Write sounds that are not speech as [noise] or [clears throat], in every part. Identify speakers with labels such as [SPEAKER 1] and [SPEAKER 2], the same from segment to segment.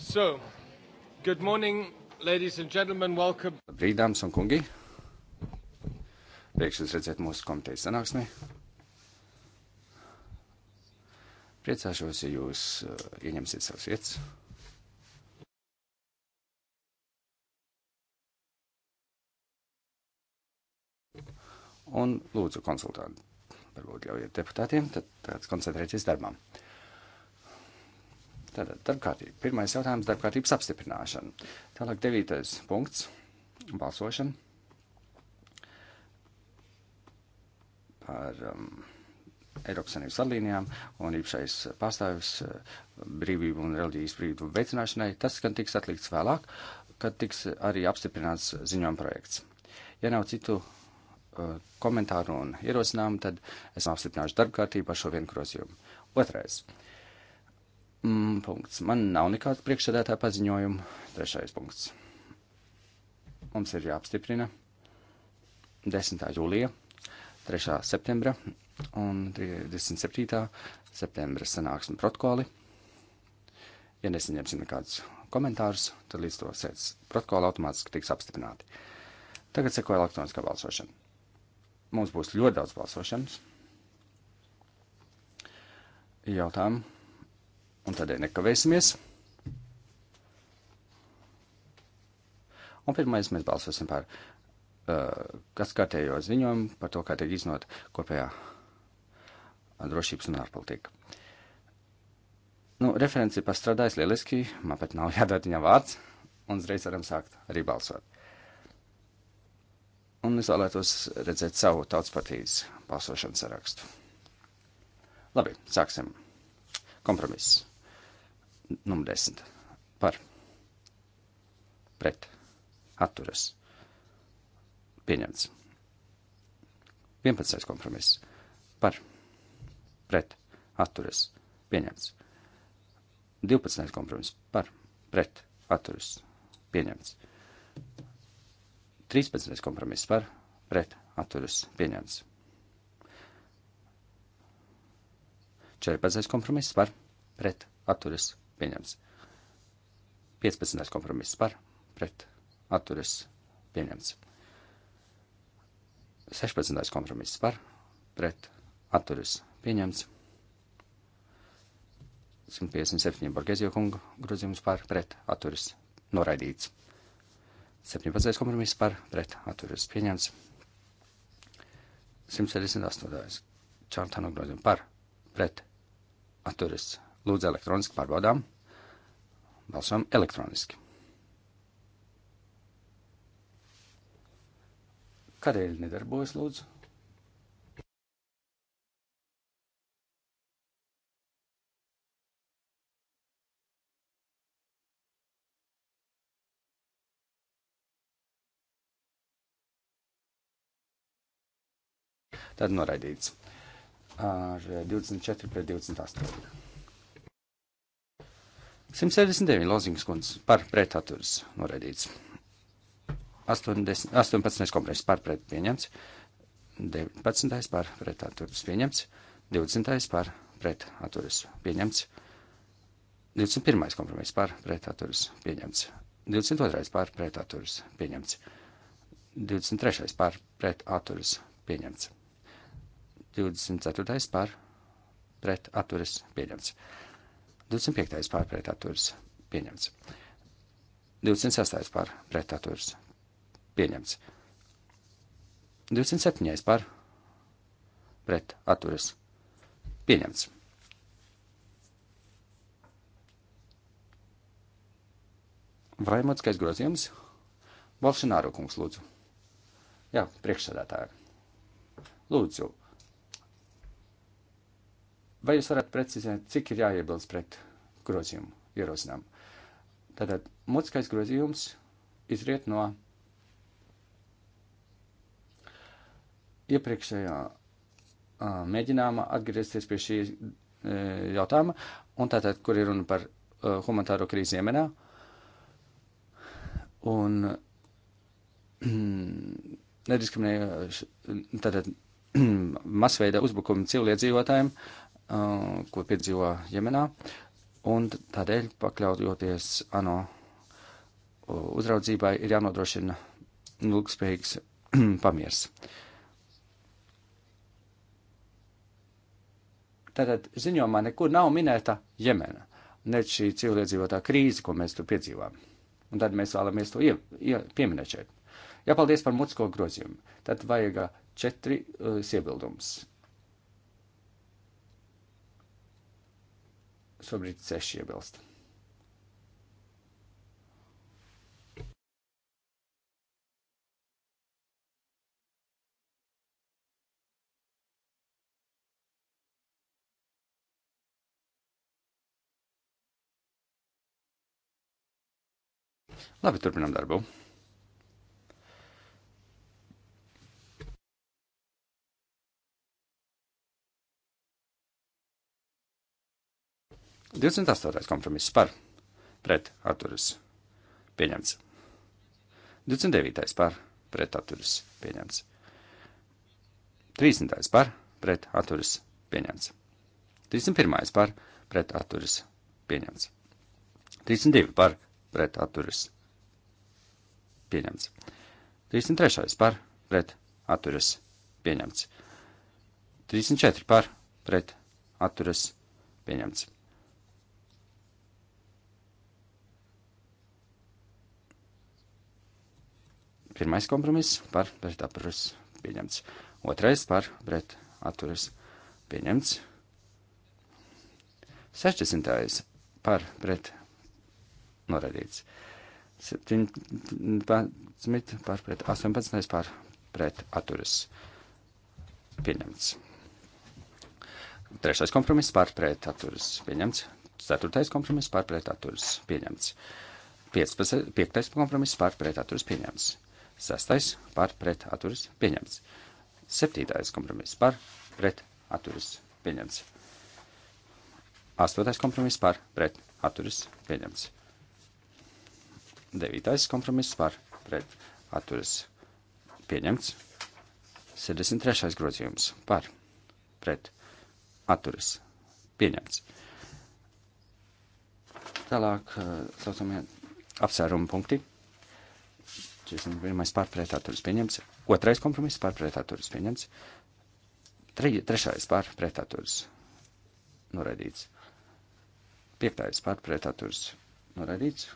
[SPEAKER 1] So, good morning, ladies and gentlemen, welcome.
[SPEAKER 2] Labrīt, dāmas un kungi. Prieks jūs redzēt mūsu komitejas sanāksmē. Priecāšos, ja jūs uh, ieņemsiet savas vietas. Un lūdzu konsultāti, varbūt ļaujiet deputātiem, tad tāds koncentrēties darbām. Uh, Tātad darbkārtība. Pirmais jautājums - darbkārtības apstiprināšana. Tālāk devītais punkts - balsošana par um, Eiropas Savienības vadlīnijām un īpašais pārstāvis uh, brīvību un reliģijas brīvību veicināšanai. Tas gan tiks atlikts vēlāk, kad tiks arī apstiprināts ziņojuma projekts. Ja nav citu uh, komentāru un ierosinājumu, tad es apstiprināšu darbkārtību ar šo vienu grozījumu. Otrais. Uh, Mm, punkts. Man nav nekāds priekšsēdētāja paziņojuma. Trešais punkts. Mums ir jāapstiprina 10. jūlija, 3. septembra un 27. septembra sanāksmi protokoli. Ja nesaņemsim nekādus komentārus, tad līdz to sēdz protokola automātiski tiks apstiprināti. Tagad sekoja elektroniskā balsošana. Mums būs ļoti daudz balsošanas. Jautājumu un tādēļ nekavēsimies. Un pirmais mēs balsosim par uh, kas kārtējo ziņojumu par to, kā tiek iznot kopējā drošības un ārpolitika. Nu, referents ir pastrādājis lieliski, man pat nav [laughs] jādod viņa vārds, un uzreiz varam sākt arī balsot. Un es vēlētos redzēt savu tautspatīs balsošanas sarakstu. Labi, sāksim. Kompromiss. Numur 10. Par. Pret. Atturas. Pieņemts. 11. kompromiss. Par. Pret. Atturas. Pieņemts. 12. kompromiss. Par. Pret. Atturas. Pieņemts. 13. kompromiss. Par. Pret. Atturas. Pieņemts. 14. kompromiss. Par. Pret. Atturas pieņemts. 15. kompromiss par, pret, atturas, pieņemts. 16. kompromiss par, pret, atturas, pieņemts. 157. Borgēzio kunga grozījums par, pret, atturas, noraidīts. 17. kompromiss par, pret, atturas, pieņemts. 168. Čārtāna grozījums par, pret, atturas, pieņemts Lūdzu, elektroniski pārbaudām. Balsojam elektroniski. Kādēļ nedarbojas, lūdzu? Tad noraidīts ar eh, 24 pret 28. 179 loziņas kundze par pretaturas noraidīts. 80, 18. kompromiss par pret pieņemts. 19. par pretaturas pieņemts. 20. par pretaturas pieņemts. 21. kompromiss par pretaturas pieņemts. 22. par pretaturas pieņemts. 23. par pretaturas pieņemts. 24. par pretaturas pieņemts. 25. pār pretaturs pieņemts. 26. pār pretaturs pieņemts. 27. pār pretaturs pieņemts. Vai mutiskais grozījums? Bolsonaro kungs, lūdzu. Jā, priekšsēdētāji. Lūdzu, Vai jūs varat precizēt, cik ir jāiebilst pret grozījumu ierosinājumu? Tātad mutiskais grozījums izriet no iepriekšējā uh, mēģinājumā atgriezties pie šī uh, jautājuma, un tātad, kur ir runa par uh, humanitāro krīzi Jemenā. Un [clears throat] nediskriminēja tātad [clears throat] masveida uzbrukumi civiliedzīvotājiem, uh, ko piedzīvo Jemenā, un tādēļ pakļaujoties ANO uh, uzraudzībai ir jānodrošina ilgspējīgs [clears throat] pamiers. Tātad ziņojumā nekur nav minēta Jemena, ne šī cilvēdzīvotā krīze, ko mēs tur piedzīvām. Un tad mēs vēlamies to ie, ie, pieminēt šeit. Jāpaldies par mutisko grozījumu. Tad vajag četri uh, iebildums. Šobrīd seši iebilst.
[SPEAKER 1] Labi, turpinām darbu.
[SPEAKER 2] 28. kompromiss par pret atturas pieņemts. 29. par pret atturas pieņemts. 30. par pret atturas pieņemts. 31. par pret atturas pieņemts. 32. par pret atturas pieņemts. 33. par pret atturas pieņemts. 34. par pret atturas pieņemts. Pirmais kompromiss par pret atturas pieņemts. Otrais par pret atturas pieņemts. 60. par pret noraidīts. 17 par pret 18 par pret atturas pieņemts. Trešais kompromiss par pret atturas pieņemts. Ceturtais kompromiss par pret atturas pieņemts. 15, piektais kompromiss par pret atturas pieņemts. Sastais par pret atturas pieņemts. Septītais kompromiss par pret atturas pieņemts. Astotais kompromiss par pret atturas pieņemts. Devītais kompromiss par pret atturas pieņemts. 63. grozījums par pret atturas pieņemts. Tālāk eh, saucamie apsvērumu punkti. 41. pārpretāturis pieņemts, 2. kompromiss pārpretāturis pieņemts, 3. pārpretāturis noraidīts, 5. pārpretāturis noraidīts,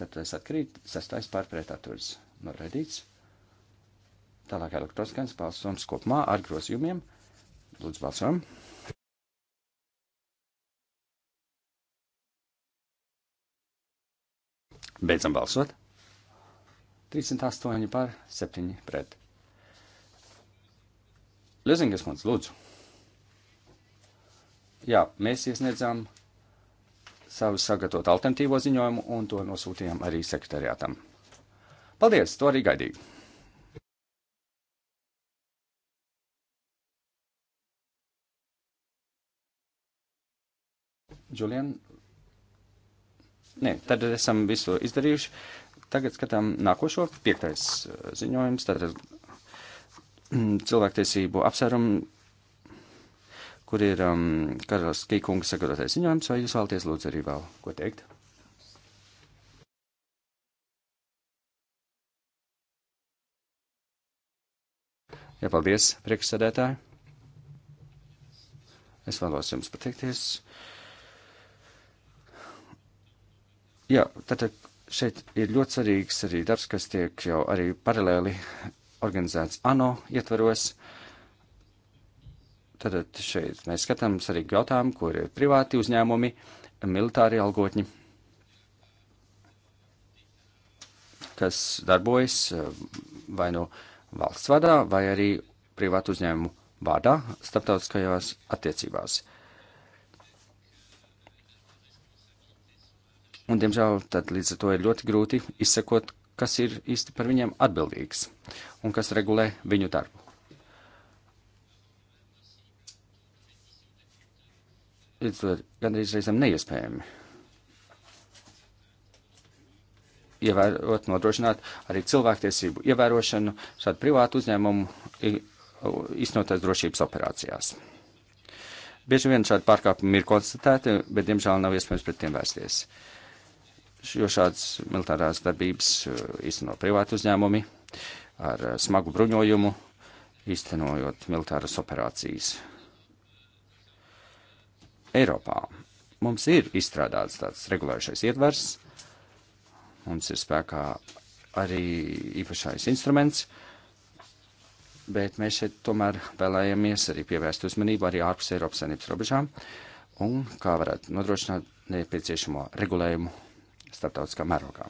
[SPEAKER 2] 4. atkrīt, 6. pārpretāturis noraidīts. Tālāk elektroskandas balsojums kopumā ar grozījumiem. Lūdzu, balsojam! Beidzam balsot. 38 par 7 pret. Lezingas kundze, lūdzu. Jā, mēs iesniedzām savu sagatavot alternatīvo ziņojumu un to nosūtījām arī sekretariātam. Paldies, to arī gaidīju. Julian, Nē, tad esam visu izdarījuši. Tagad skatām nākošo, piektais uh, ziņojums, tātad mm, cilvēktiesību apsvērumu, kur ir um, Karalas Kīkunga sagatavotais ziņojums, vai jūs vēlaties lūdzu arī vēl ko teikt? Jā, paldies, priekšsēdētāji. Es vēlos jums pateikties. Uh, Jā, tātad šeit ir ļoti svarīgs arī darbs, kas tiek jau arī paralēli organizēts ANO ietvaros. Tātad šeit mēs skatāmies arī jautājumu, kur ir privāti uzņēmumi, militāri algotņi, kas darbojas eh, vai nu no valsts vadā, vai arī privātu uzņēmumu vārdā starptautiskajās attiecībās. Uh, Un, diemžēl, tad līdz ar to ir ļoti grūti izsekot, kas ir īsti par viņiem atbildīgs un kas regulē viņu darbu. Līdz ar to gandrīz reizēm neiespējami ievērot, nodrošināt arī cilvēktiesību ievērošanu šādu privātu uzņēmumu īstenotās drošības operācijās. Bieži vien šādi pārkāpumi ir konstatēti, bet diemžēl nav iespējams pret tiem vērsties. Uh, jo šādas militārās darbības uh, īsteno privāti uzņēmumi ar uh, smagu bruņojumu, īstenojot militāras operācijas. Eiropā mums ir izstrādāts tāds regulējušais ietvers, mums ir spēkā arī īpašais instruments, bet mēs šeit tomēr vēlējamies arī pievērst uzmanību arī ārpus Eiropas saimnības robežām un kā varētu nodrošināt nepieciešamo regulējumu starptautiskā mērogā.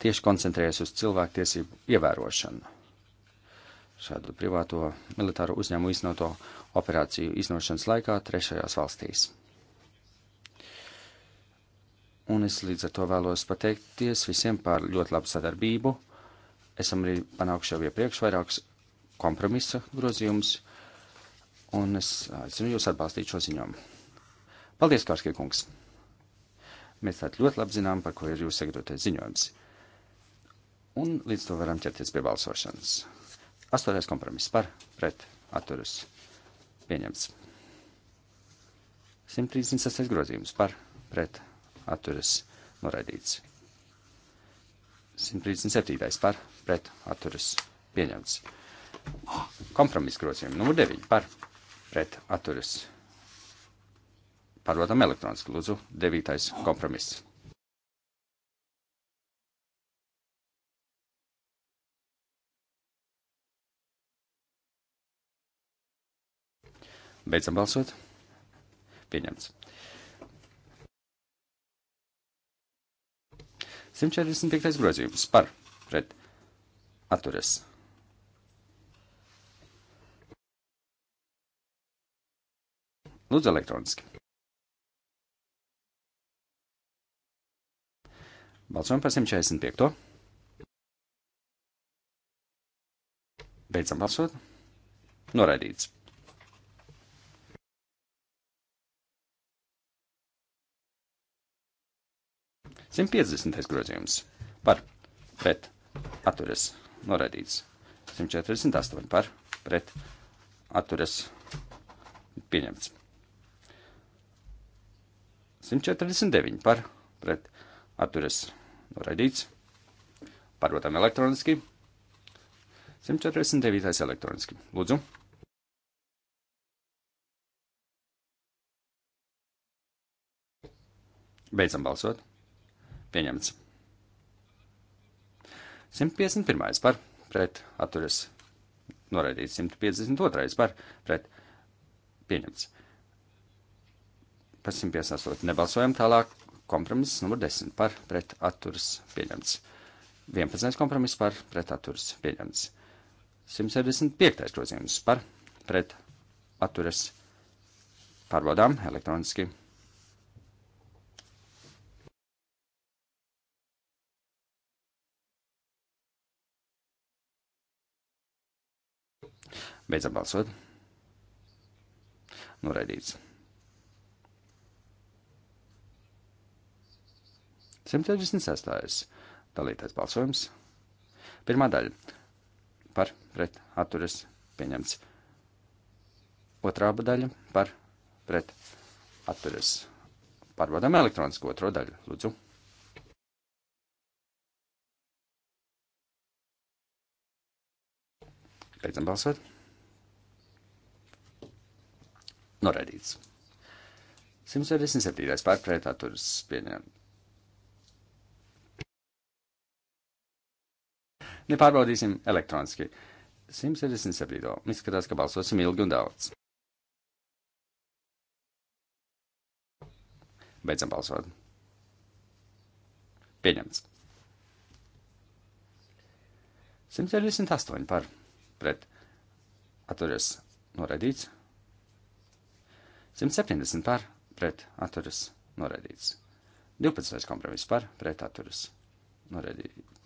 [SPEAKER 2] Tieši koncentrējas uz cilvēktiesību ievērošanu. Šādu privāto militāru uzņēmumu iznoto operāciju iznošanas laikā trešajās valstīs. Un es līdz ar to vēlos pateikties visiem par ļoti labu sadarbību. Esam arī panākuši jau iepriekš vairākus kompromisa grozījumus, un es aicinu jūs atbalstīt šo ziņojumu. Paldies, Kārskie kungs! Mēs tātad ļoti labi zinām, par ko ir jūsu sagatavotais ziņojums. Un līdz to varam ķerties pie balsošanas. Astotais kompromiss par, pret, atturas. Pieņemts. 136. grozījums par, pret, atturas. Noraidīts. 137. par, pret, atturas. Pieņemts. Kompromiss grozījums numur 9 par, pret, atturas. Pārbaudām elektroniski, lūdzu, devītais kompromiss. Beidzam balsot. Pieņemts. 145. grozījums par pret atturies. Lūdzu elektroniski. Balsojam par 145. Beidzam balsot. Noraidīts. Simt piecdesmitais grozījums par pret atturas noraidīts. 148 par pret atturas pieņemts. 149 par pret atturas pieņemts. Noraidīts. Pārvotam elektroniski. 149. elektroniski. Lūdzu. Beidzam balsot. Pieņemts. 151. par pret atturas. Noraidīts 152. par pret pieņemts. Par 158. nebalsojam tālāk. Kompromiss numur 10 par pret atturas pieņemts. 11. kompromiss par pret atturas pieņemts. 175. grozījums par pret atturas pārbaudām elektroniski. Beidzam balsot. Noraidīts. 166. dalītais balsojums. Pirmā daļa par pret atturas pieņemts. Otrā daļa par pret atturas. Pārbaudām elektronisko otro daļu, lūdzu. Beidzam balsot. Noraidīts. 167. pārpratā turas pieņemts. Nepārbaudīsim elektroniski. 167. Izskatās, ka balsosim ilgi un daudz. Beidzam balsot. Pieņemts. 168 par pret atturies noraidīts. 170 par pret atturis noraidīts. 12. kompromiss par pret atturis noraidīts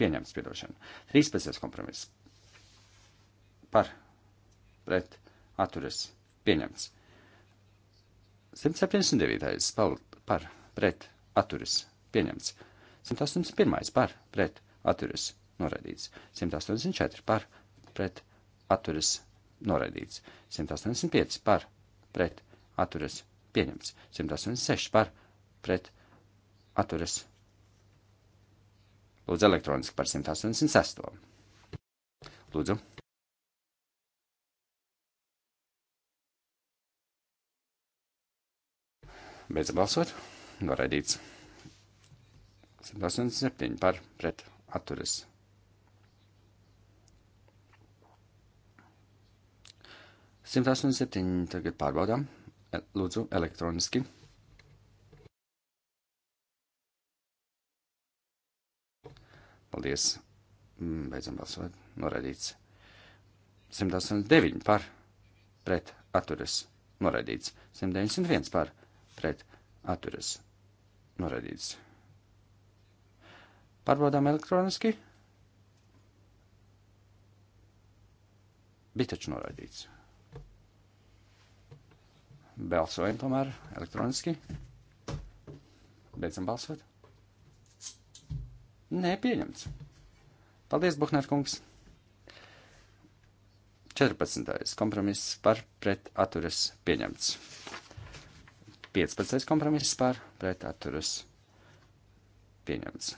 [SPEAKER 2] pieņemts, piedošana. 13. kompromiss par pret atturas pieņemts. 179. Pal, par pret atturas pieņemts. 181. par pret atturas noraidīts. 184. par pret atturas noraidīts. 185. par pret atturas pieņemts. 186. par pret atturas noraidīts Lūdzu, elektroniski par 186. Lūdzu. Beidzam balsot. Noraidīts. 187 par pret atturas. Simt astoņdesmit septiņi tagad pārbaudām. E, lūdzu, elektroniski. Paldies. Mm, beidzam balsot. Noraidīts. 189 par. Pret. Atturas. Noraidīts. 191 par. Pret. Atturas. Noraidīts. Pārbaudām elektroniski. Bija taču noraidīts. Balsojam tomēr elektroniski. Beidzam balsot. Nē, pieņemts. Paldies, Buhner kungs. 14. kompromiss par pret atturas pieņemts. 15. kompromiss par pret atturas pieņemts.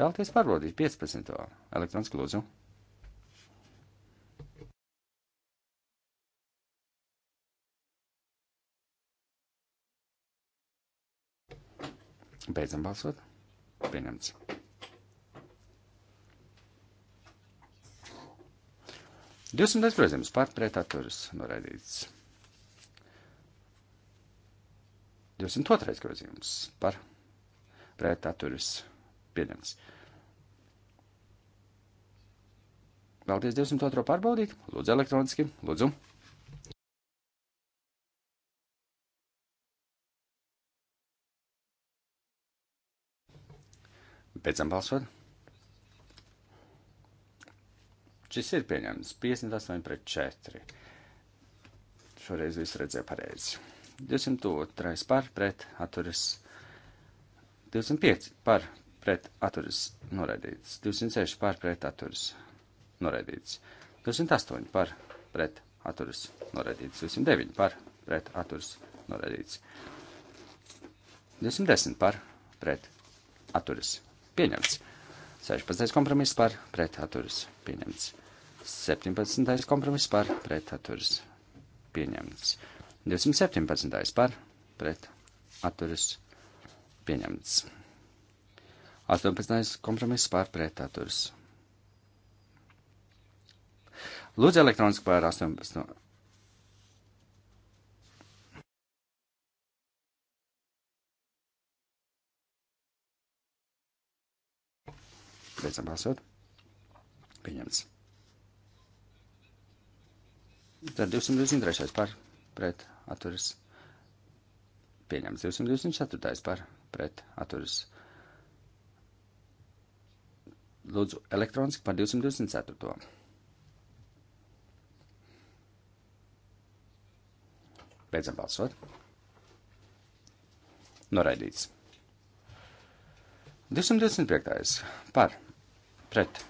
[SPEAKER 2] Vēlties pārbaudīt 15. elektronisku lūdzu. Beidzam balsot. Pieņemts. Divsimtais grozījums par pretaturas noraidīts. 22. grozījums par pretaturas pieņemts. Vēlties 202. pārbaudīt? Lūdzu elektroniski. Lūdzu. Lūdzu. Beidzam balsot. Šis ir pieņemts 58 pret 4. Šoreiz viss redzēja pareizi. 202 par pret atturis 25 par pret atturis noraidīts. 206 par pret atturis noraidīts. 208 par pret atturis noraidīts. 209 par pret atturis noraidīts. 210 par pret atturis noraidīts pieņemts. 16. kompromiss par pretaturas pieņemts. 17. kompromiss par pretaturas pieņemts. 217. par pretaturas pieņemts. 18. kompromiss par pretaturas. Lūdzu elektroniski par 18. Beidzam balsot. Pieņemts. Tad 223. par pret atturas. Pieņemts 224. par pret atturas. Lūdzu, elektroniski par 224. Beidzam balsot. Noraidīts. 225. par pret pret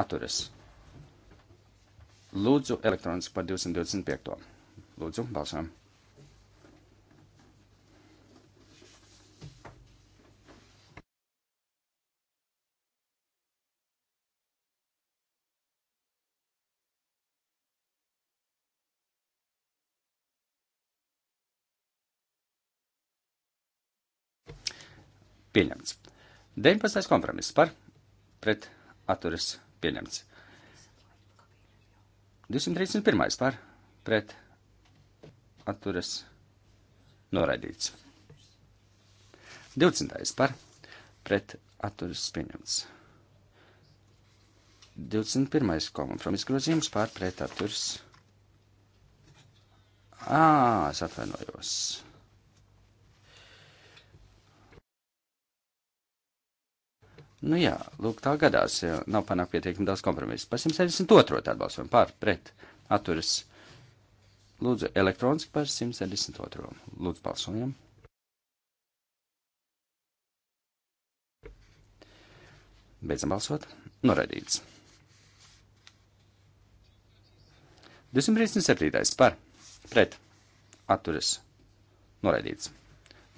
[SPEAKER 2] atturas. Lūdzu, elektroniski par 225. Lūdzu, balsojam. Pieņemts. 19. kompromiss par pret atturas pieņemts. 231. par pret atturas noraidīts. 20. par pret atturas pieņemts. 21. kompromis grozījums pār pret atturas. Ā, es atvainojos. Nu jā, lūk, tā gadās, ja nav panākt pietiekami daudz kompromisu. Par 172. tad balsojam pār, pret, atturas. Lūdzu, elektroniski par 172. Lūdzu, balsojam. Beidzam balsot. Noraidīts. 237. par, pret, atturas. Noraidīts.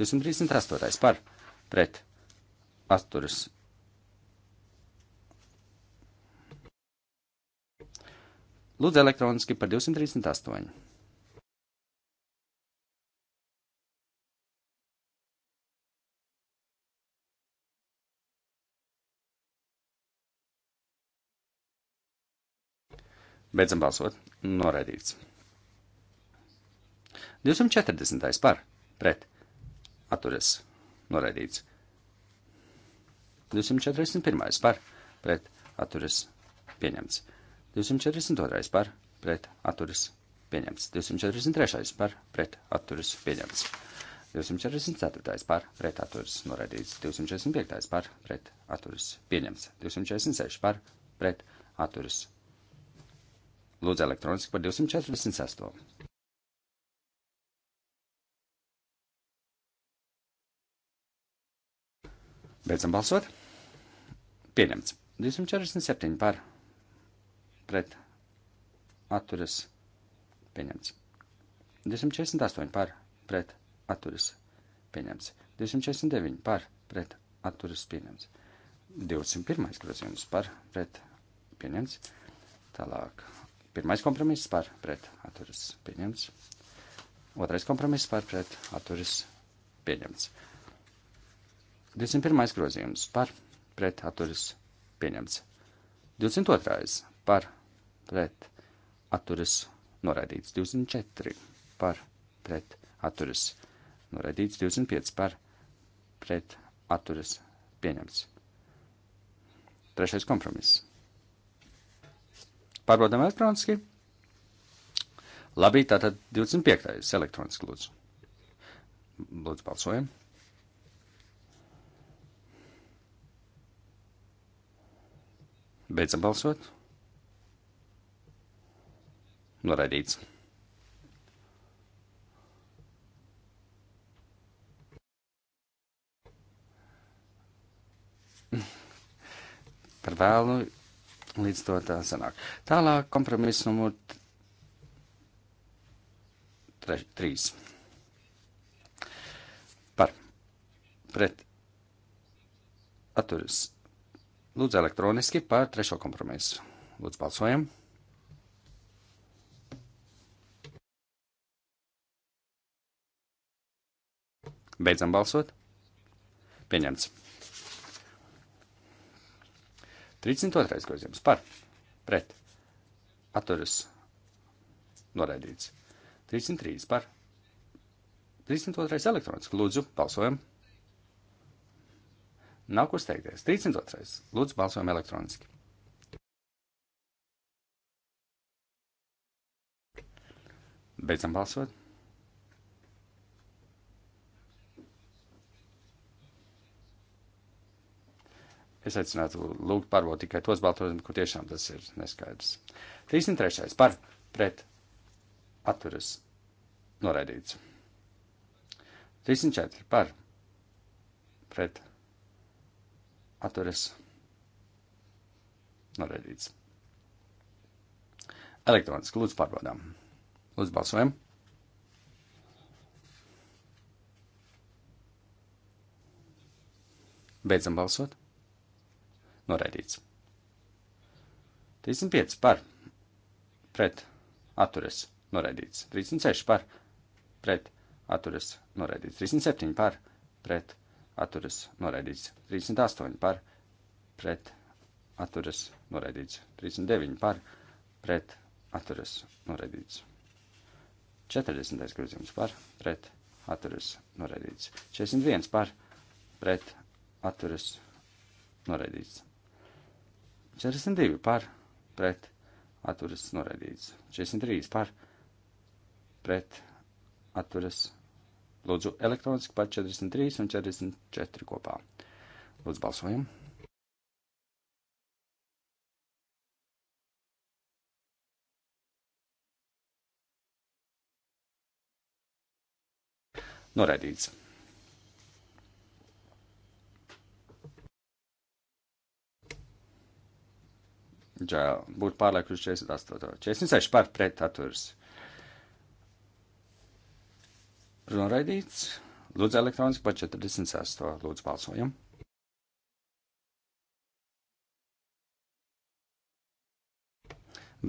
[SPEAKER 2] 238. par, pret, atturas Lūdzu, elektroniski par 238. Beidzam balsot. Noraidīts. 240. par. Pret. Atturies. Noraidīts. 241. par. Pret. Atturies. Pieņemts. 242. par pret atturas pieņemts. 243. par pret atturas pieņemts. 244. par pret atturas noraidīts. 245. par pret atturas pieņemts. 246. par pret atturas. Lūdzu elektroniski par 246. Beidzam balsot. Pieņemts. 247 par pret atturas pieņemts. 248 par pret atturas pieņemts. 249 par pret atturas pieņemts. 201 grozījums par pret pieņemts. Tālāk. Pirmais kompromiss par pret atturas pieņemts. Otrais kompromiss par pret atturas pieņemts. 21. grozījums par pret atturas pieņemts. 22. par pret pret atturas noraidīts 24 par pret atturas noraidīts 25 par pret atturas pieņemts. Trešais kompromiss. Pārbaudām elektroniski. Labi, tātad 25. elektroniski lūdzu. Lūdzu, balsojam. Beidzam balsot. Noraidīts. Par vēlu līdz to tā sanāk. Tālāk kompromiss numur 3. Par pret atturis. Lūdzu elektroniski par trešo kompromisu. Lūdzu balsojam. Beidzam balsot. Pieņemts. 32. grozījums par, pret, atturas, noraidīts. 303 par, 302 elektroniski, lūdzu, balsojam. Nav kur steigties. 302. Lūdzu, balsojam elektroniski. Beidzam balsot. Es aicinātu lūgt pārbaudīt tikai tos baltojumus, kur tiešām tas ir neskaidrs. 33. par pret atturas noraidīts. 34. par pret atturas noraidīts. Elektroniski lūdzu pārbaudām. Lūdzu balsojam. Beidzam balsot. Noraidīts. 35 par pret atturas noraidīts. 36 par pret atturas noraidīts. 37 par pret atturas noraidīts. 38 par pret atturas noraidīts. 39 par pret atturas noraidīts. 40. grozījums par pret atturas noraidīts. 41 par pret atturas noraidīts. 42 par pret atturas noraidīts. 43 par pret atturas. Lūdzu, elektroniski par 43 un 44 kopā. Lūdzu, balsojam. Noraidīts. Džēl, būtu pārliekuši 48. 46 par pret atturas. Noraidīts. Lūdzu elektroniski pa 46. Lūdzu balsojam.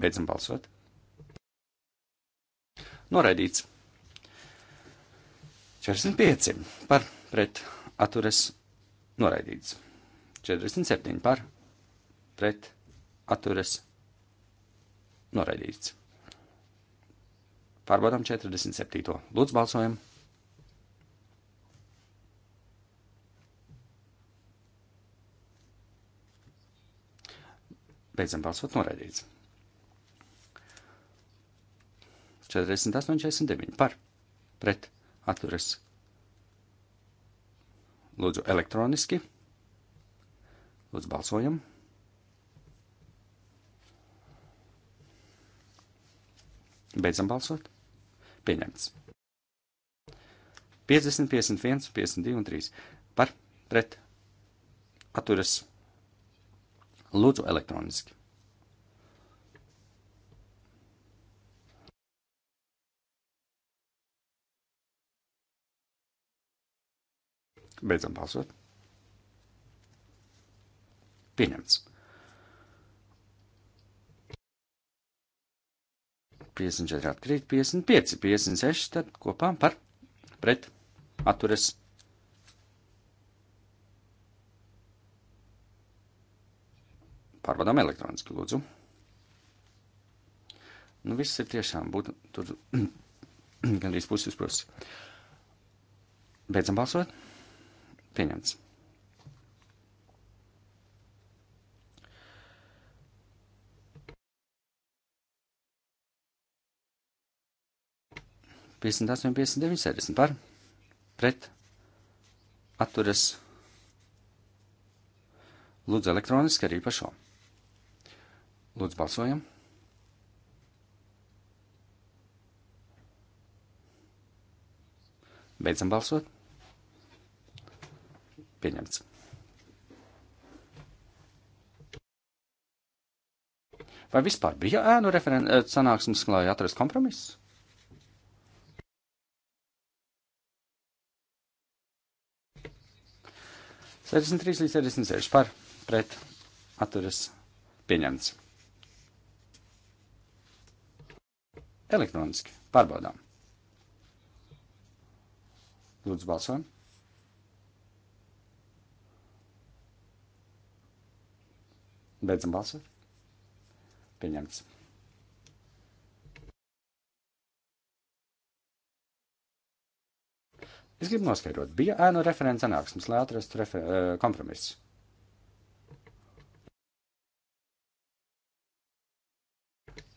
[SPEAKER 2] Beidzam balsot. Noraidīts. 45 par pret atturas noraidīts. 47 par pret atturas atturas noraidīts. Pārbaudām 47. Lūdzu, balsojam! Beidzam balsot, noraidīts. 48, 49 par, pret, atturas. Lūdzu, elektroniski. Lūdzu, balsojam! Beidzam balsot. Pieņemts. 50, 51, 52 un 3. Par, pret, atturas. Lūdzu elektroniski.
[SPEAKER 1] Beidzam balsot. Pieņemts.
[SPEAKER 2] 54 atkrīt, 55, 56, tad kopā par pret atturas. Pārvadām elektroniski, lūdzu. Nu, viss ir tiešām būtu tur [clears throat] gandrīz puses puses. Beidzam balsot. Pieņemts. 58, 59, 60 par pret atturas. Lūdzu, elektroniski arī par šo. Lūdzu, balsojam. Beidzam balsot. Pieņemts. Vai vispār bija ēnu referents sanāksmes, lai atrastu kompromisu? 63 līdz 66 par pret atturas pieņemts. Elektroniski pārbaudām. Lūdzu, balsojam. Beidzam balsot. Pieņemts. Es gribu noskaidrot, bija ēnu referents sanāksmes, lai atrastu refer kompromisu.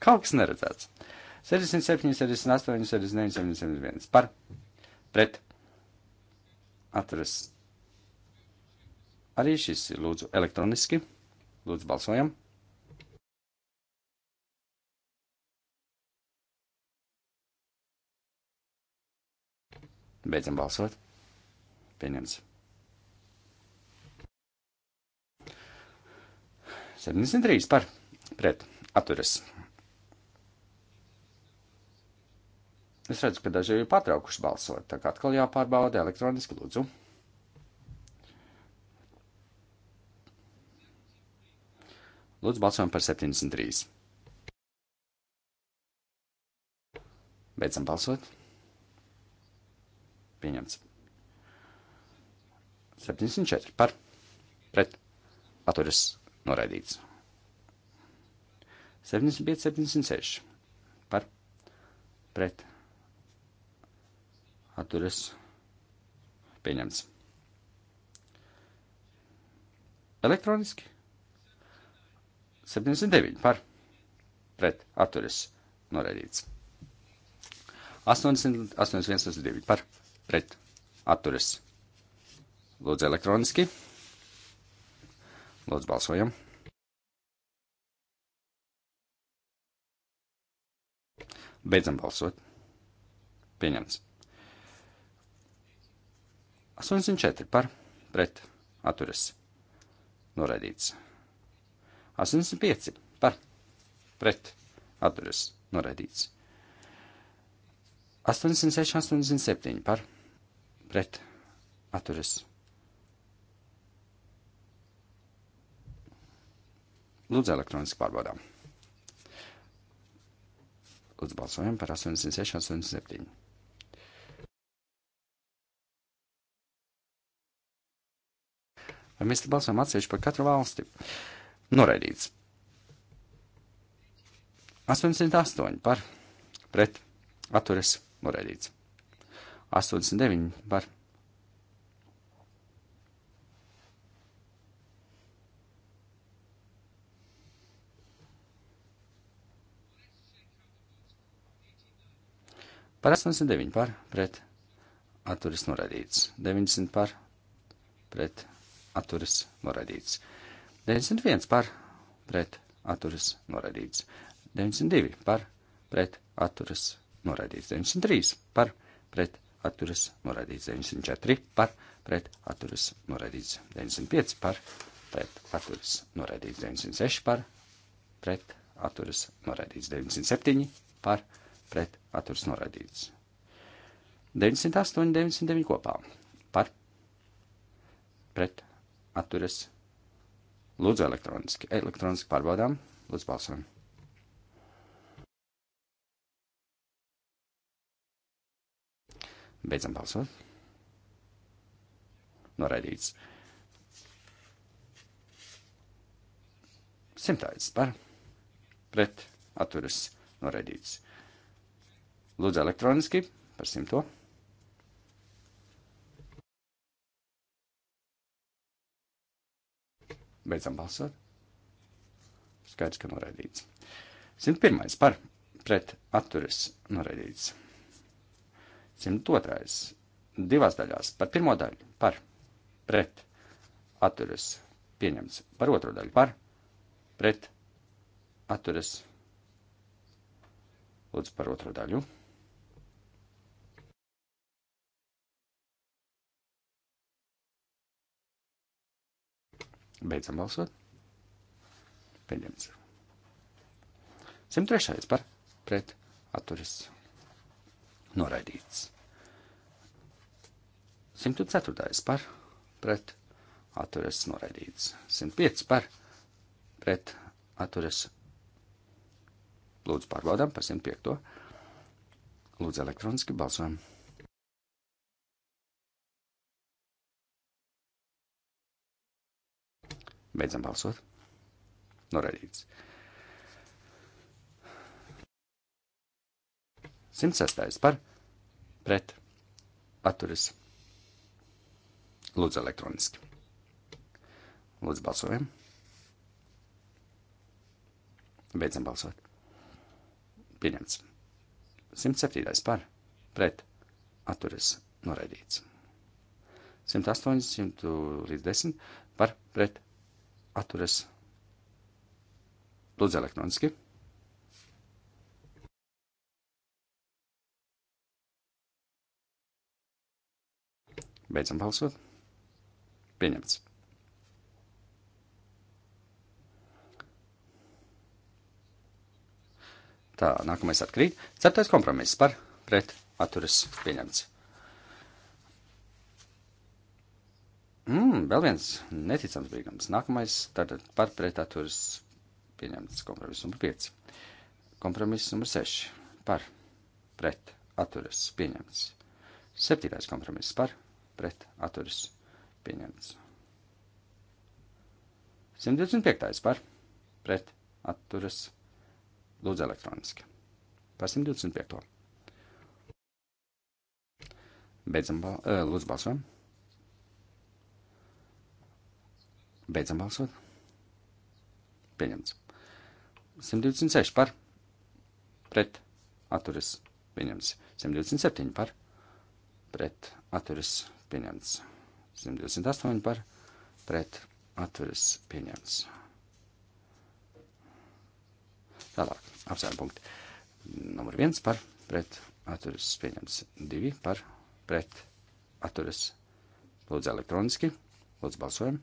[SPEAKER 2] Kaut kas neredzēts. 67, 68, 69, 71 par pret atturas. Arī šis ir lūdzu elektroniski. Lūdzu balsojam. Beidzam balsot. Pieņemts. 73 par pret atturas. Es redzu, ka daži ir patraukuši balsot, tā kā atkal jāpārbauda elektroniski lūdzu. Lūdzu, balsojam par 73. Beidzam balsot pieņemts. 74 par pret atturas noraidīts. 75, 76 par pret atturas pieņemts. Elektroniski 79 par pret atturas noraidīts. 80, 81, 82 par pret pret atturas. Lūdzu elektroniski. Lūdzu balsojam. Beidzam balsot. Pieņemts. 84 par pret atturas. Noraidīts. 85 par pret atturas. Noraidīts. 86, 87 par pret pret atturas. Lūdzu, elektroniski pārbaudām. Lūdzu, balsojam par 86, 87. Vai mēs te balsojam atsevišķi par katru valsti? Noraidīts. 88 par pret atturas noraidīts. 89 par. Par 89 par pret atturis norādīts. 90 par pret atturis norādīts. 91 par pret atturis norādīts. 92 par pret atturis norādīts. 93 par pret atturas norādīts 94 par pret atturas norādīts 95 par pret atturas norādīts 96 par pret atturas norādīts 97 par pret atturas norādīts 98, 99 kopā par pret atturas. Lūdzu elektroniski, elektroniski pārbaudām, lūdzu balsojam. Beidzam balsot. Noraidīts. Simtais par pret atturas noraidīts. Lūdzu elektroniski par simto. Beidzam balsot. Skaidrs, ka noraidīts. 101. par pret atturas noraidīts. 102. divās daļās par pirmo daļu par pret atturas pieņemts, par otro daļu par pret atturas lūdzu par otro daļu. Beidzam balsot. Pieņemts. 103. par pret atturas noraidīts. 104. par pret atturas noraidīts. 105 par pret atturas. Lūdzu, pārbaudām par 105. Lūdzu, elektroniski balsojam. Beidzam balsot. Noraidīts. 106. par pret atturas. Lūdzu elektroniski. Lūdzu balsojam. Beidzam balsot. Pieņemts. 107. par pret atturas noraidīts. 108, 100 līdz 10 par pret atturas. Lūdzu elektroniski. Beidzam balsot. Pieņemts. Tā, nākamais atkrīt. Ceturtais kompromiss par pret atturas pieņemts. Mm, vēl viens neticams brīgums. Nākamais tātad par pret atturas pieņemts kompromiss numur 5. Kompromiss numur 6 par pret atturas pieņemts. Septītais kompromiss par pret atturas pieņemts. 125. par pret atturas lūdzu elektroniski. Par 125. Beidzam bal eh, lūdzu balsojam. Beidzam balsot. Pieņemts. 126 par pret atturas pieņemts. 127 par pret atturas pieņemts. 128 par pret atturas pieņemts. Tālāk, apsvērumu punkti. Numur 1 par pret atturas pieņemts. 2 par pret atturas. Lūdzu elektroniski. Lūdzu balsojam.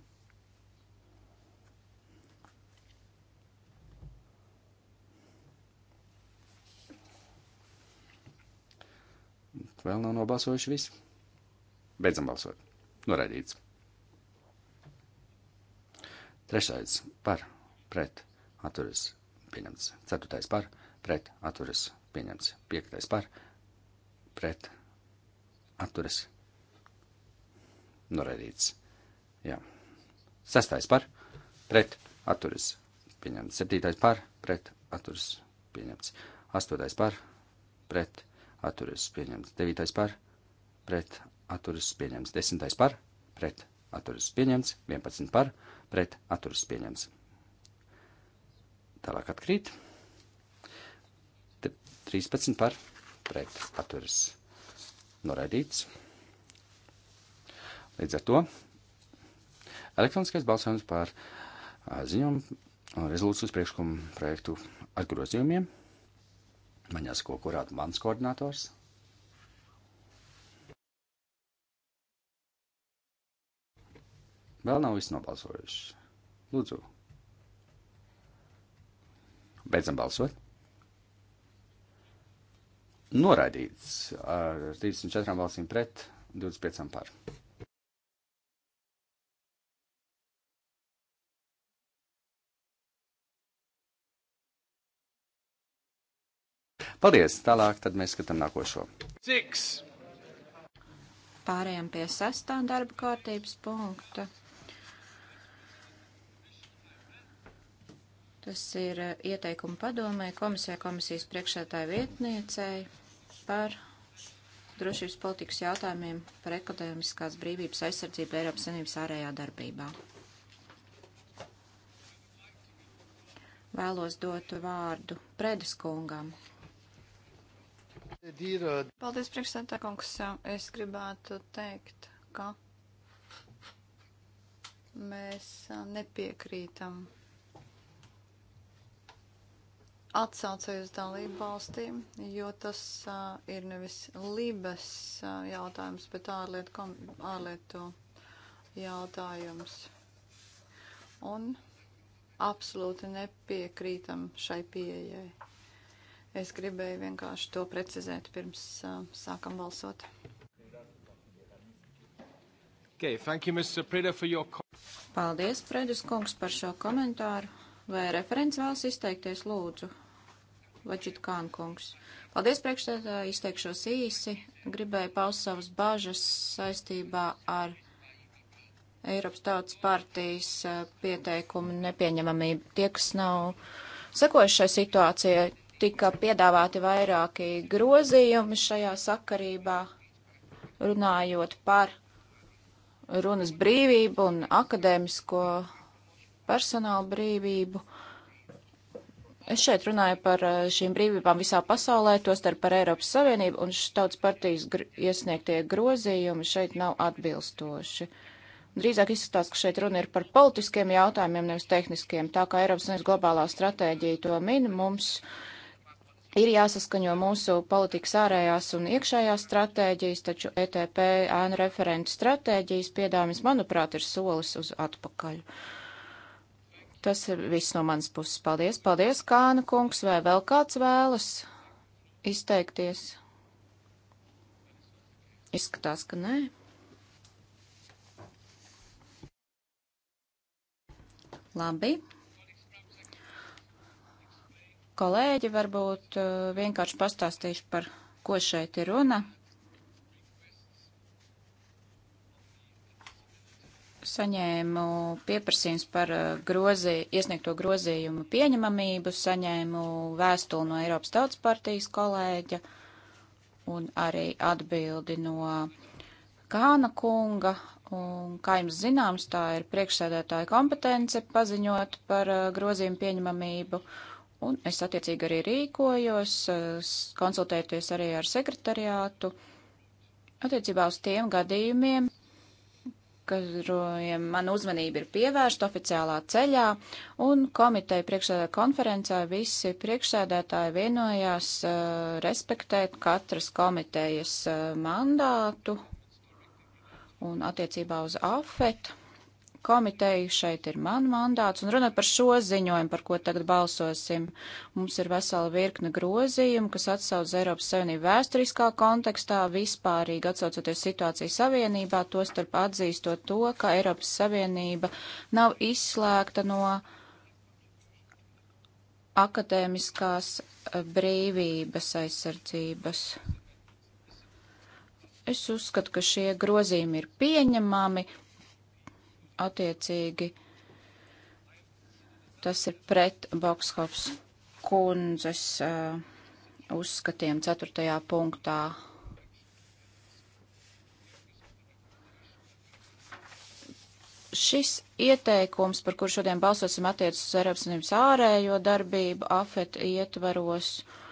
[SPEAKER 2] Vēl nav nobalsojuši visi. Beidzam balsot. Noraidīts. Trešais par pret atturas pieņemts. Ceturtais par pret atturas pieņemts. Piektais par pret atturas noraidīts. Jā. Sestais par pret atturas pieņemts. Septītais par pret atturas pieņemts. Astotais par pret atturas pieņemts. Devītais par pret atturas pieņemts. 10. par, pret, atturas pieņemts. 11. par, pret, atturas pieņemts. Tālāk atkrīt. 13 par, pret, atturas noraidīts. Līdz ar to elektroniskais balsojums par ziņojumu rezolūcijas priekšlikumu projektu ar grozījumiem. Man jāsako, kurā mans koordinators – Vēl nav viss nobalsojuši. Lūdzu. Beidzam balsot. Noraidīts ar 34 balsīm pret, 25 par. Paldies! Tālāk tad mēs skatām nākošo.
[SPEAKER 1] Ciks!
[SPEAKER 3] Pārējām pie sestā darba kārtības punkta. Tas ir eh, ieteikumi padomē komisijai komisijas priekšētāja vietniecei par drošības politikas jautājumiem par ekonomiskās brīvības aizsardzību Eiropas Savienības ārējā darbībā.
[SPEAKER 4] Vēlos dot vārdu Predes kungam.
[SPEAKER 1] Paldies,
[SPEAKER 4] priekšsētā kungs. Es gribētu teikt, ka mēs nepiekrītam atsaucē uz dalību valstīm, jo tas uh, ir nevis Lībes uh, jautājums, bet ārlietu, kom, ārlietu jautājums. Un absolūti nepiekrītam šai pieejai. Es gribēju vienkārši to precizēt pirms uh, sākam balsot.
[SPEAKER 1] Okay, thank you, Mr. Preda, for your...
[SPEAKER 3] Paldies, Predes kungs, par šo komentāru. Vai referents vēlas izteikties, lūdzu? Vaģitkāna kungs. Paldies priekšstādā, izteikšos īsi. Gribēju paust savas bažas saistībā ar Eiropas tautas partijas eh, pieteikumu nepieņemamību. Tie, kas nav sekojuši šai situācijai, tika piedāvāti vairāki grozījumi šajā sakarībā, runājot par runas brīvību un akadēmisko personāla brīvību. Uh, Es šeit runāju par eh, šīm brīvībām visā pasaulē, tostarp par Eiropas Savienību, un tautas partijas gr iesniegtie grozījumi šeit nav atbilstoši. Drīzāk izskatās, ka šeit runa ir par politiskiem jautājumiem, nevis tehniskiem. Tā kā Eiropas Savienības globālā stratēģija to min, mums ir jāsaskaņo mūsu politikas ārējās un iekšējās stratēģijas, taču ETP ēnu referentu stratēģijas piedāvājums, manuprāt, ir solis uz atpakaļ. Uh, Tas ir viss no manas puses. Paldies, paldies, Kāna kungs, vai vēl kāds vēlas izteikties? Izskatās, ka nē. Labi. Kolēģi varbūt eh, vienkārši pastāstīšu par ko šeit ir runa. saņēmu pieprasījums par uh, grozī, iesniegto grozījumu pieņemamību, saņēmu vēstuli no Eiropas Tautas partijas kolēģa un arī atbildi no Kāna kunga. Un, kā jums zināms, tā ir priekšsēdētāja kompetence paziņot par uh, grozījumu pieņemamību. Un es attiecīgi arī rīkojos, uh, konsultējoties arī ar sekretariātu attiecībā uz tiem gadījumiem, kuriem man uzmanība ir pievērsta oficiālā ceļā, un komiteja priekšsēdētāja konferencē visi priekšsēdētāji vienojās uh, respektēt katras komitejas uh, mandātu un attiecībā uz afetu komiteju, šeit ir man mandāts, un runāt par šo ziņojumu, par ko tagad balsosim. Mums ir vesela virkne grozījumu, kas atsauc Eiropas Savienību vēsturiskā kontekstā, vispārīgi atsaucoties situāciju Savienībā, to starp atzīstot to, ka Eiropas Savienība nav izslēgta no akadēmiskās eh, brīvības aizsardzības. Es uzskatu, ka šie grozījumi ir pieņemami, attiecīgi tas ir pret Bokshovs kundzes uh, uzskatiem ceturtajā punktā. Šis ieteikums, par kur šodien balsosim, attiecas uz Eiropas Savienības ārējo darbību, afet ietvaros. Uh,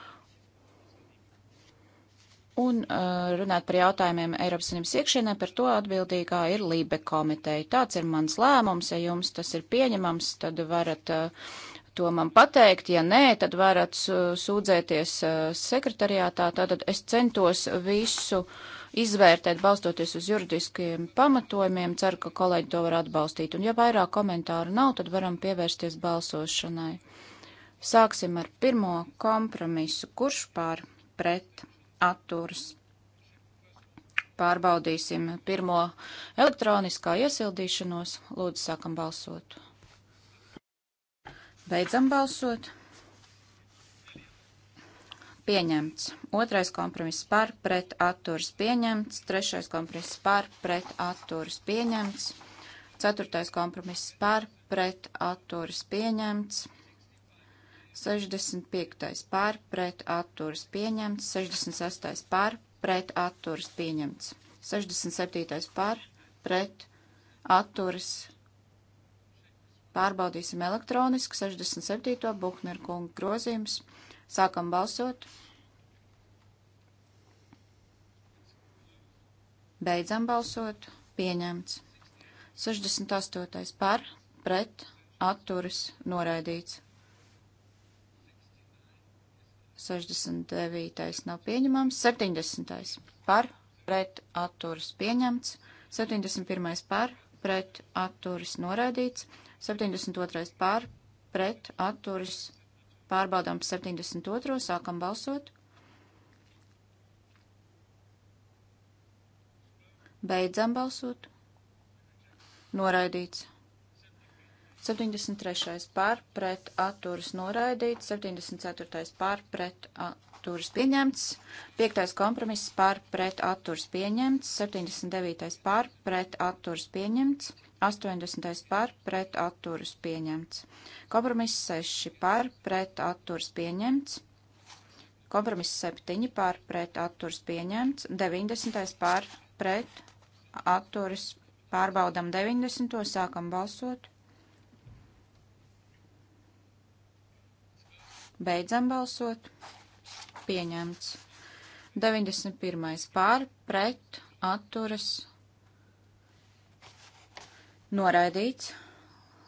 [SPEAKER 3] Un uh, runāt par jautājumiem Eiropas Savienības iekšienē, par to atbildīgā ir Lībe komiteja. Tāds ir mans lēmums, ja jums tas ir pieņemams, tad varat uh, to man pateikt, ja nē, tad varat sūdzēties uh, sekretariātā, tātad es centos visu izvērtēt, balstoties uz juridiskiem pamatojumiem, ceru, ka kolēģi to var atbalstīt, un ja vairāk komentāru nav, tad varam pievērsties balsošanai. Sāksim ar pirmo kompromisu, kurš pār pret atturs. Pārbaudīsim pirmo elektroniskā iesildīšanos. Lūdzu, sākam balsot. Beidzam balsot. Pieņemts. Otrais kompromiss par pret atturs pieņemts. Trešais kompromiss par pret atturs pieņemts. Ceturtais kompromiss par pret atturs pieņemts. 65. par pret atturas pieņemts, 66. par pret atturas pieņemts, 67. par pret atturas pārbaudīsim elektroniski, 67. Buhner kunga grozījums, sākam balsot, beidzam balsot, pieņemts, 68. par pret atturas noraidīts. 69. nav pieņemams, 70. par, pret, atturas pieņemts, 71. par, pret, atturas noraidīts, 72. par, pret, atturas pārbaudām 72. sākam balsot. Beidzam balsot. Noraidīts. 73. pār pret atturas noraidīts, 74. pār pret atturas pieņemts, 5. kompromiss pār pret atturas pieņemts, 79. pār pret atturas pieņemts, 80. pār pret atturas pieņemts, kompromiss 6 pār pret atturas pieņemts, kompromiss 7 pār pret atturas pieņemts, 90. pār pret atturas pārbaudam 90. sākam balsot. Beidzam balsot. Pieņemts. 91. pār, pret, atturas, noraidīts,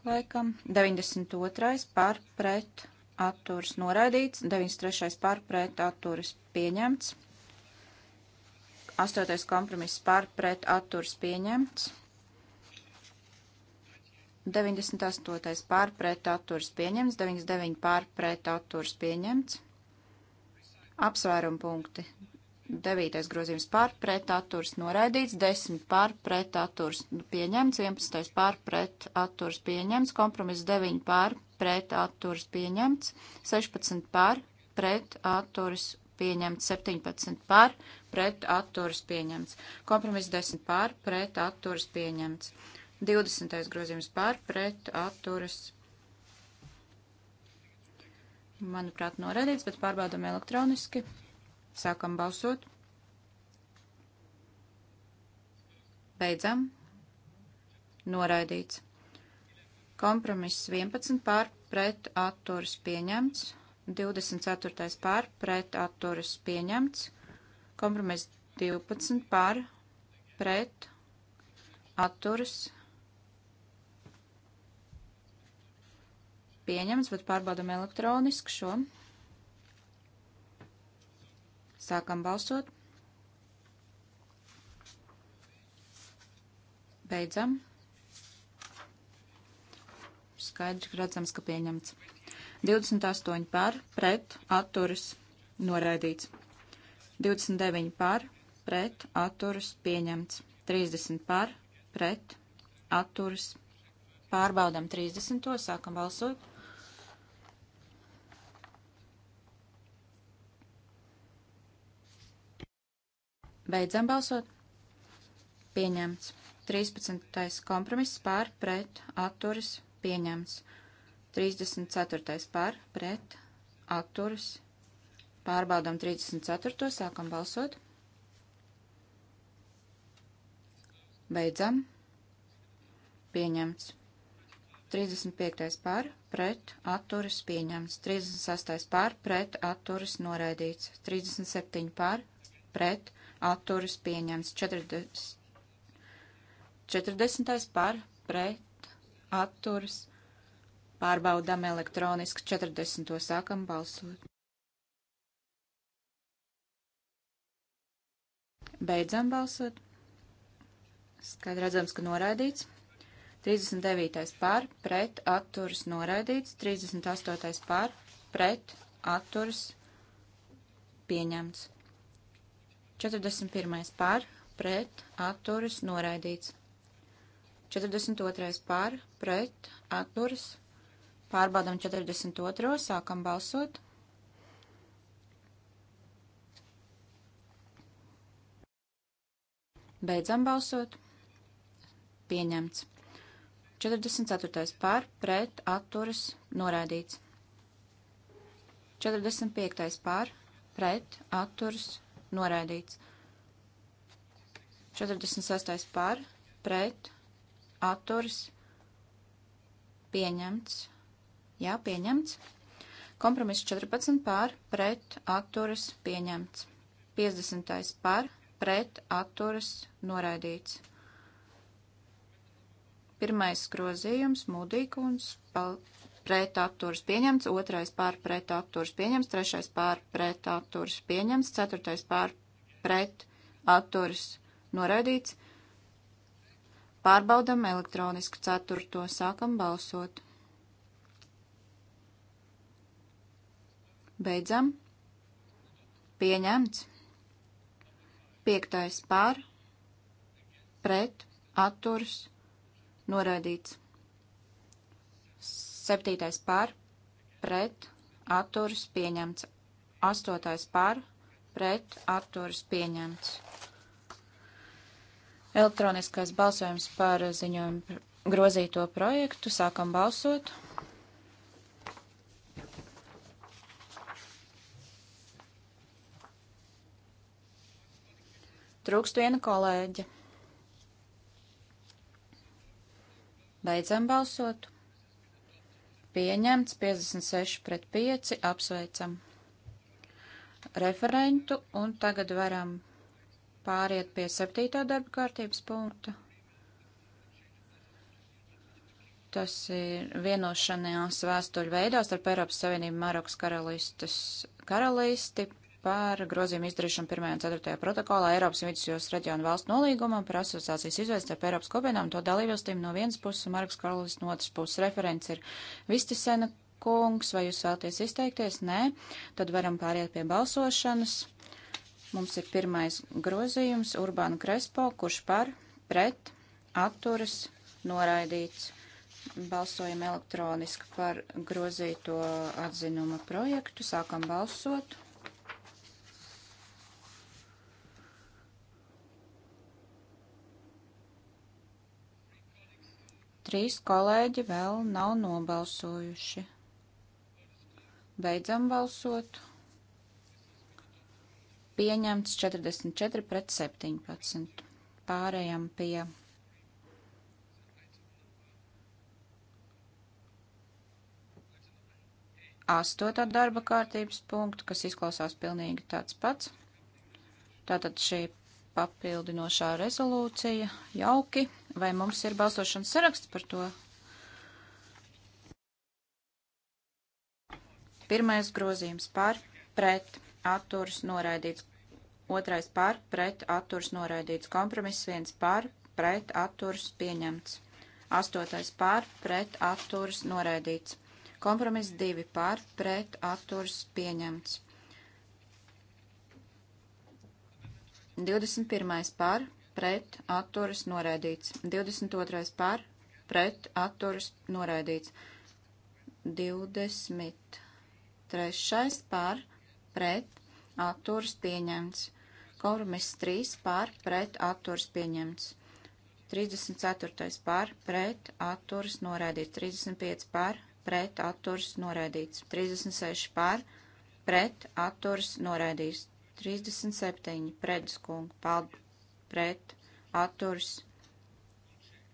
[SPEAKER 3] laikam. 92. pār, pret, atturas, noraidīts. 93. pār, pret, atturas, pieņemts. 8. kompromiss pār, pret, atturas, pieņemts. 98. pārpret atturs pieņemts, 99 pārpret atturs pieņemts. Apsvērumu punkti. 9. grozījums pārpret atturs noraidīts, 10 pārpret atturs pieņemts, 11. pārpret atturs pieņemts, kompromiss 9 pārpret atturs pieņemts, 16 pārpret atturs pieņemts, 17 pārpret atturs pieņemts, kompromiss 10 pārpret atturs pieņemts. 20. grozījums par pret atturas. Manuprāt, noraidīts, bet pārbaudam elektroniski. Sākam balsot. Beidzam. Noraidīts. Kompromiss 11 pār pret atturas pieņemts. 24. pār pret atturas pieņemts. Kompromiss 12 pār pret atturas pieņemts pieņemts, bet pārbaudam elektroniski šo. Sākam balsot. Beidzam. Skaidri redzams, ka pieņemts. 28 par, pret, atturas, noraidīts. 29 par, pret, atturas, pieņemts. 30 par, pret, atturas. Pārbaudam 30. Sākam balsot. Beidzam balsot. Pieņemts. 13. kompromiss pār pret atturas pieņemts. 34. pār pret atturas. Pārbaudam 34. sākam balsot. Beidzam. Pieņemts. 35. pār pret atturas pieņemts. 36. pār pret atturas noraidīts. 37. pār pret atturas atturas pieņemts. 40. 40. par pret atturas pārbaudām elektroniski 40. sākam balsot. Beidzam balsot. Skaidri redzams, ka noraidīts. 39. pār, pret, atturas, noraidīts. 38. pār, pret, atturas, pieņemts. 41. par, pret, atturas, noraidīts. 42. par, pret, atturas. Pārbaudam 42. sākam balsot. Beidzam balsot. Pieņemts. 44. par, pret, atturas, noraidīts. 45. par, pret, atturas, noraidīts noraidīts. 46. par, pret, atturs, pieņemts. Jā, pieņemts. Kompromiss 14 par, pret, atturas, pieņemts. 50. par, pret, atturas, noraidīts. Pirmais grozījums, mudīkuns, paldies pret atturs pieņemts, otrais pār pret atturs pieņemts, trešais pār pret atturs pieņemts, ceturtais pār pret atturs noraidīts. Pārbaudam elektronisku ceturto, sākam balsot. Beidzam. Pieņemts. Piektais pār pret atturs noraidīts. Septītais par, pret, atturas pieņemts. Astotais par, pret, atturas pieņemts. Elektroniskais balsojums par ziņojumu grozīto projektu. Sākam balsot. Trūkst viena kolēģe. Beidzam balsot pieņemts 56 pret 5, apsveicam referentu un tagad varam pāriet pie 7. darba kārtības punkta. Tas ir vienošanās vēstuļu veidās ar Eiropas Savienību Marokas karalistes karalisti par grozījumu izdarīšanu 1. un 4. protokolā Eiropas vidusjūras reģionu valstu nolīgumam par asociācijas izveidu ar Eiropas kopienām to dalībvalstīm no vienas puses un Marks Karlis no otras puses. Referents ir Vistisena kungs, vai jūs vēlties izteikties? Nē. Tad varam pāriet pie balsošanas. Mums ir pirmais grozījums Urbāna Krespo, kurš par, pret, atturas, noraidīts. Balsojam elektroniski par grozīto atzinuma projektu. Sākam balsot. Trīs kolēģi vēl nav nobalsojuši. Beidzam balsot. Pieņemts 44 pret 17. Pārējām pie. Astotā darba kārtības punkta, kas izklausās pilnīgi tāds pats. Tātad šī papildinošā rezolūcija jauki. Vai mums ir balsošanas saraksts par to? Pirmais grozījums par, pret, atturs, noraidīts. Otrais par, pret, atturs, noraidīts. Kompromiss viens par, pret, atturs, pieņemts. Astotais par, pret, atturs, noraidīts. Kompromiss divi par, pret, atturs, pieņemts. 21. par, pret, atturas, noraidīts. 22. par, pret, atturas, noraidīts. 23. par, pret, atturas, pieņemts. Kompromiss 3 par, pret, atturas, pieņemts. 34. par, pret, atturas, noraidīts. 35. par, pret, atturas, noraidīts. 36. par, pret, atturas, noraidīts. 37. prediskungu. Paldies! pret, atturs.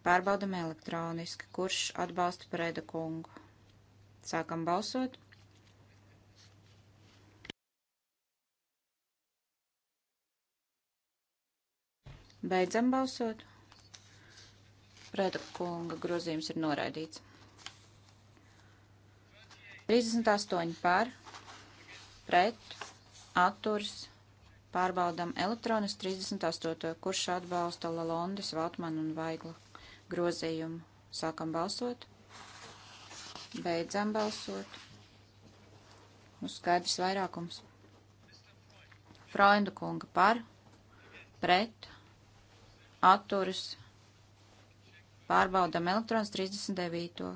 [SPEAKER 3] Pārbaudam elektroniski, kurš atbalsta Preda kungu. Sākam balsot. Beidzam balsot. Preda kunga grozījums ir noraidīts. 38 pār, pret, atturs Pārbaudam elektronis 38. kurš atbalsta Lalondes, Valtmanu un Vaigla grozījumu. Sākam balsot. Beidzam balsot. Uz nu, skaidrs vairākums. Freundu kunga par, pret, atturis. Pārbaudam elektronis 39.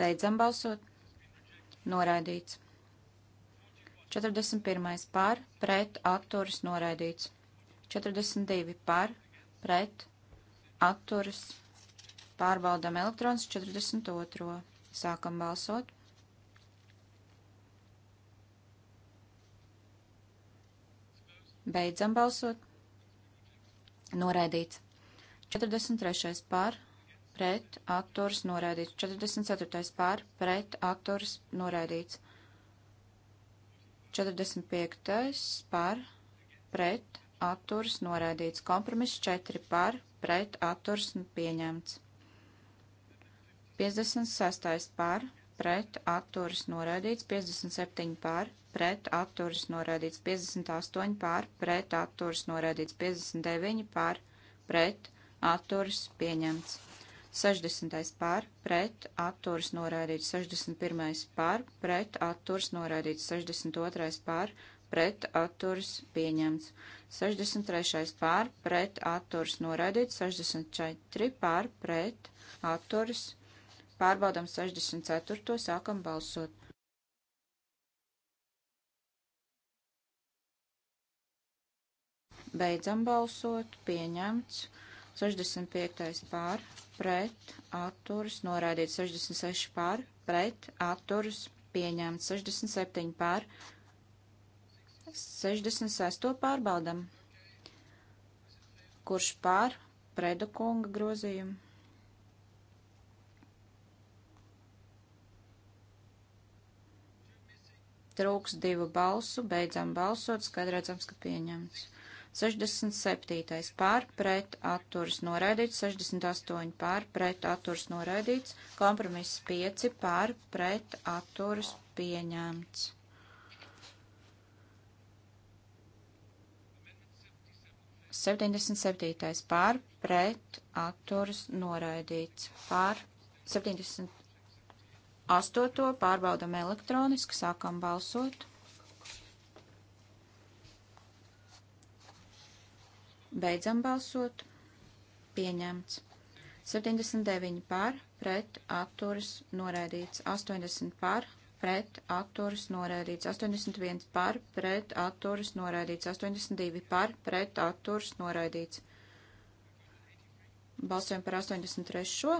[SPEAKER 3] Beidzam balsot. Noraidīts. 41. par, pret, atturas, noraidīts. 42. par, pret, atturas, pārbaudam elektrons 42. Sākam balsot. Beidzam balsot. Noraidīts. 43. par, pret atturas noraidīts. 44. pār pret atturas noraidīts. 45. pār pret atturas noraidīts. Kompromiss 4 pār pret atturas pieņemts. 56. pār pret atturas noraidīts. 57. pār pret atturas noraidīts. 58. pār pret atturas noraidīts. 59. pār pret atturas pieņemts. 60. pār, pret, atturs noraidīts 61. pār, pret, atturs noraidīts 62. pār, pret, atturs pieņemts 63. pār, pret, atturs noraidīts 64. pār, pret, atturs pārbaudam 64. sākam balsot. Beidzam balsot, pieņemts 65. pār, pret atturas noraidīts 66 pār, pret atturas pieņemts 67 pār, 66 pārbaudam. Kurš pār Preda kunga grozījumu? Trūks divu balsu, beidzam balsot, skaidrēdzams, ka pieņemts. 67. pār pret atturs noraidīts, 68. pār pret atturs noraidīts, kompromiss 5 pār pret atturs pieņemts. Septiņdesmit septītais pār pret atturas noraidīts. Pār 78. pārbaudam elektroniski, sākam balsot. Beidzam balsot. Pieņemts. 79 par, pret, atturas, noraidīts. 80 par, pret, atturas, noraidīts. 81 par, pret, atturas, noraidīts. 82 par, pret, atturas, noraidīts. Balsojam par 83. Šo.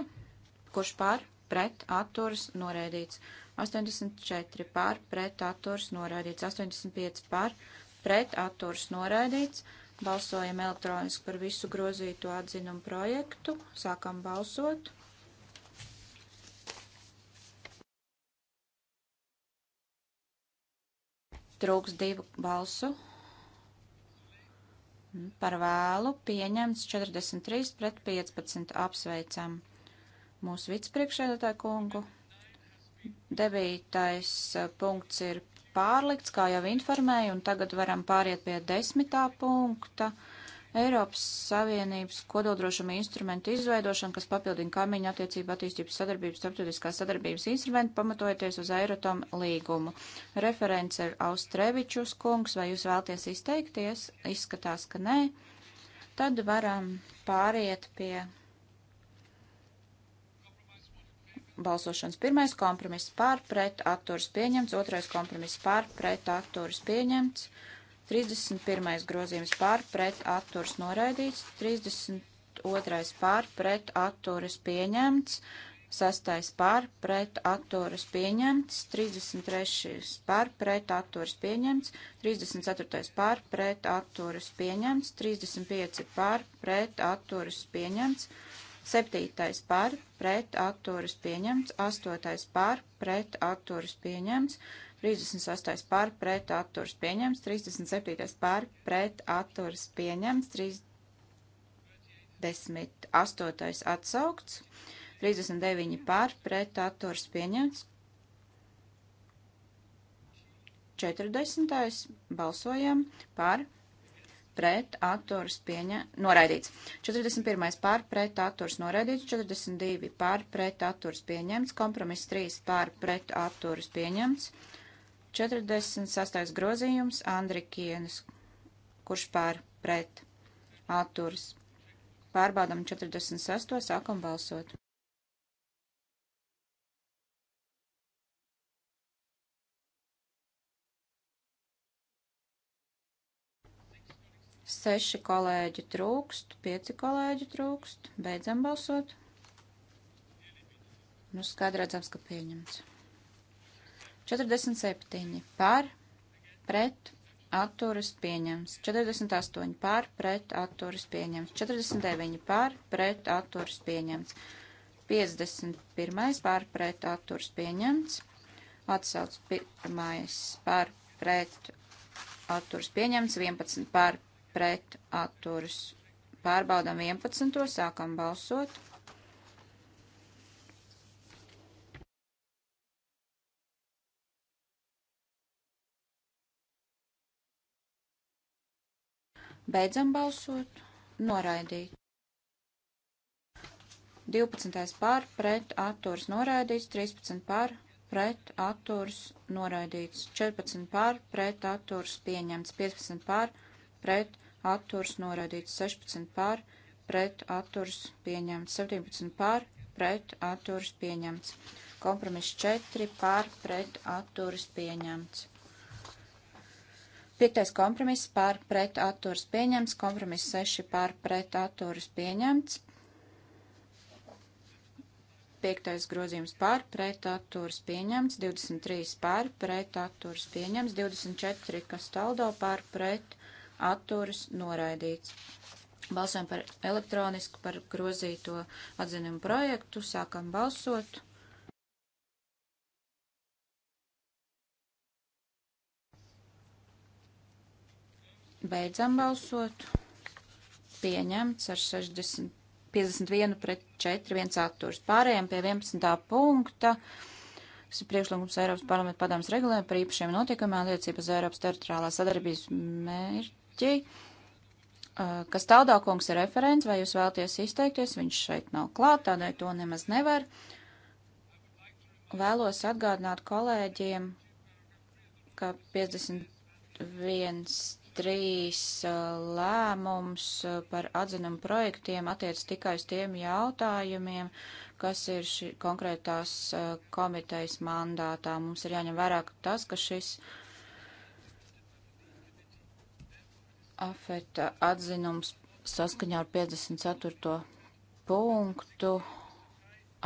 [SPEAKER 3] Kurš par, pret, atturas, noraidīts. 84 par, pret, atturas, noraidīts. 85 par, pret, atturas, noraidīts. Balsojam elektroniski par visu grozīto atzinumu projektu. Sākam balsot. Trūks divu balsu. Mm, par vēlu pieņemts 43 pret 15 apsveicam mūsu vicepriekšēdētāju kungu. Devītais eh, punkts ir pārlikts, kā jau informēju, un tagad varam pāriet pie desmitā punkta. Eiropas Savienības kododrošuma instrumentu izveidošana, kas papildina kaimiņu attiecību attīstības sadarbības starptautiskās sadarbības instrumentu, pamatojoties uz Eirotom līgumu. Referents ir Austrevičus kungs, vai jūs vēlties izteikties? Izskatās, ka nē. Tad varam pāriet pie balsošanas. Pirmais kompromiss par pret atturas pieņemts, otrais kompromiss par pret atturas pieņemts, 31. grozījums par pret atturas noraidīts, 32. par pret atturas pieņemts, 6. par pret atturas pieņemts, 33. par pret atturas pieņemts, 34. par pret atturas pieņemts, 35. par pret atturas pieņemts. 35, Septītais par, pret aktoris pieņemts. Astotais par, pret aktoris pieņemts. 38. par, pret aktoris pieņemts. 37. par, pret aktoris pieņemts. 38. atsaukts. 39 par, pret aktoris pieņemts. 40. balsojam par, pret atturs pieņa noraidīts. 41. pār pret atturs noraidīts, 42. pār pret atturs pieņemts, kompromiss 3 pār pret atturs pieņemts, 46. grozījums Andrikienas, kurš pār pret atturs. Pārbaudam 46. sākam balsot. Seši kolēģi trūkst, pieci kolēģi trūkst. Beidzam balsot. Nu, skaidri redzams, ka pieņemts. 47 par, pret, atturas pieņems. 48 par, pret, atturas pieņems. 49 par, pret, atturas pieņems. 51 par, pret, atturas pieņems. Atsauc pirmais par, pret, atturas pieņems. 11 par, pret atturas. Pārbaudam 11. sākam balsot. Beidzam balsot. Noraidīt. 12. pār pret atturs noraidīts, 13 pār pret atturs noraidīts, 14 pār pret atturs pieņemts, 15 pār pret atturs noraidīts 16 pār, pret atturs pieņemts 17 pār, pret atturs pieņemts. Kompromiss 4 pār, pret atturs pieņemts. Piektais kompromiss pār, pret atturs pieņemts. Kompromiss 6 pār, pret atturs pieņemts. Piektais grozījums pār pret atturs pieņemts, 23 pār pret atturs pieņemts, 24 kastaldo pār pret atturas noraidīts. Balsojam par elektronisku, par grozīto atzinumu projektu. Sākam balsot. Beidzam balsot. Pieņemts ar 60, 51 pret 4, 1 atturs. Pārējām pie 11. punkta. Tas ir priekšlikums Eiropas parlamenta padomas regulējuma par īpašiem notikumiem attiecības Eiropas teritoriālā sadarbības mērķi mērķi, kas tādā kungs ir referents, vai jūs vēlties izteikties, viņš šeit nav klāt, tādēļ to nemaz nevar. Vēlos atgādināt kolēģiem, ka 51 trīs lēmums par atzinumu projektiem attiec tikai uz tiem jautājumiem, kas ir šī konkrētās komitejas mandātā. Mums ir jāņem vērā tas, ka šis uh, afeta atzinums saskaņā ar 54. punktu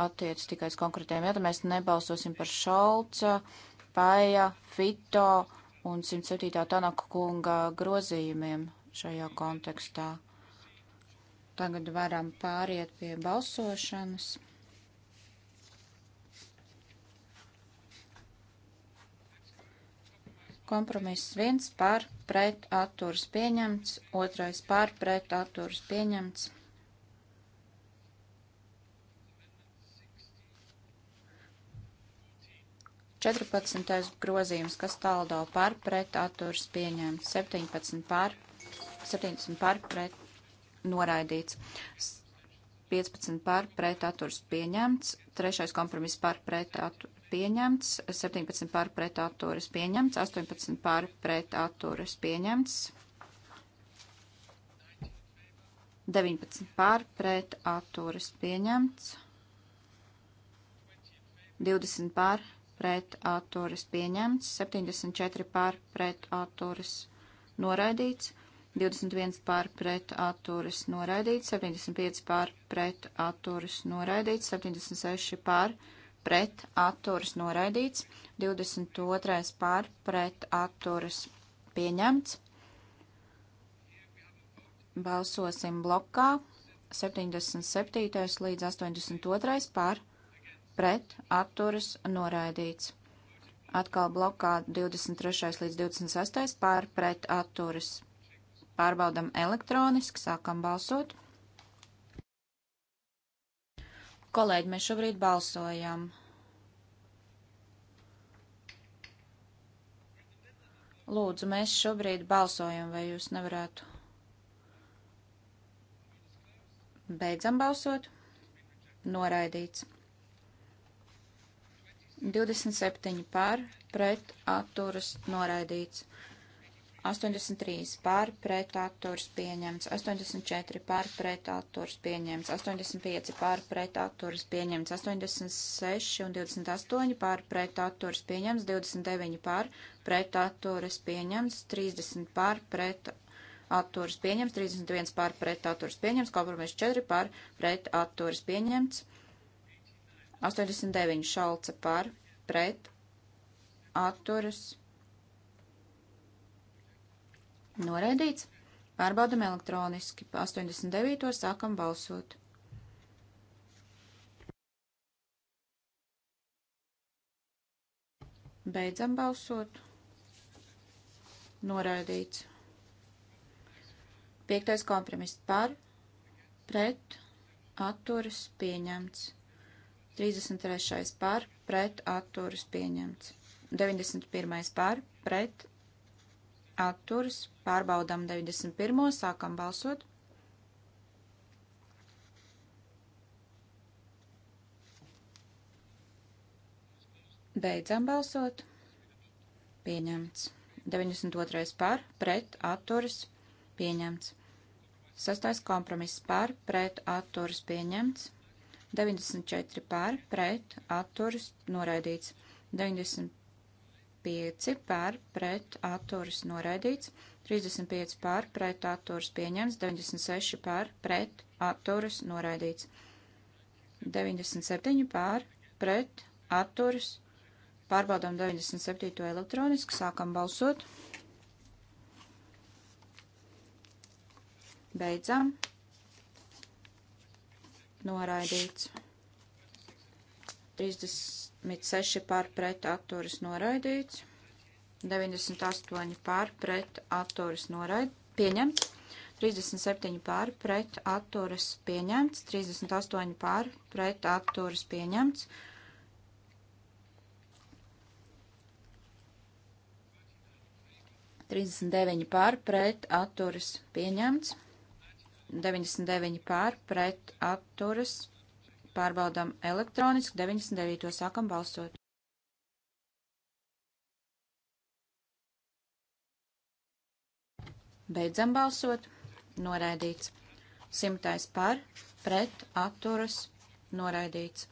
[SPEAKER 3] attiec tikai uz konkrētiem jautājumiem. Mēs nebalsosim par Šolca, Paja, Fito un 107. Tanaka kunga grozījumiem šajā kontekstā. Tagad varam pāriet pie balsošanas. Kompromiss viens par pret atturs pieņemts, otrais par pret atturs pieņemts. Četrpadsmitais grozījums, kas taldo par pret atturs pieņemts, septiņpadsmit par, septiņpadsmit par pret noraidīts, piecpadsmit par pret atturs pieņemts, trešais kompromiss par pret atturs pieņemts, 17 pār pret atturas pieņemts, 18 pār pret atturas pieņemts, 19 pār pret atturas pieņemts, 20 pār pret atturas pieņemts, 74 pār pret atturas noraidīts, 21 pār pret atturas noraidīts, 75 pār pret atturas noraidīts, 76 pār pret atturas noraidīts, pret atturas noraidīts, 22. pār pret atturas pieņemts. Balsosim blokā 77. līdz 82. pār pret atturas noraidīts. Atkal blokā 23. līdz 26. pār pret atturas. Pārbaudam elektroniski, sākam balsot. Kolēģi, mēs šobrīd balsojam. Lūdzu, mēs šobrīd balsojam, vai jūs nevarētu. Beidzam balsot. Noraidīts. 27 par, pret, atturas, noraidīts. 83 pār pret atturs pieņemts, 84 pār pret atturs pieņemts, 85 pār pret atturs pieņemts, 86 un 28 pār pret atturs pieņemts, 29 pār pret atturs pieņemts, 30 pār pret atturs pieņemts, 31 pār pret atturs pieņemts, kompromiss 4 pār pret atturs pieņemts, 89 šalca pār pret atturs pieņemts Noraidīts. Pārbaudam elektroniski. Pa 89. sākam balsot. Beidzam balsot. Noraidīts. Piektais kompromiss par, pret, atturas pieņemts. 33. par, pret, atturas pieņemts. 91. par, pret, atturas, pārbaudām 91. sākam balsot. Beidzam balsot. Pieņemts. 92. par, pret, atturas, pieņemts. Sastais kompromiss par, pret, atturas, pieņemts. 94 par, pret, atturas, noraidīts. 95 35 par pret atturas noraidīts, 35 par pret atturas pieņemts, 96 par pret atturas noraidīts, 97 par pret atturas. Pārbaudām 97. elektroniski, sākam balsot. Beidzam. Noraidīts. 36 pār pret atturas noraidīts. 98 pār pret atturas noraid, pieņemts, 37 pār pret atturas pieņemts, 38 pār pret atturas pieņemts. Trīsdesmit deviņi pār pret atturas pieņemts, deviņdesmit deviņi pār pret atturas Pārbaudam elektroniski 99. sākam balsot. Beidzam balsot. Noraidīts. Simtais par, pret, atturas, noraidīts.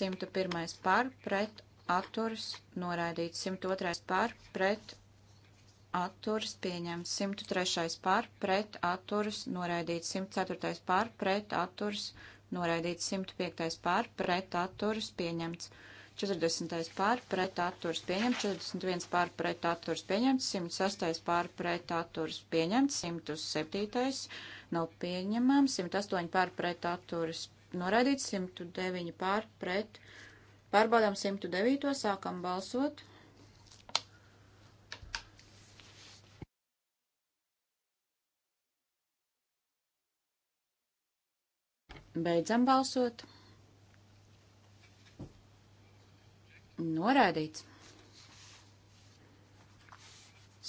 [SPEAKER 3] 101. par, pret, atturas, noraidīts. 102. par, pret, atturas, pieņemts. 103. par, pret, atturas, noraidīts. 104. par, pret, atturas, noraidīts noraidīts 105. pār pret atturas pieņemts. 40. pār pret atturas pieņemts, 41. pār pret atturas pieņemts, 106. pār pret atturas pieņemts, 107. nav pieņemams, 108. pār pret atturas noraidīts, 109. pār pret. Pārbaudām 109. sākam balsot. Beidzam balsot. Noraidīts.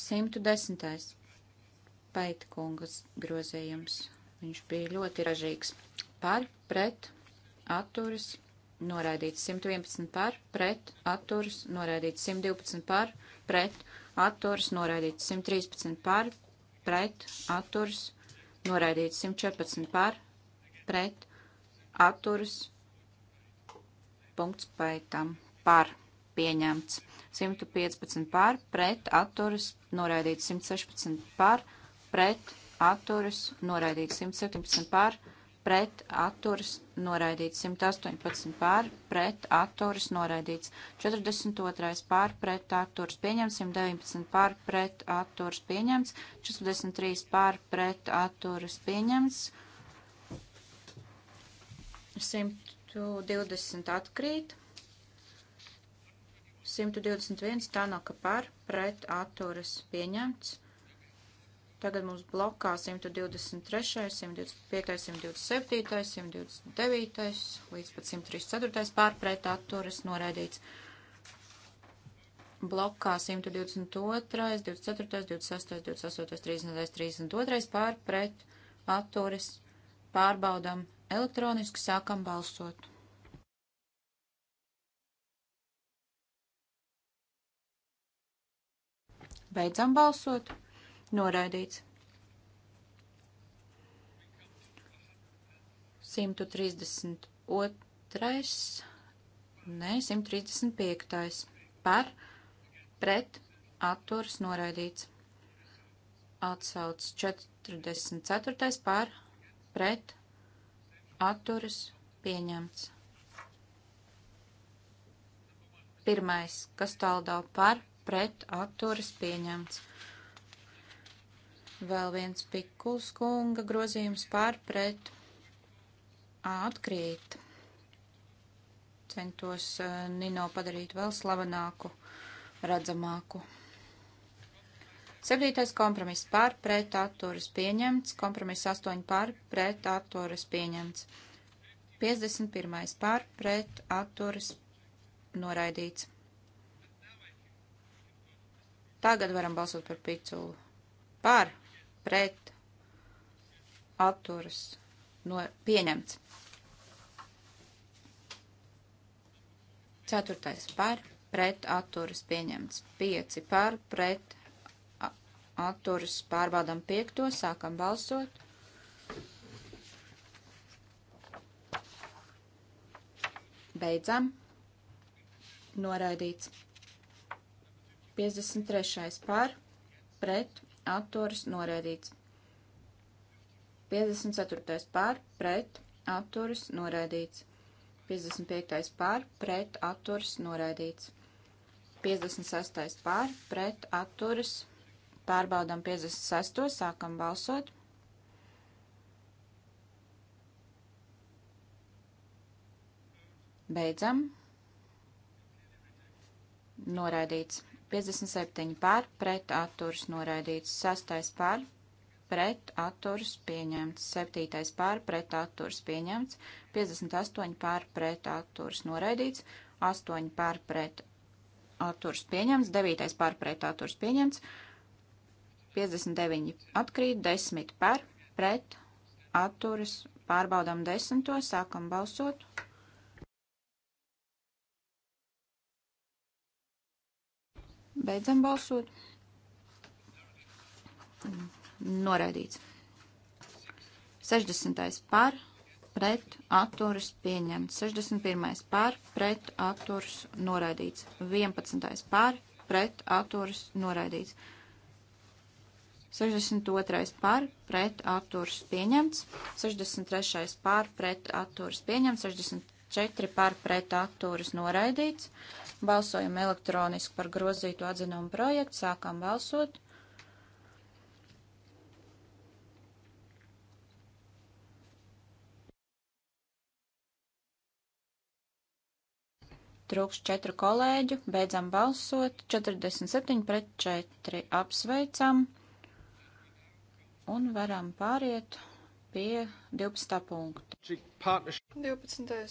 [SPEAKER 3] 110. Paita kungas grozījums. Viņš bija ļoti ražīgs. Par, pret, atturis, noraidīts 111 par, pret, atturis, noraidīts 112 par, pret, atturis, noraidīts 113 par, pret, atturis, noraidīts 114 par, pret, atturas, punkts paitam, par, pieņemts. 115 par, pret, atturas, noraidīts 116 par, pret, atturas, noraidīts 117 par, pret, atturas, noraidīts 118 par, pret, atturas, noraidīts 42 par, pret, atturas, pieņemts 119 par, pret, atturas, pieņemts 43 par, pret, atturas, pieņemts 120 atkrīt. 121 Tanaka par pret atturas pieņemts. Tagad mums blokā 123, 125, 127, 129 līdz pat 134 pārpret atturas noraidīts. Blokā 122, 24, 26, 28, 30, 32 pārpret atturas pārbaudam Elektroniski sākam balsot. Beidzam balsot. Noraidīts. 132. Nē, 135. Par, pret, atturs noraidīts. Atsauc 44. par, pret, atturas pieņemts. Pirmais, kas taldā par, pret, atturas pieņemts. Vēl viens pikuls kunga grozījums par, pret, atkrīt. Centos Nino padarīt vēl slavenāku, redzamāku. Septītais kompromiss par pret atturas pieņemts. Kompromiss 8 par pret atturas pieņemts. 51. par pret atturas noraidīts. Tagad varam balsot par piculu. Par, pret, atturas, no, pieņemts. Ceturtais par, pret, atturas, pieņemts. Pieci par, pret, atturas pārbaudam piekto, sākam balsot. Beidzam. Noraidīts. 53. par, pret, atturas, noraidīts. 54. par, pret, atturas, noraidīts. 55. par, pret, atturas, noraidīts. 56. par, pret, atturas, noraidīts. Pārbaudam 56. sākam balsot. Beidzam. Noraidīts. 57 pār, pret atturs noraidīts. 6. pār, pret atturs pieņemts. 7. pār, pret atturs pieņemts. 58 pār, pret atturs noraidīts. 8 pār, pret atturs pieņemts. 9. pār, pret atturs pieņemts. 59 atkrīt, 10 par, pret, atturas, pārbaudām 10, sākam balsot. Beidzam balsot. Noraidīts. 60. par, pret, atturas, pieņemts. 61. par, pret, atturas, noraidīts. 11. par, pret, atturas, noraidīts. 62. par pret atturs pieņemts, 63. par pret atturs pieņemts, 64. par pret atturs noraidīts. Balsojam elektroniski par grozītu atzinumu projektu, sākam balsot. trūks četru kolēģu, beidzam balsot, 47 pret 4 apsveicam. Un varam pāriet pie 12. punkta.
[SPEAKER 1] 12.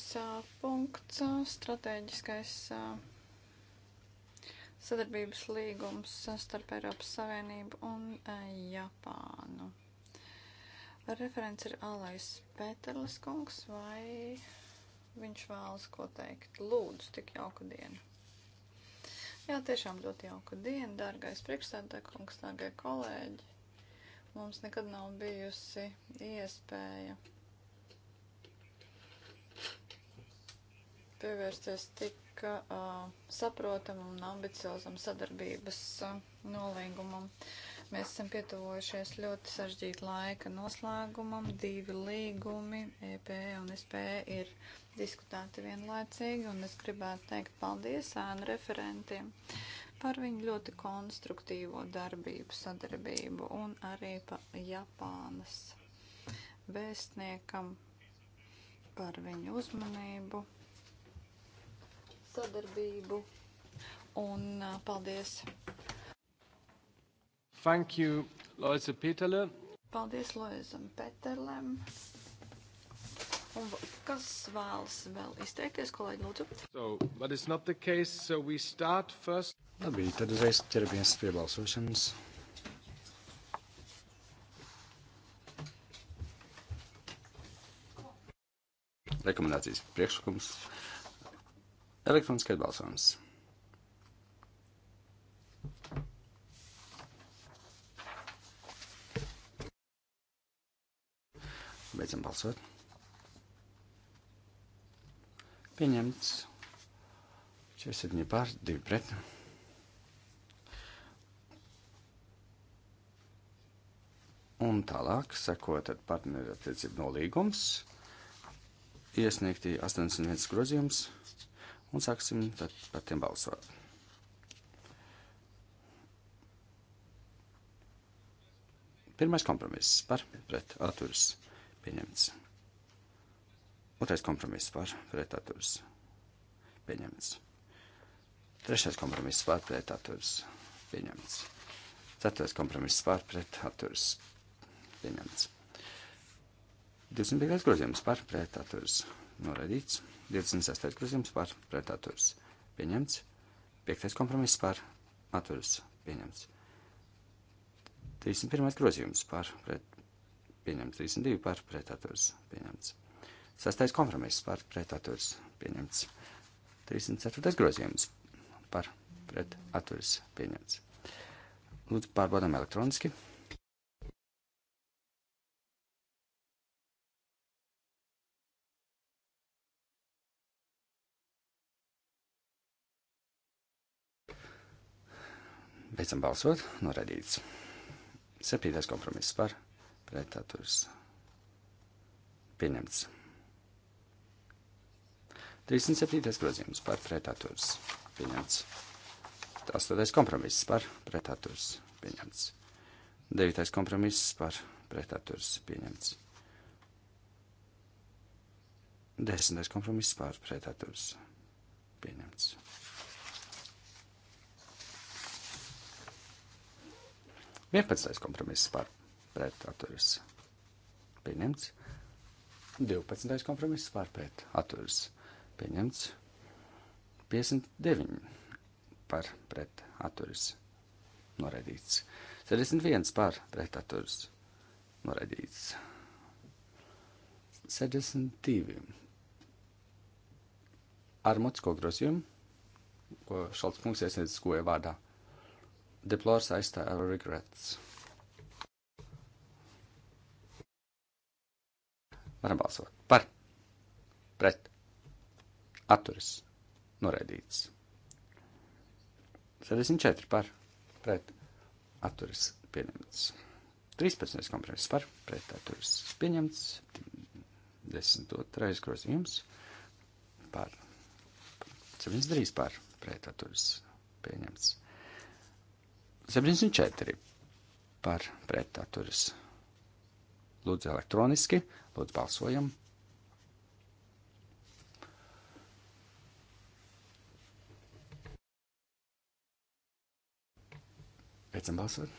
[SPEAKER 4] punkts - strateģiskais sadarbības līgums starp Eiropas Savienību un Japānu. Referents ir Alais Pēterlis kungs, vai viņš vēlas ko teikt? Lūdzu, tik jauka diena. Jā, tiešām ļoti jauka diena, dārgais priekšstādākungs, dārgie kolēģi. Mums nekad nav bijusi iespēja pievērsties tik uh, saprotamam un ambiciozam sadarbības uh, nolīgumam. Mēs esam pietuvojušies ļoti sažģīta laika noslēgumam. Divi līgumi, EP un SP, ir diskutēti vienlaicīgi, un es gribētu teikt paldies ēnu referentiem par viņu ļoti konstruktīvo darbību, sadarbību un arī par Japānas vēstniekam par viņu uzmanību, sadarbību un paldies.
[SPEAKER 1] Thank you, Loisa Peterle.
[SPEAKER 4] Paldies Loisam Peterlem. Un kas vēlas vēl izteikties, kolēģi, lūdzu?
[SPEAKER 1] So, but it's not the case, so we start first. Labi,
[SPEAKER 2] tad uzreiz ķeramies pie balsošanas. Rekomendācijas priekšlikums. Elektroniskais balsojums. Beidzam balsot. Pieņemts. 47 pār, 2 pret. Un tālāk seko tad partnerattiecību nolīgums, iesniegtī 81 grozījums, un sāksim tad par tiem balsot. Pirmais kompromiss par pret atturas pieņemts. Otrais kompromiss par pret atturas pieņemts. Trešais kompromiss par pret atturas pieņemts. Ceturtais kompromiss par pret atturas pieņemts pieņemts. 25. grozījums par pretaturs noraidīts, 26. grozījums par pretaturs pieņemts, 5. kompromiss par aturs pieņemts, 31. grozījums par pret pieņemts, 32 par pretaturs pieņemts, 6. kompromiss par pretaturs pieņemts, 34. grozījums par pretaturs pieņemts. Lūdzu, pārbaudām elektroniski. 34. Beidzam balsot, noraidīts. Septītais kompromiss par pretaturs. Pieņemts. 37. grozījums par pretaturs. Pieņemts. 8. kompromiss par pretaturs. Pieņemts. 9. kompromiss par pretaturs. Pieņemts. 10. kompromiss par pretaturs. Pieņemts. 11. kompromiss par pret atturas pieņemts. 12. kompromiss par pret atturas pieņemts. 59 par pret atturas noraidīts. 61 par pret atturas noraidīts. 62 ar mutisko grozījumu, ko Šalts kungs iesniedz skoja vārdā deplores aizstāja ar regrets. Varam balsot par, pret, atturis, noraidīts. 74 par, pret, atturis, pieņemts. 13. kompromiss par, pret, atturis, pieņemts. 12. grozījums par, 73 par, pret, atturis, pieņemts. 74 par pretaturas. Lūdzu, elektroniski, lūdzu, balsojam. Beidzam balsot.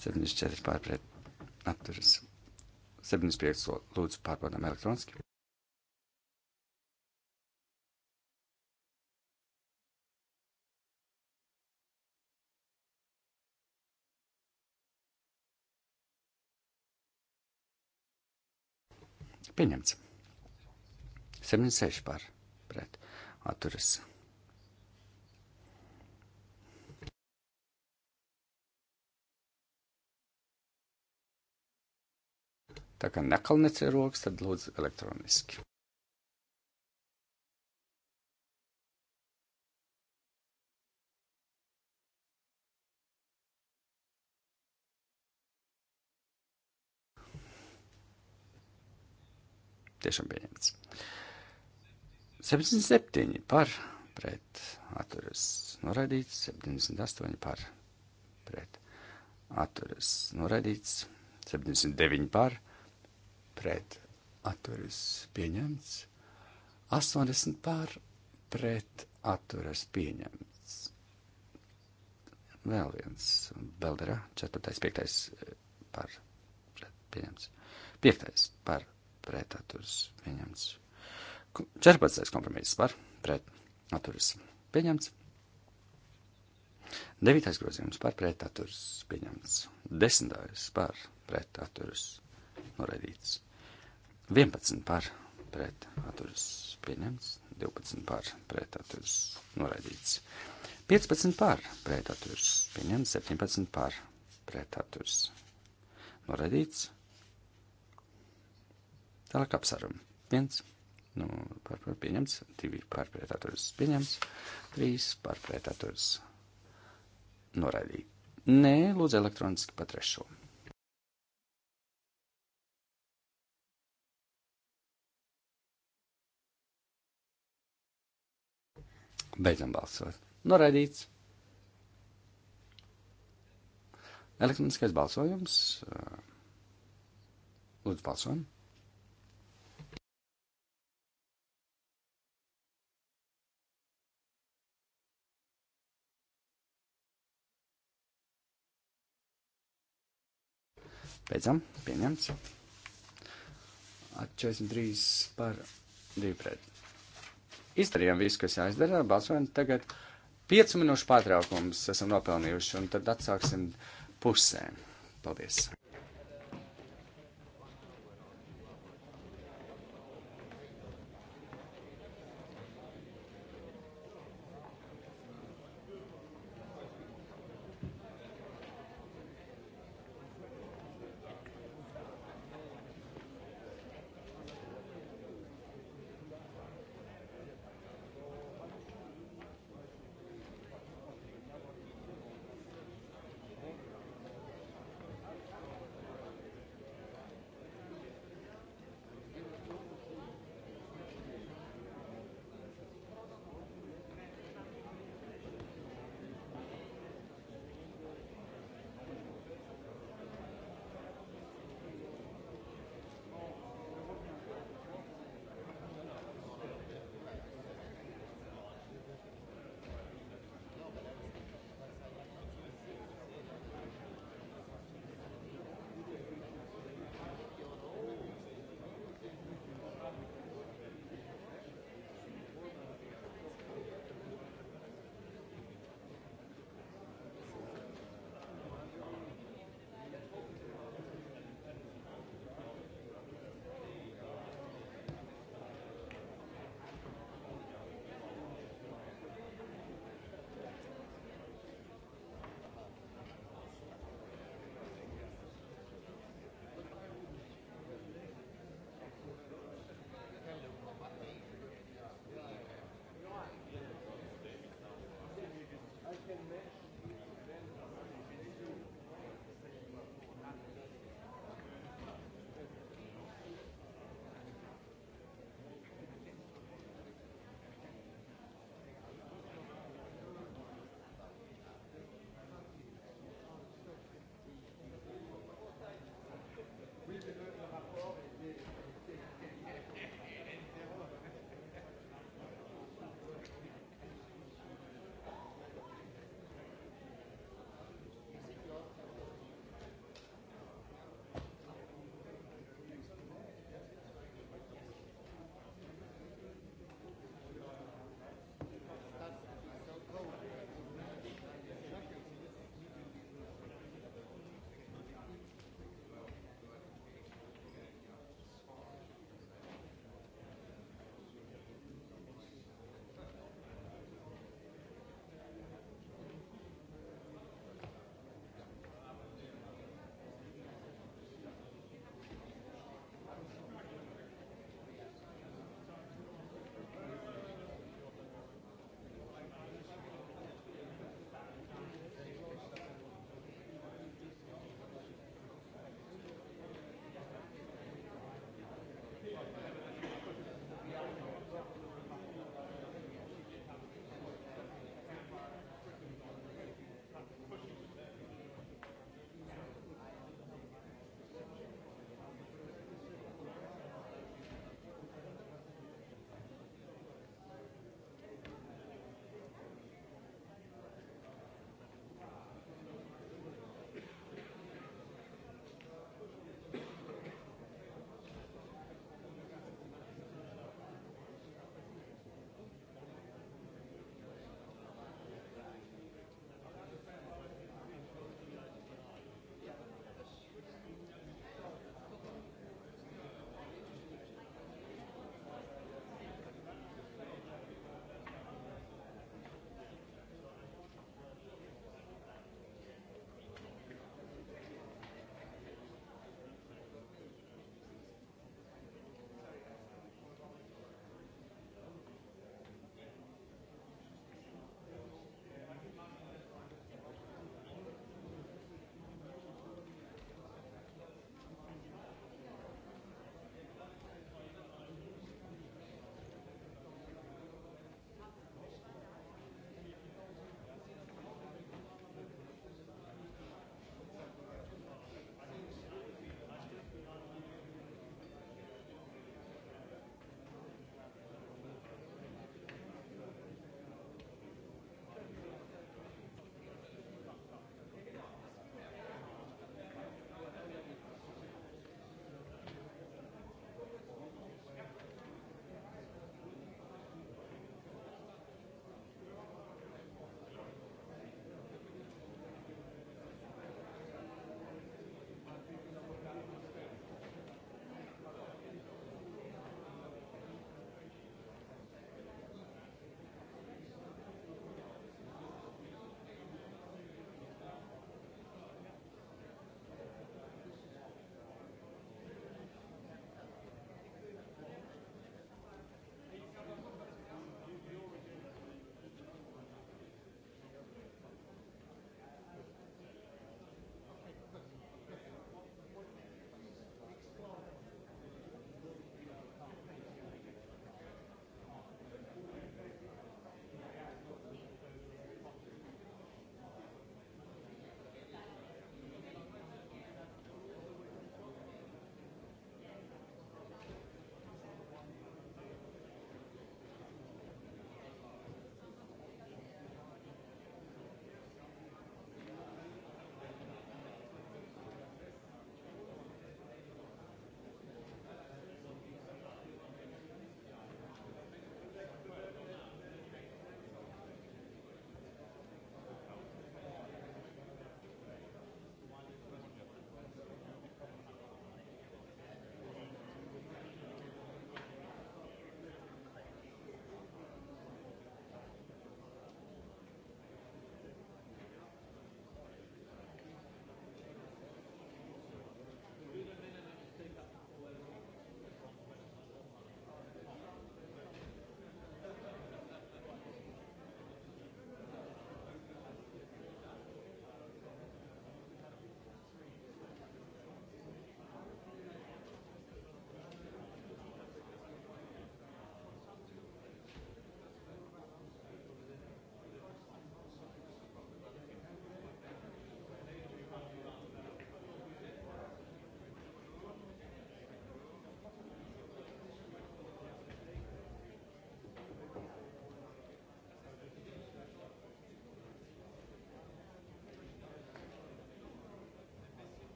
[SPEAKER 2] 74 pārpret atturas. 75 lūdzu pārbaudām elektroniski. Pieņemts. 76 par pret atturas. Tā kā nekalnec ir rokas, tad lūdzu
[SPEAKER 1] elektroniski.
[SPEAKER 2] Tiešām pieņemts. 77 par pret atturas noraidīts, 78 par pret atturas noraidīts, 79 par pret atturas pieņemts, 80 par pret atturas pieņemts. Vēl viens Beldera, 4. 5. Eh, par pret pieņemts. 5. par pret atturas pieņemts. 14. kompromiss par pret atturas pieņemts. 9. grozījums par pret atturas pieņemts. 10. par pret atturas noraidīts. 11 par pret atturas pieņemts. 12 par pret atturas noraidīts. 15 par pret atturas pieņemts. 17 par pret atturas noraidīts. Tālāk apsarumi. 1 nu, par, par pieņemts, 2 par pretaturas pieņemts, 3 par pretaturas noraidīt. Nē, lūdzu elektroniski pa trešo. Beidzam balsot. Noraidīts. Elektroniskais balsojums. Lūdzu, balsojam. Beidzam, pieņemts. At 43 par 2 pret. Izdarījām visu, kas jāizdara, balsojam tagad 5 minūšu pārtraukums esam nopelnījuši, un tad atsāksim pusēm. Paldies!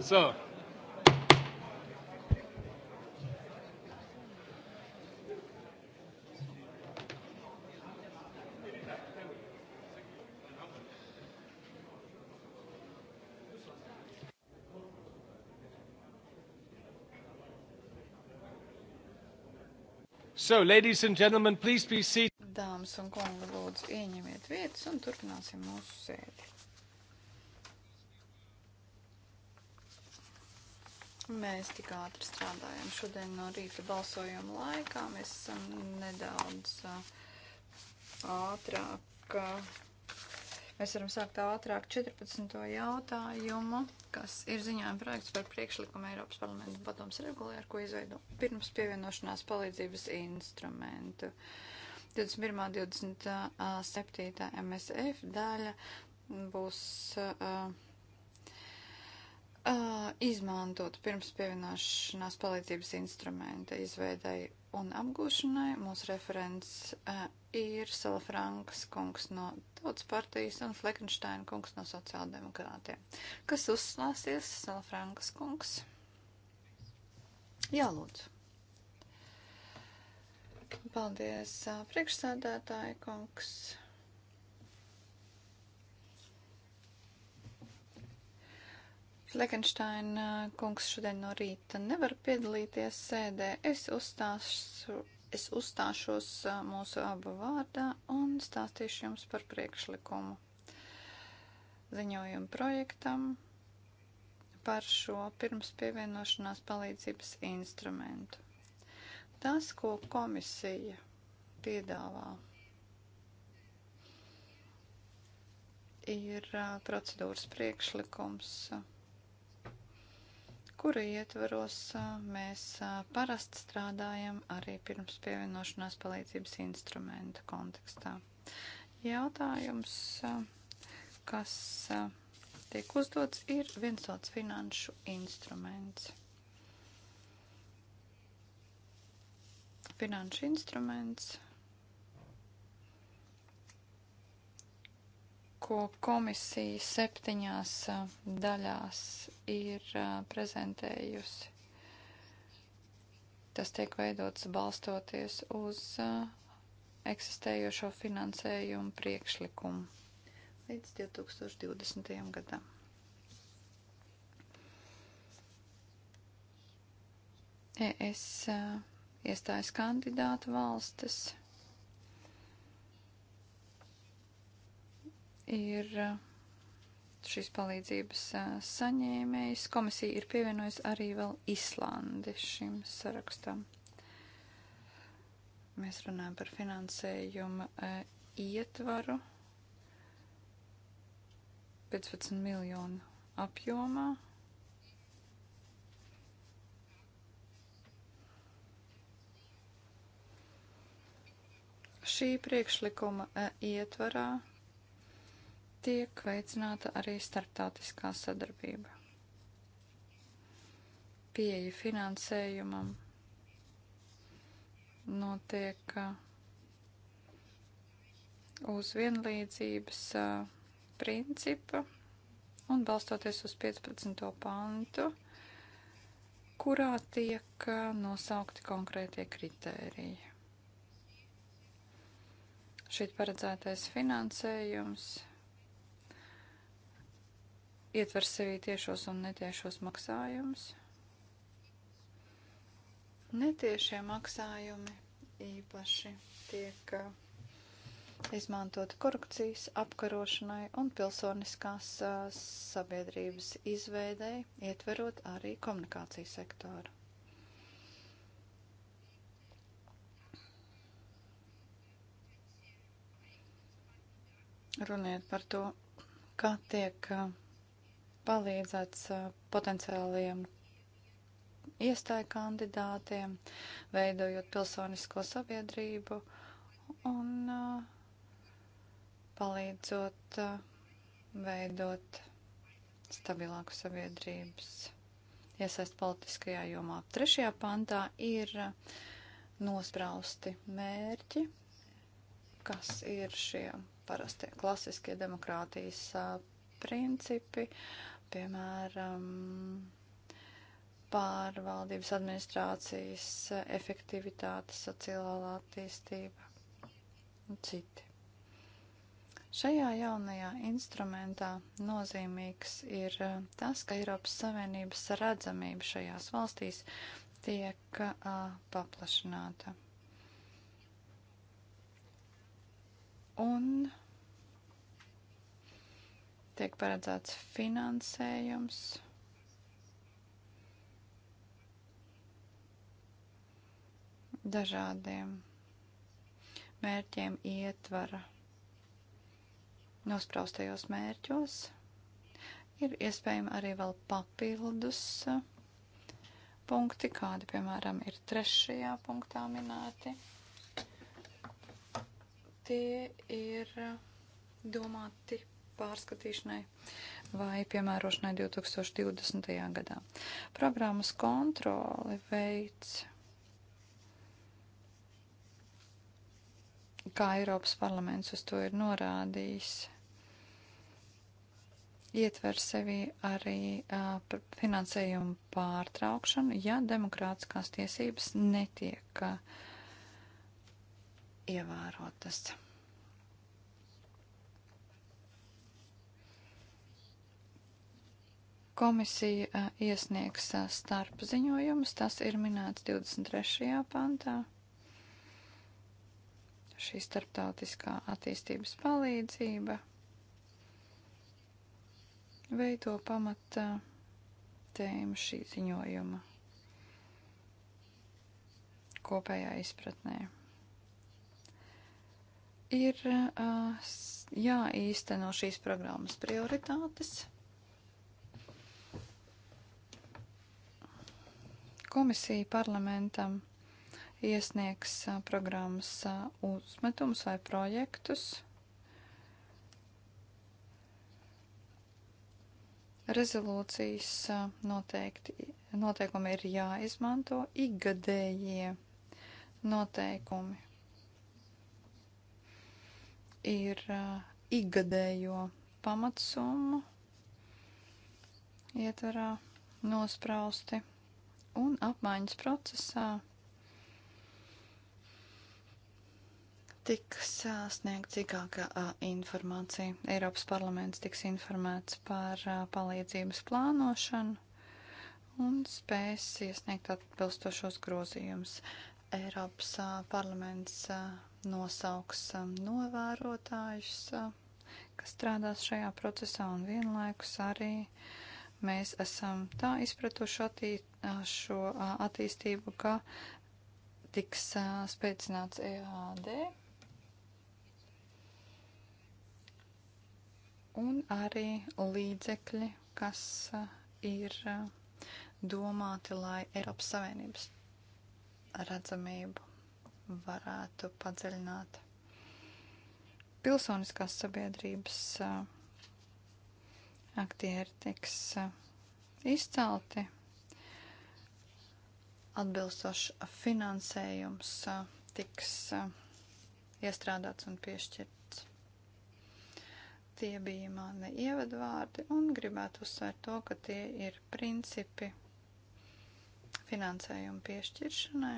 [SPEAKER 1] So. So, ladies and gentlemen, please be seated.
[SPEAKER 4] Dāmas un kungi, lūdzu, ieņemiet vietas un turpināsim mūsu sēdi. Mēs tik ātri strādājam. Šodien no rīta balsojuma laikā mēs esam nedaudz ātrāk. Mēs varam sākt ātrāk 14. jautājumu, kas ir ziņojuma projekts par priekšlikumu Eiropas parlamenta padoms regulē, ar ko izveido pirms pievienošanās palīdzības instrumentu. 21. 27. MSF daļa būs. Uh, uh, izmantot pirms pievienošanās palīdzības instrumenta izveidai un apgūšanai. Mūsu referents uh, ir Salafrankas kungs no Tautas partijas un Fleckensteina kungs no sociāldemokrātiem. Kas uzslāsies? Salafrankas kungs. Jā, lūdzu. Paldies, priekšsādātāja kungs. Lekenšteina kungs šodien no rīta nevar piedalīties sēdē. Es, uzstāšu, es uzstāšos mūsu abu vārdā un stāstīšu jums par priekšlikumu ziņojumu projektam par šo pirms pievienošanās palīdzības instrumentu. Tas, ko komisija piedāvā, ir procedūras priekšlikums. Uh, kura ietvaros mēs parasti strādājam arī pirms pievienošanās palīdzības instrumenta kontekstā. Jautājums, kas tiek uzdots, ir viens tāds finanšu instruments. Finanšu instruments ko komisija septiņās daļās ir prezentējusi. Tas tiek veidots balstoties uz eksistējošo finansējumu priekšlikumu līdz 2020. gadam. ES iestājas kandidātu valstis ir eh, šīs palīdzības eh, saņēmējs. Komisija ir pievienojusi arī vēl Islandi šim sarakstam. Mēs runājam par finansējumu eh, ietvaru 15 miljonu apjomā. Šī priekšlikuma ietvarā tiek veicināta arī starptautiskā sadarbība. Pieeja finansējumam notiek uh, uz vienlīdzības uh, principa un balstoties uz 15. pantu, kurā tiek uh, nosaukti konkrētie kritēriji. Šī paredzētais finansējums – ietver sevī tiešos un netiešos maksājumus. Netiešie maksājumi īpaši tiek uh, izmantoti korupcijas apkarošanai un pilsoniskās uh, sabiedrības izveidei, ietverot arī komunikāciju sektoru. Runiet par to, kā tiek uh, palīdzēts uh, potenciāliem iestāju kandidātiem, veidojot pilsonisko sabiedrību un uh, palīdzot uh, veidot stabilāku sabiedrības iesaist politiskajā jomā. Trešajā pantā ir nosprausti mērķi, kas ir šie parastie klasiskie demokrātijas principi, piemēram, pārvaldības administrācijas efektivitāte, sociālā attīstība un citi. Šajā jaunajā instrumentā nozīmīgs ir uh, tas, ka Eiropas Savienības redzamība šajās valstīs tiek a, uh, paplašināta. Un tiek paredzēts finansējums. Dažādiem mērķiem ietvara nospraustajos mērķos ir iespējami arī vēl papildus punkti, kādi, piemēram, ir trešajā punktā minēti. Tie ir domāti pārskatīšanai vai piemērošanai 2020. gadā. Programmas kontroli veids, kā Eiropas parlaments uz to ir norādījis, ietver sevi arī uh, finansējumu pārtraukšanu, ja demokrātiskās tiesības netiek uh, ievērotas. Komisija iesniegs starp ziņojumus, tas ir minēts 23. pantā. Šī starptautiskā attīstības palīdzība veido pamata tēmu šī ziņojuma kopējā izpratnē. Ir uh, jāīsteno šīs programmas prioritātes Komisija parlamentam iesniegs programmas uzmetums vai projektus. Rezolūcijas noteikti, noteikumi ir jāizmanto ikgadējie noteikumi. Ir uh, ikgadējo pamatsummu ietvarā nosprausti un apmaiņas procesā tiks sniegt cikāka informācija. Eiropas parlaments tiks informēts par a, palīdzības plānošanu un spēs iesniegt atbilstošos grozījumus. Eiropas a, parlaments a, nosauks novērotājus, kas strādās šajā procesā un vienlaikus arī uh, Mēs esam tā izpratuši attī, šo attīstību, ka tiks spēcināts EAD. Un arī līdzekļi, kas ir domāti, lai Eiropas Savienības redzamību varētu padziļināt pilsoniskās sabiedrības uh, aktieri tiks eh, izcelti, atbilstošs finansējums eh, tiks eh, iestrādāts un piešķirts. Tie bija mani ievadvārdi un gribētu uzsvērt to, ka tie ir principi finansējuma piešķiršanai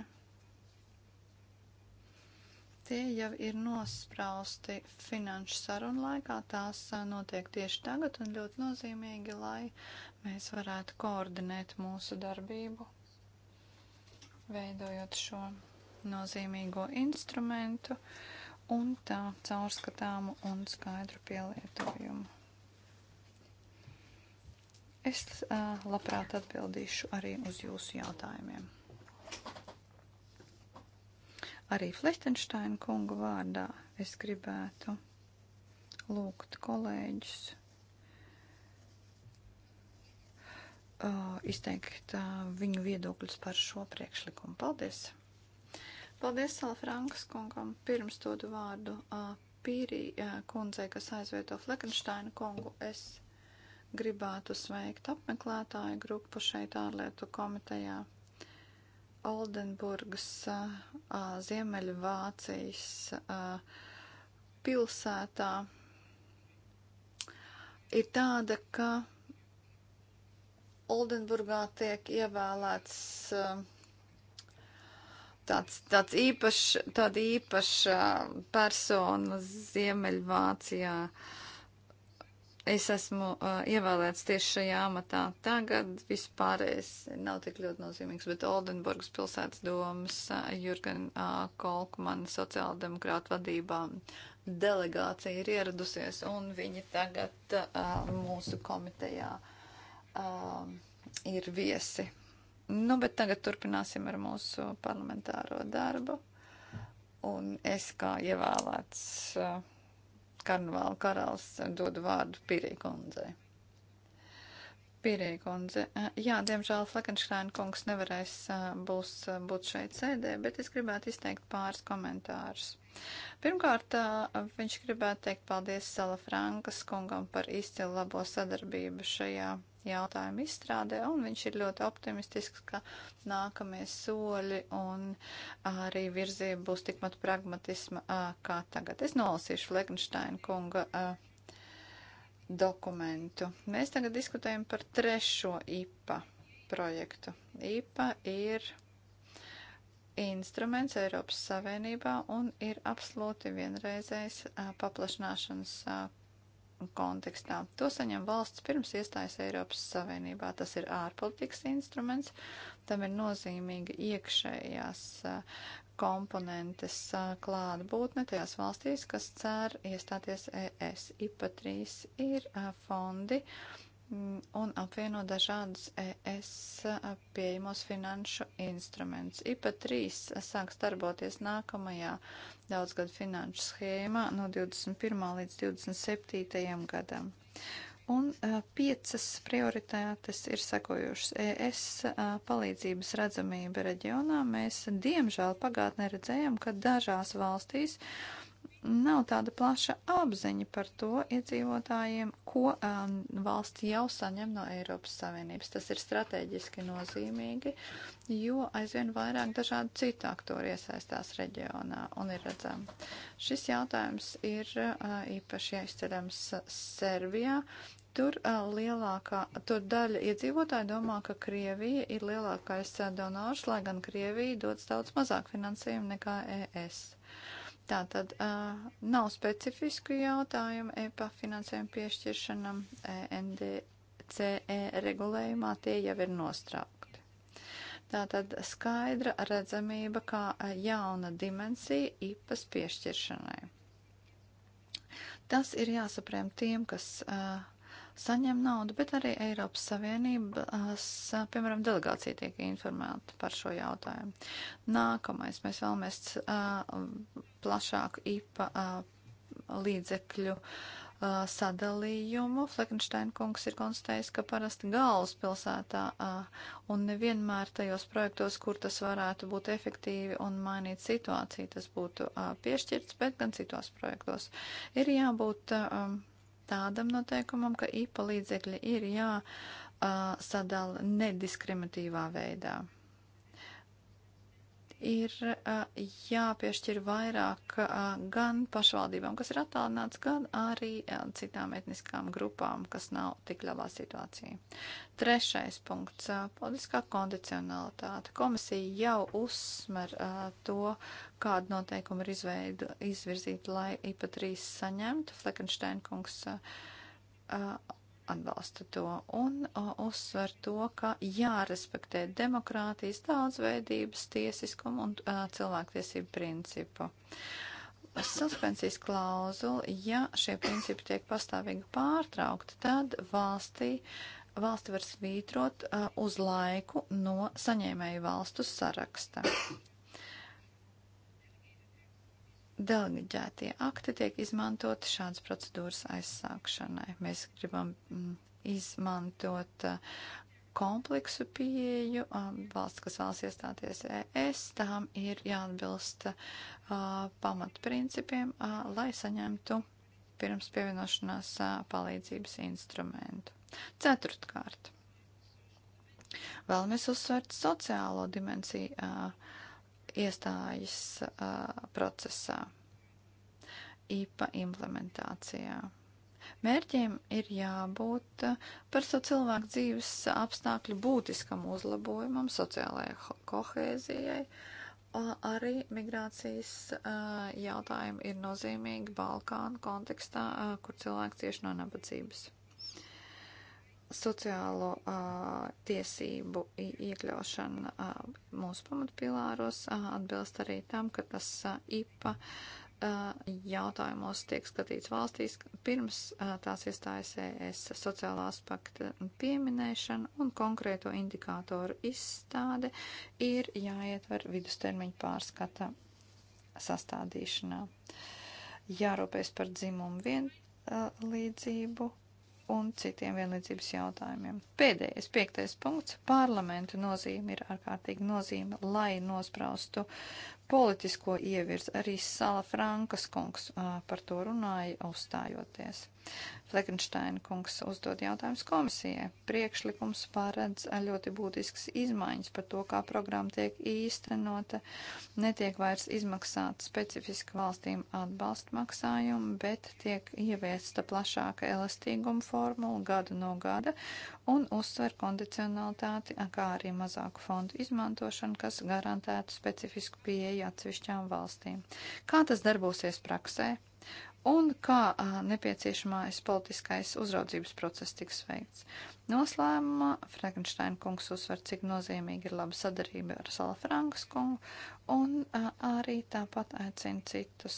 [SPEAKER 4] tie jau ir nosprausti finanšu sarunu laikā. Tās notiek tieši tagad un ļoti nozīmīgi, lai mēs varētu koordinēt mūsu darbību, veidojot šo nozīmīgo instrumentu un tā caurskatāmu un skaidru pielietojumu. Es uh, labprāt atbildīšu arī uz jūsu jautājumiem. Arī Flechtensteina kunga vārdā es gribētu lūgt kolēģus uh, izteikt uh, viņu viedokļus par šo priekšlikumu. Paldies! Paldies Salafrankas kungam. Pirms dodu vārdu uh, Pīrī kundzei, kas aizvieto Fleckensteina kungu. Es gribētu sveikt apmeklētāju grupu šeit ārlietu komitejā. Oldenburgas, Ziemeļvācijas pilsētā ir tāda, ka Oldenburgā tiek ievēlēts tāds, tāds īpašs, tāda īpaša persona Ziemeļvācijā. Uh, es esmu uh, ievēlēts tieši šajā amatā. Tagad vispārējais nav tik ļoti nozīmīgs, bet Oldenburgas pilsētas domas uh, Jurgen uh, Kolkmana sociāldemokrāta vadībā delegācija ir ieradusies, un viņi tagad uh, mūsu komitejā uh, ir viesi. Nu, bet tagad turpināsim ar mūsu parlamentāro darbu, un es kā ievēlēts. Uh, karnevāla karalis dod vārdu Pirīkundzei. Pirīkundze, jā, diemžēl Flekenšrēna kungs nevarēs būs, būt šeit sēdē, bet es gribētu izteikt pāris komentārus. Pirmkārt, viņš gribētu teikt paldies Sala Frankas kungam par izcilu labo sadarbību šajā jautājumu izstrādē, un viņš ir ļoti optimistisks, ka nākamie soļi un arī virzība būs tikpat pragmatisma kā tagad. Es nolasīšu Fleckensteina kunga dokumentu. Mēs tagad diskutējam par trešo IPA projektu. IPA ir instruments Eiropas Savienībā un ir absolūti vienreizējs paplašināšanas a, kontekstā. To saņem valsts pirms iestājas Eiropas Savienībā. Tas ir ārpolitikas instruments, tam ir nozīmīga iekšējās komponentes klātbūtne tajās valstīs, kas cer iestāties ES. IPA 3 ir fondi, uh, Mm, un apvieno dažādus ES pieejamos finanšu instrumentus. IPA 3 sāks darboties nākamajā daudzgadu finanšu schēmā no 21. līdz 27. gadam. Un a, piecas prioritātes ir sekojušas. ES a, palīdzības redzamība reģionā. Mēs diemžēl pagātnē redzējām, ka dažās valstīs uh, nav tāda plaša apziņa par to iedzīvotājiem, ko um, valsts jau saņem no Eiropas Savienības. Tas ir strateģiski nozīmīgi, jo aizvien vairāk dažādu citu aktoru iesaistās reģionā un ir redzam. Šis jautājums ir uh, īpaši aizceļams Serbijā. Tur uh, lielākā, tur daļa iedzīvotāji domā, ka Krievija ir lielākais donors, lai gan Krievija dodas daudz mazāk finansējumu nekā ES. Tā tad uh, nav specifisku jautājumu EPA finansējumu piešķiršanam NDCE e regulējumā, tie jau ir nostraukti. Tā tad skaidra redzamība kā jauna dimensija IPAS piešķiršanai. Tas ir jāsaprēm tiem, kas uh, saņem naudu, bet arī Eiropas Savienības, piemēram, delegācija tiek informēta par šo jautājumu. Nākamais, mēs vēlamies plašāku IPA līdzekļu sadalījumu. Fleckensteina kungs ir konstatējis, ka parasti galvaspilsētā un nevienmēr tajos projektos, kur tas varētu būt efektīvi un mainīt situāciju, tas būtu piešķirts, bet gan citos projektos. Ir jābūt um, tādam noteikumam, ka IPA līdzekļi ir jāsadala nediskriminatīvā veidā ir jāpiešķir vairāk gan pašvaldībām, kas ir attālināts, gan arī citām etniskām grupām, kas nav tik labā situācijā. Trešais punkts - politiskā kondicionalitāte. Komisija jau uzsver to, kādu noteikumu ir izveidu, izvirzīt, lai IPA 3 saņemtu. Fleckenstein kungs atbalsta to un uh, uzsver to, ka jārespektē demokrātijas daudzveidības, tiesiskumu un uh, cilvēktiesību principu. Suspensijas klauzula, ja šie principi tiek pastāvīgi pārtraukti, tad valstī, valsti var svītrot uh, uz laiku no saņēmēju valstu saraksta. Deleģētie akti tiek izmantoti šādas procedūras aizsākšanai. Mēs gribam mm, izmantot uh, kompleksu pieeju, uh, valsts, kas vēlas iestāties ES, tām ir jāatbilst uh, pamatprincipiem, lai saņemtu pirms pievienošanās palīdzības instrumentu. Ceturtkārt. Vēlamies uzsvērt sociālo dimensiju iestājas uh, procesā, IPA implementācijā. Mērķiem ir jābūt par to cilvēku dzīves apstākļu būtiskam uzlabojumam, sociālajai kohēzijai. Arī migrācijas jautājumi ir nozīmīgi Balkānu kontekstā, kur cilvēki cieši no nabadzības sociālo uh, tiesību iekļaušana uh, mūsu pamatpilāros uh, atbilst arī tam, ka tas uh, IPA uh, jautājumos tiek skatīts valstīs pirms uh, tās iestājas ES sociālā aspekta pieminēšana un konkrēto indikātoru izstāde ir jāietver vidustermiņu pārskata sastādīšanā. Jārūpēs par dzimumu vienlīdzību. Uh, līdzību un citiem vienlīdzības jautājumiem. Pēdējais, piektais punkts - parlamentu nozīme ir ārkārtīgi nozīme, lai nospraustu politisko ievirzi. Arī Sala Frankas kungs par to runāja uzstājoties. Flegensteina kungs uzdod jautājumus komisijai. Priekšlikums paredz ļoti būtisks izmaiņas par to, kā programma tiek īstenota. Netiek vairs izmaksāta specifiska valstīm atbalsta maksājuma, bet tiek ieviesta plašāka elastīguma formula gadu no gada un uzsver kondicionalitāti, kā arī mazāku fondu izmantošanu, kas garantētu specifisku pieeju atsevišķām valstīm. Kā tas darbosies praksē? un kā nepieciešamais politiskais uzraudzības process tiks veikts. Noslēmumā Frankensteina kungs uzsver, cik nozīmīgi ir laba sadarība ar Salafrankas kungu, un a, arī tāpat aicina citus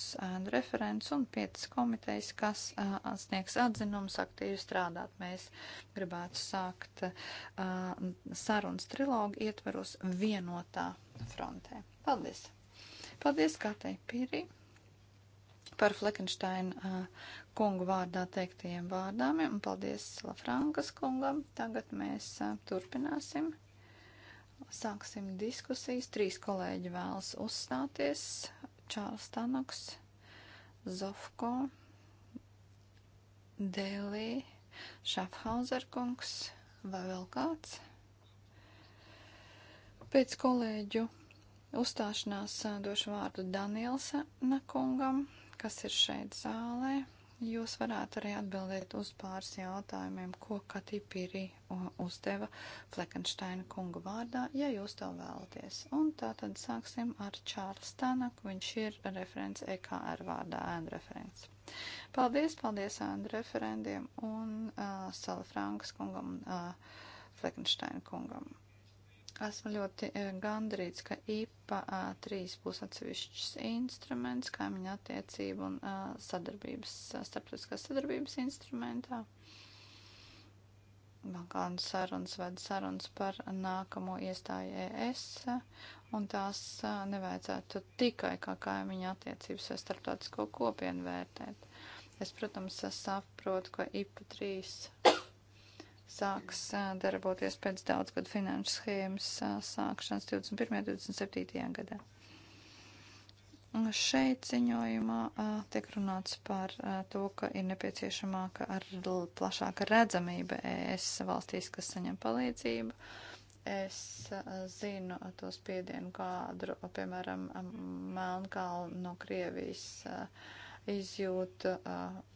[SPEAKER 4] referents un piecas komitejas, kas a, sniegs atzinums, aktīvi strādāt. Mēs gribētu sākt a, sarunas trilogu ietveros vienotā frontē. Paldies! Paldies, Katai Pīrī! par Fleckensteina kungu vārdā teiktajiem vārdām. Un paldies Lafrankas kungam. Tagad mēs turpināsim. Sāksim diskusijas. Trīs kolēģi vēlas uzstāties. Čārls Tanoks, Zofko, Dēlī, Šafhauser kungs vai vēl kāds. Pēc kolēģu uzstāšanās došu vārdu Danielsa Nakungam kas ir šeit zālē, jūs varētu arī atbildēt uz pāris jautājumiem, ko Katī Pirī uzdeva Fleckensteina kunga vārdā, ja jūs to vēlaties. Un tā tad sāksim ar Čārls Tanaku, viņš ir referents EKR vārdā, ēna referents. Paldies, paldies ēna referendiem un uh, Sala Frankas kungam, uh, Fleckensteina kungam. Esmu ļoti eh, gandrīts, ka IPA 3 būs atsevišķs instruments kaimiņa attiecību un eh, sadarbības, eh, starptautiskās sadarbības instrumentā. Balkānu sarunas ved sarunas par nākamo iestāju ES, un tās nevajadzētu tikai kā kaimiņa attiecības vai starptautisko kopienu vērtēt. Es, protams, saprotu, ka IPA 3 sāks darboties pēc daudzgadu finanšu schēmas sākšanas 21. un 27. gadā. Šeit ziņojumā tiek runāts par to, ka ir nepieciešamāka ar plašāka redzamība ES valstīs, kas saņem palīdzību. Es zinu to spiedienu, kādu, piemēram, Melnkalnu no Krievijas uh, izjūta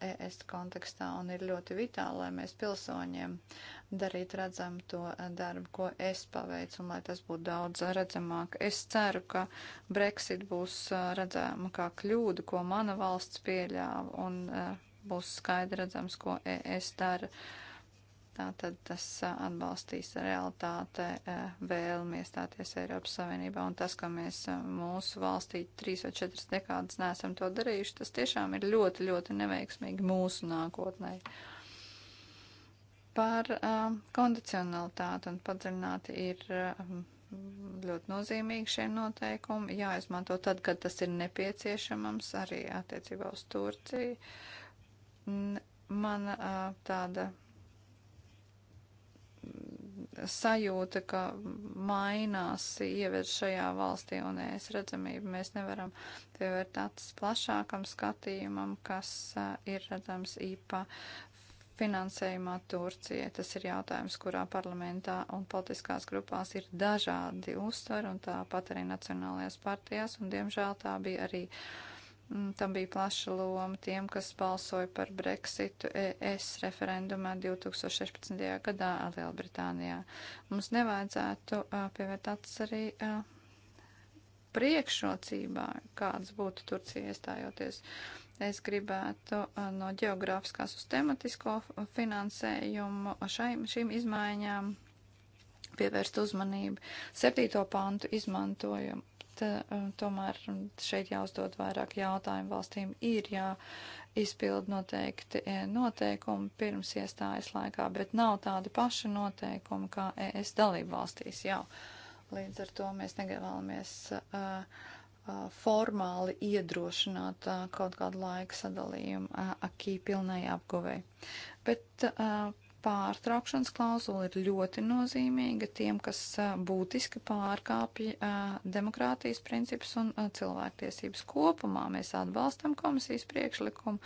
[SPEAKER 4] ES kontekstā un ir ļoti vitāli, lai mēs pilsoņiem darītu redzam to darbu, ko es paveicu, un lai tas būtu daudz redzamāk. Es ceru, ka Brexit būs redzama kā kļūda, ko mana valsts pieļāva, un būs skaidri redzams, ko ES dara. Uh, Tātad tas atbalstīs realitāte vēlmi iestāties Eiropas Savienībā, un tas, ka mēs mūsu valstī trīs vai četras dekādas neesam to darījuši, tas tiešām ir ļoti, ļoti neveiksmīgi mūsu nākotnē. Par uh, kondicionalitāti un padziļināti ir uh, ļoti nozīmīgi šie noteikumi, jāizmanto tad, kad tas ir nepieciešamams arī attiecībā uz Turciju. Man uh, tāda sajūta, ka mainās ievies šajā valstī un es redzamību. Mēs nevaram pievērt acis plašākam skatījumam, kas ir redzams īpa finansējumā Turcija. Tas ir jautājums, kurā parlamentā un politiskās grupās ir dažādi uztver un tāpat arī nacionālajās partijās un diemžēl tā bija arī. Uh, Mm, tam bija plaša loma tiem, kas balsoja par Brexitu ES referendumā 2016. gadā Lielbritānijā. Mums nevajadzētu pievērt acis arī priekšrocībā, kāds būtu Turcija iestājoties. Es gribētu no geogrāfiskās uz tematisko finansējumu šaim, šīm izmaiņām pievērst uzmanību. Septīto pantu izmantojumu bet uh, tomēr šeit jāuzdod vairāk jautājumu. Valstīm ir jāizpild noteikti eh, noteikumi pirms iestājas laikā, bet nav tādi paši noteikumi kā ES dalību valstīs jau. Līdz ar to mēs nevēlamies uh, formāli iedrošināt kaut kādu laika sadalījumu akī pilnai apguvei. Bet pārtraukšanas klauzula ir ļoti nozīmīga tiem, kas būtiski pārkāpja demokrātijas principus un cilvēktiesības kopumā. Mēs atbalstam komisijas priekšlikumu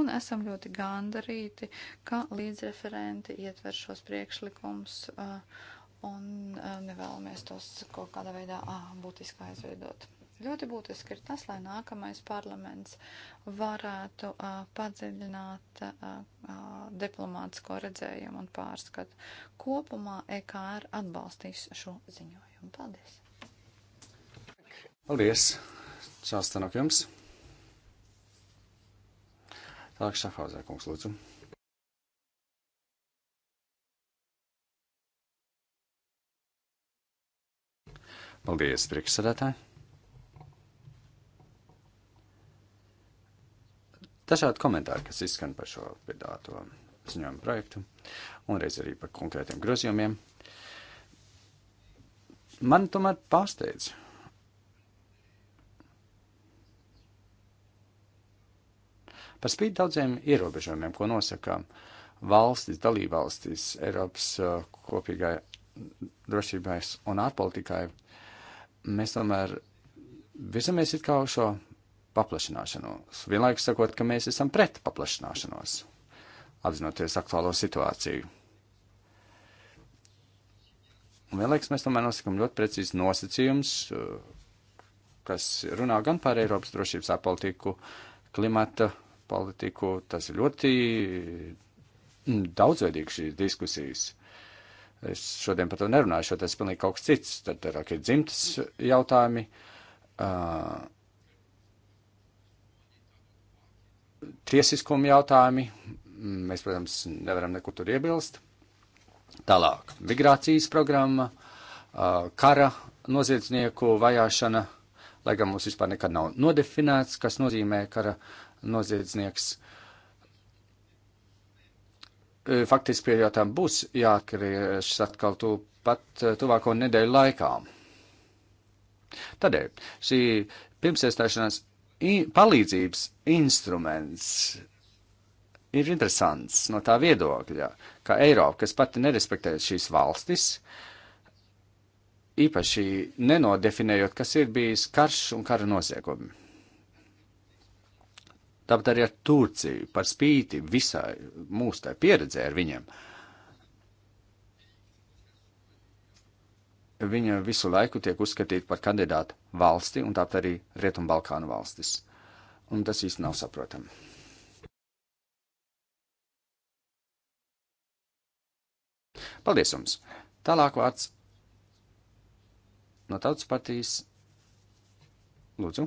[SPEAKER 4] un esam ļoti gandarīti, ka līdzreferenti ietver šos priekšlikumus un nevēlamies tos kaut kādā veidā būtiski aizveidot. Ļoti būtiski ir tas, lai nākamais parlaments varētu uh, padziļināt uh, diplomātsko redzējumu un pārskatu. Kopumā EKR atbalstīs šo ziņojumu. Paldies!
[SPEAKER 2] Paldies! Čāls Tanok jums! Tālāk Šafāzē, kungs, lūdzu. Paldies, priekšsēdētāji! dažādi komentāri, kas izskan par šo piedāto ziņojumu projektu, un reiz arī par konkrētiem grozījumiem. Man tomēr pārsteidz. Par spīti daudziem ierobežojumiem, ko nosaka valstis, dalībvalstis Eiropas uh, kopīgai drošībai un ārpolitikai, mēs tomēr virzamies it kā uz šo paplašināšanos, vienlaikus sakot, ka mēs esam pret paplašināšanos, apzinoties aktuālo situāciju. Un vienlaikus mēs tomēr nosakām ļoti precīzi nosacījums, kas runā gan par Eiropas drošības ārpolitiku, klimata politiku. Tas ir ļoti daudzveidīgi šīs diskusijas. Es šodien par to nerunāju, jo tas ir pilnīgi kaut kas cits. Tad ir dzimtas jautājumi. Uh, tiesiskuma jautājumi. Mēs, protams, nevaram nekur tur iebilst. Tālāk, migrācijas programma, kara noziedznieku vajāšana, lai gan mums vispār nekad nav nodefinēts, kas nozīmē kara noziedznieks. Faktiski pie jautājuma būs jāatgriežas atkal tu pat tuvāko nedēļu laikā. Tādēļ šī pirmsiestāšanās palīdzības instruments ir interesants no tā viedokļa, ka Eiropa, kas pati nerespektē šīs valstis, īpaši nenodefinējot, kas ir bijis karš un kara noziegumi. Tāpat arī ar Turciju, par spīti visai mūsu tai pieredzē ar viņiem. Uh, viņa visu laiku tiek uzskatīta par kandidātu valsti un tāpat arī Rietumbalkānu valstis. Un tas īsti nav saprotami. Paldies jums! Tālāk vārds no tautas partijas. Lūdzu,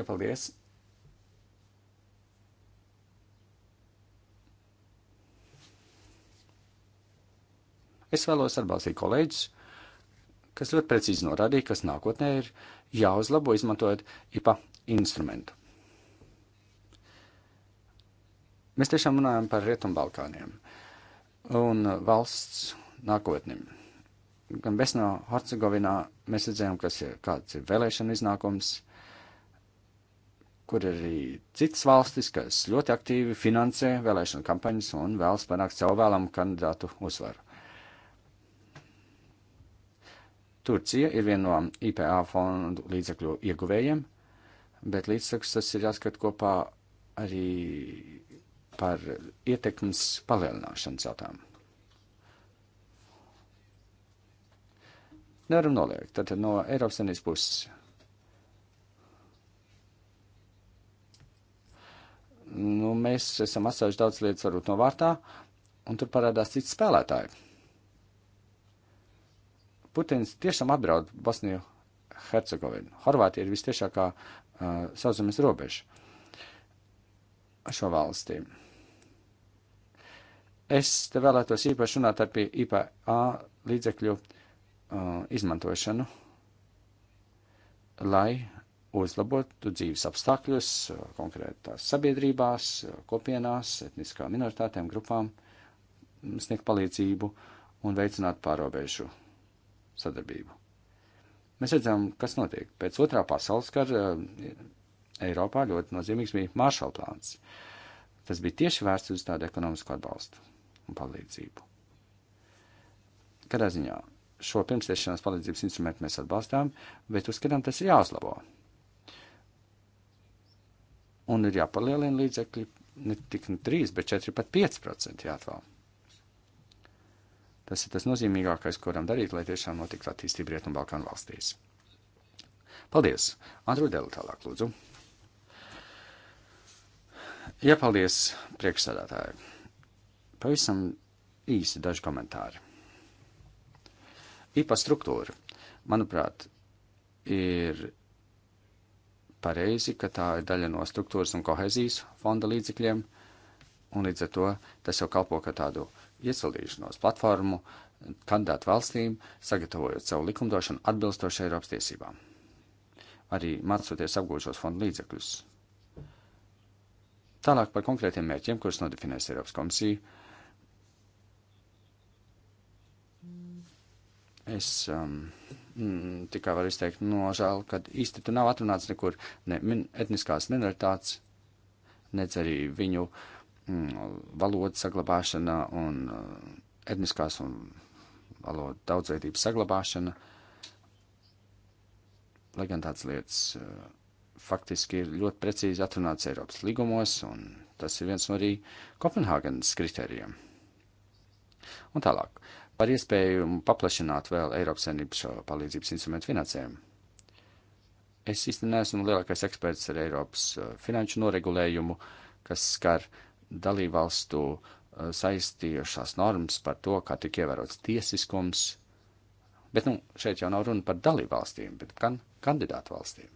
[SPEAKER 2] iepaldies! Es vēlos atbalstīt kolēģus, kas ļoti precīzi norādīja, kas nākotnē ir jāuzlabo izmantojot IPA instrumentu. Mēs tiešām runājam par Rietumbalkāniem un valsts nākotnim. Gan Besno Hercegovinā mēs redzējām, kas ir, kāds ir vēlēšana iznākums, kur ir arī citas valstis, kas ļoti aktīvi finansē vēlēšanu kampaņas un vēlas panākt savu vēlamu kandidātu uzvaru. Turcija ir viena no IPA fondu līdzekļu ieguvējiem, bet līdzsakus tas ir jāskat kopā arī par ietekmes palielināšanas jautājumu. Nevaram noliegt. Tātad no Eiropas Savienības puses. Nu, mēs esam atstājuši daudz lietas varbūt novārtā, un tur parādās citi spēlētāji Putins tiešām apdraud Bosniju Hercegovinu. Horvātija ir vistiešākā uh, sauszemes robeža šo valstī. Es te vēlētos īpaši runāt ar pie IPA līdzekļu uh, izmantošanu, lai uzlabotu dzīves apstākļus uh, konkrētās sabiedrībās, uh, kopienās, etniskām minoritātēm, grupām, sniegt palīdzību un veicināt pārobežu sadarbību. Mēs redzam, kas notiek. Pēc otrā pasaules kara eh, Eiropā ļoti nozīmīgs bija Maršala plāns. Tas bija tieši vērsts uz tādu ekonomisku atbalstu un palīdzību. Kādā ziņā šo pirmstiešanās palīdzības instrumentu mēs atbalstām, bet uzskatām, tas ir jāuzlabo. Un ir jāpalielina līdzekļi ne tik ne nu 3, bet 4, pat 5% jāatvēl. Tas ir tas nozīmīgākais, ko varam darīt, lai tiešām notiktu attīstība Rietumu Balkānu valstīs. Paldies! Andru Delu tālāk, lūdzu. Jā, paldies, priekšsādātāji. Pavisam īsi daži komentāri. IPA struktūra, manuprāt, ir pareizi, ka tā ir daļa no struktūras un kohezijas fonda līdzekļiem, un līdz ar to tas jau kalpo kā tādu uh, iesaldīšanos platformu kandidātu valstīm, sagatavojot savu likumdošanu atbilstoši Eiropas tiesībām. Arī mācoties apgūšos fondu līdzekļus. Tālāk par konkrētiem mērķiem, kurus nodefinēs Eiropas komisija. Es um, mm, tikai varu izteikt nožēlu, ka īsti tur nav atrunāts nekur ne etniskās minoritātes, nedz arī viņu uh, Mm, valodas saglabāšana un uh, etniskās un valodu daudzveidības saglabāšana, lai gan tādas lietas uh, faktiski ir ļoti precīzi atrunāts Eiropas līgumos, un tas ir viens no arī Kopenhāgenes kritērijiem. Un tālāk par iespēju paplašināt vēl Eiropas Savienības palīdzības instrumentu finansējumu. Es īstenībā neesmu lielākais eksperts ar Eiropas uh, finanšu noregulējumu, kas skar uh, dalībvalstu eh, saistījušās normas par to, kā tik ievērots tiesiskums. Bet nu, šeit jau nav runa par dalībvalstīm, bet gan kandidātu valstīm,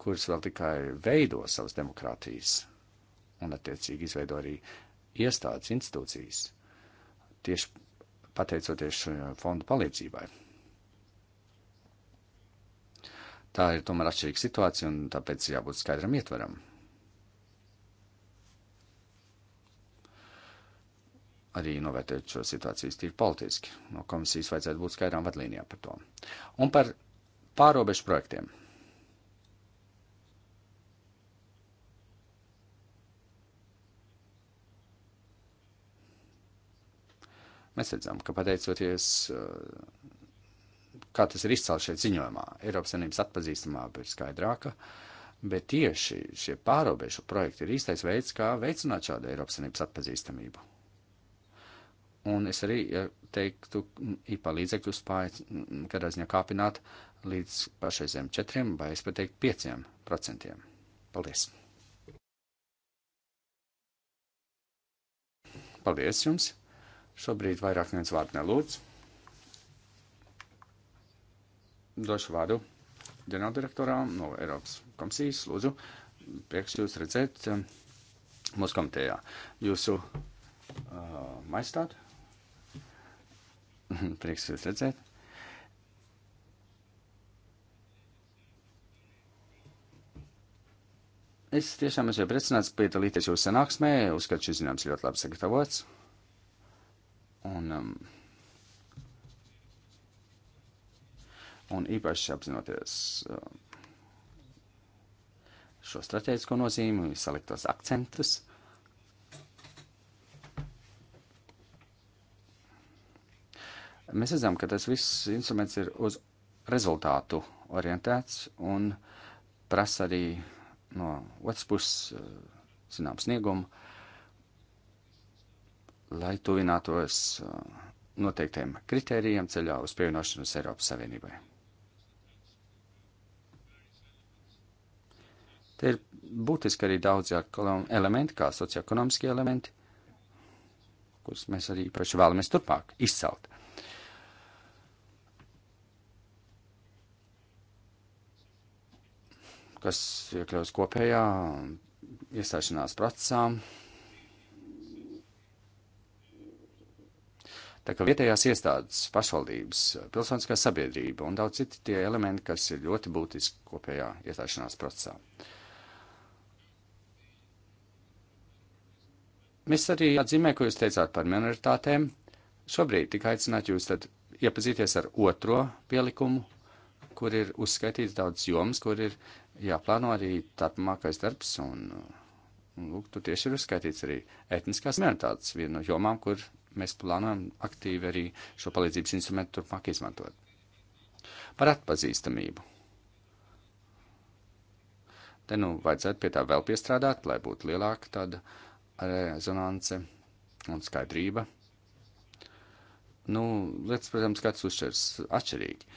[SPEAKER 2] kuras vēl tikai veido savas demokrātijas un, attiecīgi, izveido arī iestādes, institūcijas, tieši pateicoties fondu palīdzībai. Tā ir tomēr atšķirīga situācija, un tāpēc jābūt skaidram ietveram. arī novērtēt šo situāciju tīri politiski. No komisijas vajadzētu būt skaidrām vadlīnijām par to. Un par pārobežu projektiem. Mēs redzam, ka pateicoties, eh, kā tas ir izcēlts šeit ziņojumā, Eiropas Savienības atpazīstamā ir skaidrāka, bet tieši šie pārobežu projekti ir īstais veids, kā veicināt šādu Eiropas Savienības atpazīstamību. Un es arī teiktu, IPA līdzekļus spēj mm, kādā ziņā kāpināt līdz pašreizējiem 4 vai es pat teiktu 5 procentiem. Paldies! Paldies jums! Šobrīd vairāk neviens vārdu nelūdz. Došu vārdu ģenerāldirektorām no Eiropas komisijas. Lūdzu, prieks jūs redzēt um, mūsu komitejā. Jūsu uh, maistātu. Mhm, prieks jūs redzēt. Es tiešām esmu priecināts piedalīties jūsu sanāksmē. Uzskatu, šis ziņojums ļoti labi sagatavots. Un, um, un īpaši apzinoties um, šo strateģisko nozīmi, saliktos akcentus. Mēs redzam, ka tas viss instruments ir uz rezultātu orientēts un prasa arī no otras puses, eh, zinām, sniegumu, lai tuvinātos eh, noteiktiem kritērijiem ceļā uz pievienošanos Eiropas Savienībai. Te ir būtiski arī daudz elementi, kā socioekonomiskie elementi, kurus mēs arī īpaši vēlamies turpmāk izcelt. kas iekļaus kopējā iestāšanās procesā. Tā kā vietējās iestādes, pašvaldības, pilsoniskā sabiedrība un daudz citi tie elementi, kas ir ļoti būtiski kopējā iestāšanās procesā. Mēs arī atzīmē, ko jūs teicāt par minoritātēm. Šobrīd tik aicināt jūs tad iepazīties ar otro pielikumu, kur ir uzskaitīts daudz jomas, kur ir jāplāno arī turpmākais darbs, un, un lūk, tur tieši ir uzskaitīts arī etniskās minoritātes viena no jomām, kur mēs plānojam aktīvi arī šo palīdzības instrumentu turpmāk izmantot. Par atpazīstamību. Te nu vajadzētu pie tā vēl piestrādāt, lai būtu lielāka tāda rezonance un skaidrība. Nu, lietas, protams, kāds uzšķirs atšķirīgi,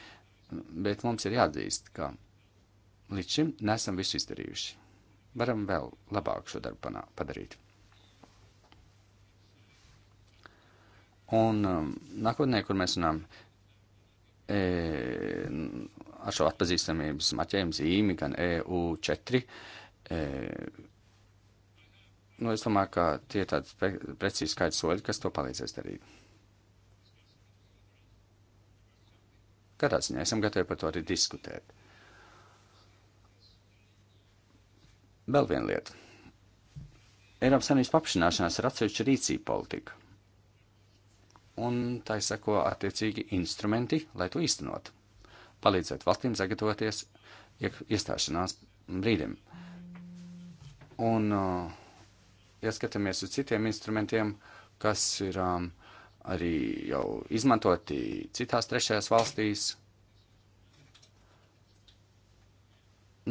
[SPEAKER 2] bet mums ir jāatzīst, ka līdz šim nesam visu izdarījuši. Varam vēl labāk šo darbu panā, padarīt. Un um, nākotnē, kur mēs runājam e, ar šo atpazīstamības maķējumu zīmi, gan EU4, e, nu, es domāju, ka tie ir tādi pre, precīzi skaidri soļi, kas to palīdzēs darīt. Katrā ziņā esam gatavi par to arī diskutēt. Vēl viena lieta. Eiropas Savienības paplašināšanās ir atsevišķa rīcība politika. Un tai seko attiecīgi instrumenti, lai to īstenot. Palīdzēt valstīm sagatavoties iestāšanās brīdim. Un, ja uh, skatāmies uz citiem instrumentiem, kas ir um, arī jau izmantoti citās trešajās valstīs,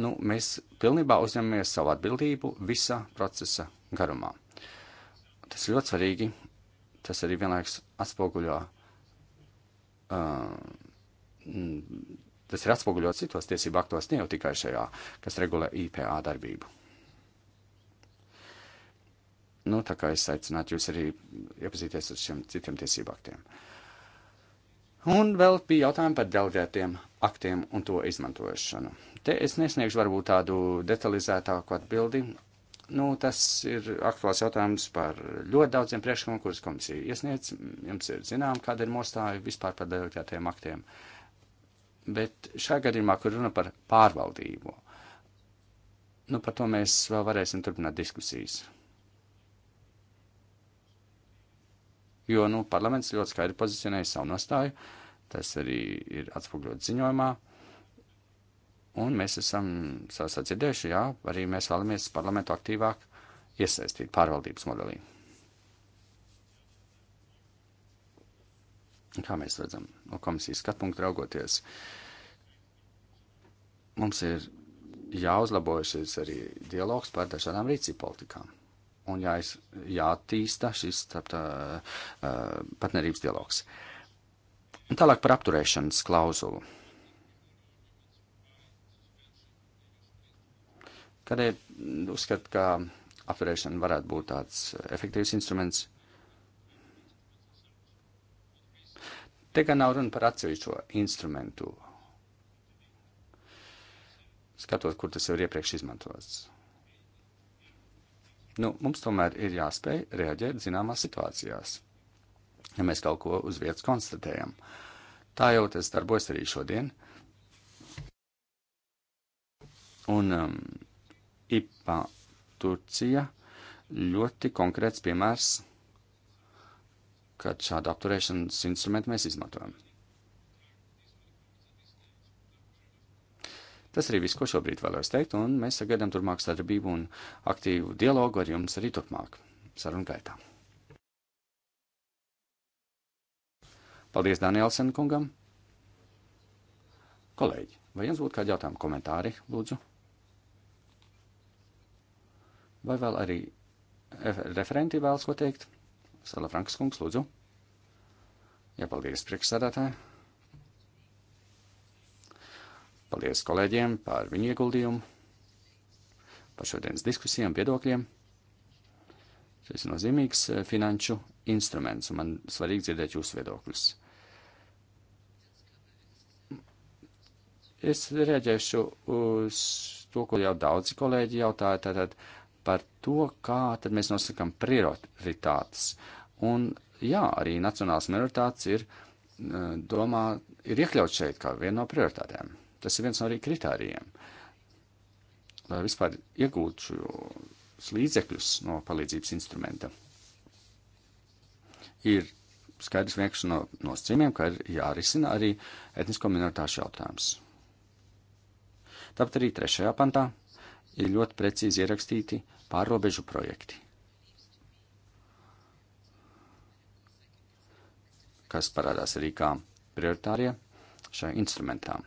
[SPEAKER 2] nu, mēs pilnībā uzņemamies savu atbildību visa procesa garumā. Tas ļoti svarīgi. Tas arī vienlaikus atspoguļo. Uh, tas ir atspoguļots citos tiesību aktos, ne jau tikai šajā, kas regulē IPA darbību. Nu, tā kā es aicinātu jūs arī iepazīties ar šiem citiem tiesību aktiem. Uh, Un vēl bija jautājumi par delģētiem aktiem un to izmantošanu. Te es nesniegšu varbūt tādu detalizētāku atbildi. Nu, tas ir aktuāls jautājums par ļoti daudziem priekšlikumiem, kurus komisija iesniedz. Jums ir zinām, kāda ir nostāja vispār par delģētiem aktiem. Bet šajā gadījumā, kur runa par pārvaldību, nu, par to mēs vēl varēsim turpināt diskusijas. jo nu, parlaments ļoti skaidri pozicionēja savu nostāju. Tas arī ir atspoguļots ziņojumā. Un mēs esam sadzirdējuši, jā, arī mēs vēlamies parlamentu aktīvāk iesaistīt pārvaldības modelī. Kā mēs redzam no komisijas skatpunkta raugoties, mums ir jāuzlabojušies arī dialogs par dažādām rīcību politikām un jāiz, jātīsta šis starp, uh, partnerības dialogs. Un tālāk par apturēšanas klauzulu. Kādēļ uzskat, ka apturēšana varētu būt tāds efektīvs instruments? Te gan nav runa par atsevišķo instrumentu. Skatot, kur tas jau ir iepriekš izmantots. Nu, mums tomēr ir jāspēj reaģēt zināmās situācijās, ja mēs kaut ko uz vietas konstatējam. Tā jau tas darbojas arī šodien. Un um, IPA Turcija ļoti konkrēts piemērs, kad šādu apturēšanas instrumentu mēs izmantojam. Tas arī viss, ko šobrīd vēlos teikt, un mēs sagaidām turpmāk sadarbību un aktīvu dialogu ar jums arī turpmāk sarunu gaitā. Paldies Danielsen kungam. Kolēģi, vai jums būtu kādi jautājumi, komentāri, lūdzu? Vai vēl arī referenti vēlas ko teikt? Sala Frankas kungs, lūdzu. Jā, paldies priekšsādātāji. Paldies kolēģiem par viņu ieguldījumu, par šodienas diskusijām, viedokļiem. Šis ir nozīmīgs eh, finanšu instruments, un man svarīgi dzirdēt jūsu viedokļus. Es reaģēšu uz to, ko jau daudzi kolēģi jautāja, tātad par to, kā tad mēs nosakam prioritātes. Un jā, arī nacionāls minoritāts ir eh, domā, ir iekļauts šeit kā viena no prioritātēm. Tas ir viens no arī kritērijiem. Lai vispār iegūtu šos līdzekļus no palīdzības instrumenta, ir skaidrs vienkārši no nostrīmiem, ka ir jārisina arī etnisko minoritāšu jautājums. Tāpat arī trešajā pantā ir ļoti precīzi ierakstīti pārobežu projekti. kas parādās arī kā prioritārie šai instrumentām.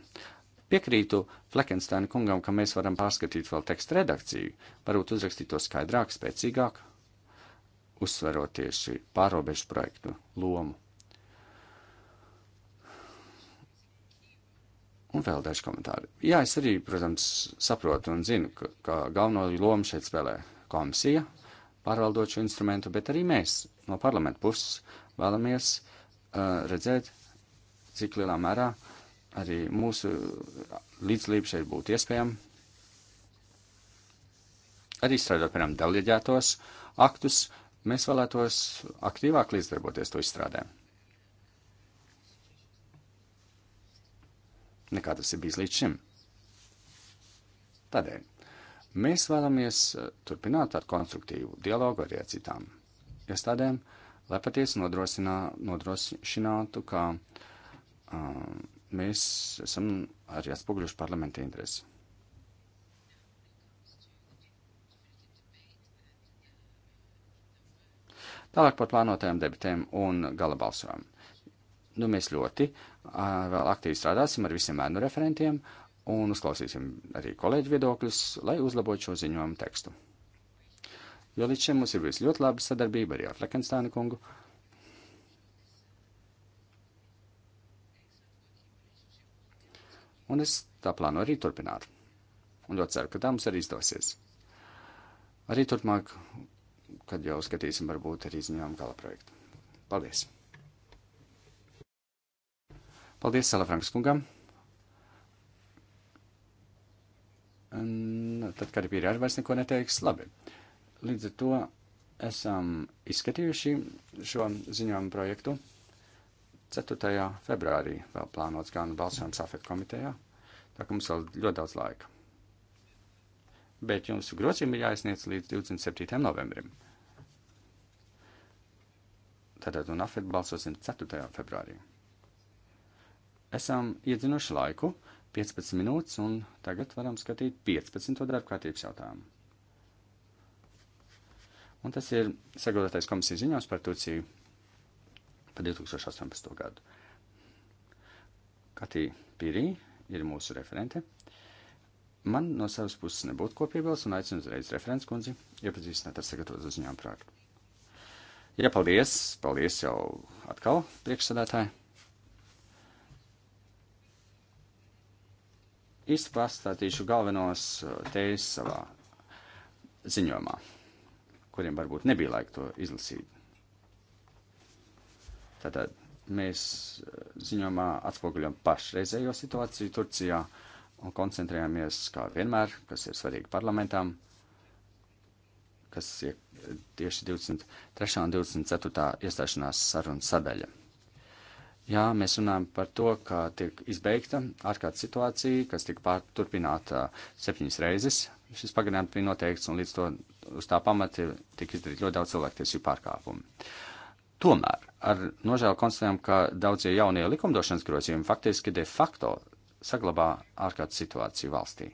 [SPEAKER 2] Piekrītu Fleckensteina kungam, ka mēs varam pārskatīt vēl tekstu redakciju, varbūt uzrakstīt to skaidrāk, spēcīgāk, uzsverot tieši pārobežu projektu lomu. Un vēl daži komentāri. Jā, es arī, protams, saprotu un zinu, ka, ka galveno lomu šeit spēlē komisija, pārvaldot šo instrumentu, bet arī mēs no parlamenta puses vēlamies uh, redzēt, cik lielā mērā uh, arī mūsu līdzlība šeit būtu iespējama. Arī strādājot, piemēram, deleģētos aktus, mēs vēlētos aktīvāk līdzdarboties to izstrādē. Nekā tas ir bijis līdz šim. Tādēļ mēs vēlamies eh, turpināt ar konstruktīvu dialogu arī ar citām iestādēm, lai patiesi nodrošinātu, ka um, mēs esam arī atspoguļojuši parlamenta interesi. Tālāk par plānotajām debatēm un gala balsojumu. Nu, mēs ļoti uh, vēl aktīvi strādāsim ar visiem ēnu referentiem un uzklausīsim arī kolēģi viedokļus, lai uzlabotu šo ziņojumu tekstu. Jo līdz šim mums ir bijusi ļoti laba sadarbība arī ar Flekensteinu kungu. Uh, Un es tā plānoju arī turpināt. Un ļoti ceru, ka tā mums arī izdosies. Arī turpmāk, kad jau skatīsim, varbūt arī ziņojam gala projektu. Paldies! Paldies, Salafrankas kungam! Un tad, kad ir arī vairs neko neteiks, labi. Līdz ar to esam izskatījuši šo ziņojumu projektu. 4. februārī vēl plānots gan balsojums AFET komitejā, tā ka mums vēl ļoti daudz laika. Bet jums grozījumi ir jāizniedz līdz 27. novembrim. Tātad un AFET balsosim 4. februārī. Esam iedzinuši laiku 15 minūtes un tagad varam skatīt 15. darbkārtības jautājumu. Un tas ir sagatavotais komisijas ziņos par Turciju par 2018. gadu. Katī Pirī ir mūsu referente. Man no savas puses nebūtu ko piebilst un aicinu uzreiz referents kundzi iepazīstināt ar sagatavotu uzņēmumu projektu. Jā, paldies, paldies jau atkal priekšsēdētāji. Īsti pastāstīšu galvenos uh, tēzes savā ziņojumā, kuriem varbūt nebija laika to izlasīt. Tātad mēs eh, ziņojumā atspoguļam pašreizējo situāciju Turcijā un koncentrējamies, kā vienmēr, kas ir svarīgi parlamentām, kas ir tieši 23. un 24. iestāšanās saruna sadaļa. Jā, mēs runājam par to, ka tiek izbeigta ārkārtas situācija, kas tika pārturpināta septiņas reizes. Šis pagarinājums bija noteikts, un līdz to uz tā pamata tika izdarīt ļoti daudz cilvēktiesību pārkāpumu. Tomēr ar nožēlu konstatējam, ka daudzie jaunie likumdošanas grozījumi faktiski de facto saglabā ārkārtas situāciju valstī.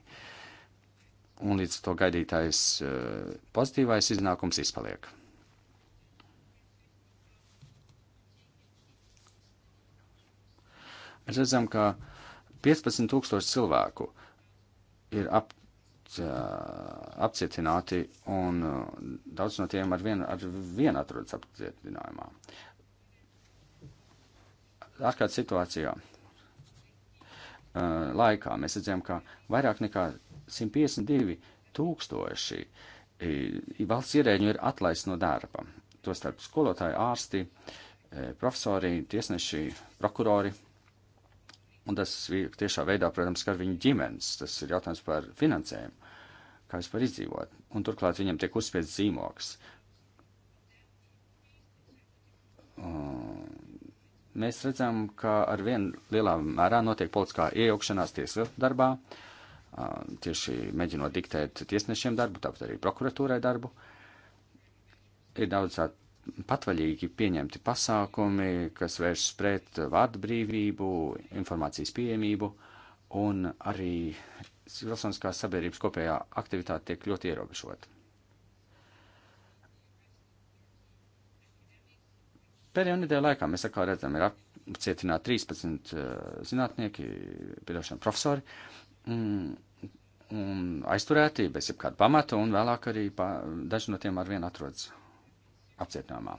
[SPEAKER 2] Un līdz to gaidītais e, pozitīvais iznākums izpaliek. Mēs redzam, ka 15,000 cilvēku ir ap, e, apcietināti, un e, daudz no tiem ar vienu, ar vienu atrodas apcietinājumā ārkārtas situācijā laikā mēs redzējām, ka vairāk nekā 152 tūkstoši valsts ierēģi ir atlaists no darba. Tostarp skolotāji, ārsti, profesori, tiesneši, prokurori. Un tas tiešā veidā, protams, skar viņu ģimenes. Tas ir jautājums par finansējumu, kā vispār izdzīvot. Un turklāt viņam tiek uzspiedz zīmoks. Um, mēs redzam, ka ar vien lielā mērā notiek politiskā iejaukšanās tiesu darbā, tieši mēģinot diktēt tiesnešiem darbu, tāpat arī prokuratūrai darbu. Ir daudz patvaļīgi pieņemti pasākumi, kas vēršas pret vārdu brīvību, informācijas pieejamību un arī pilsoniskās sabiedrības kopējā aktivitāte tiek ļoti ierobežota. Pēdējo nedēļu laikā mēs atkal redzam, ir apcietināti 13 eh, zinātnieki, piedošana profesori, un, mm, un aizturēti bez jebkāda pamata, un vēlāk arī pa, daži no tiem ar vienu atrodas apcietinājumā.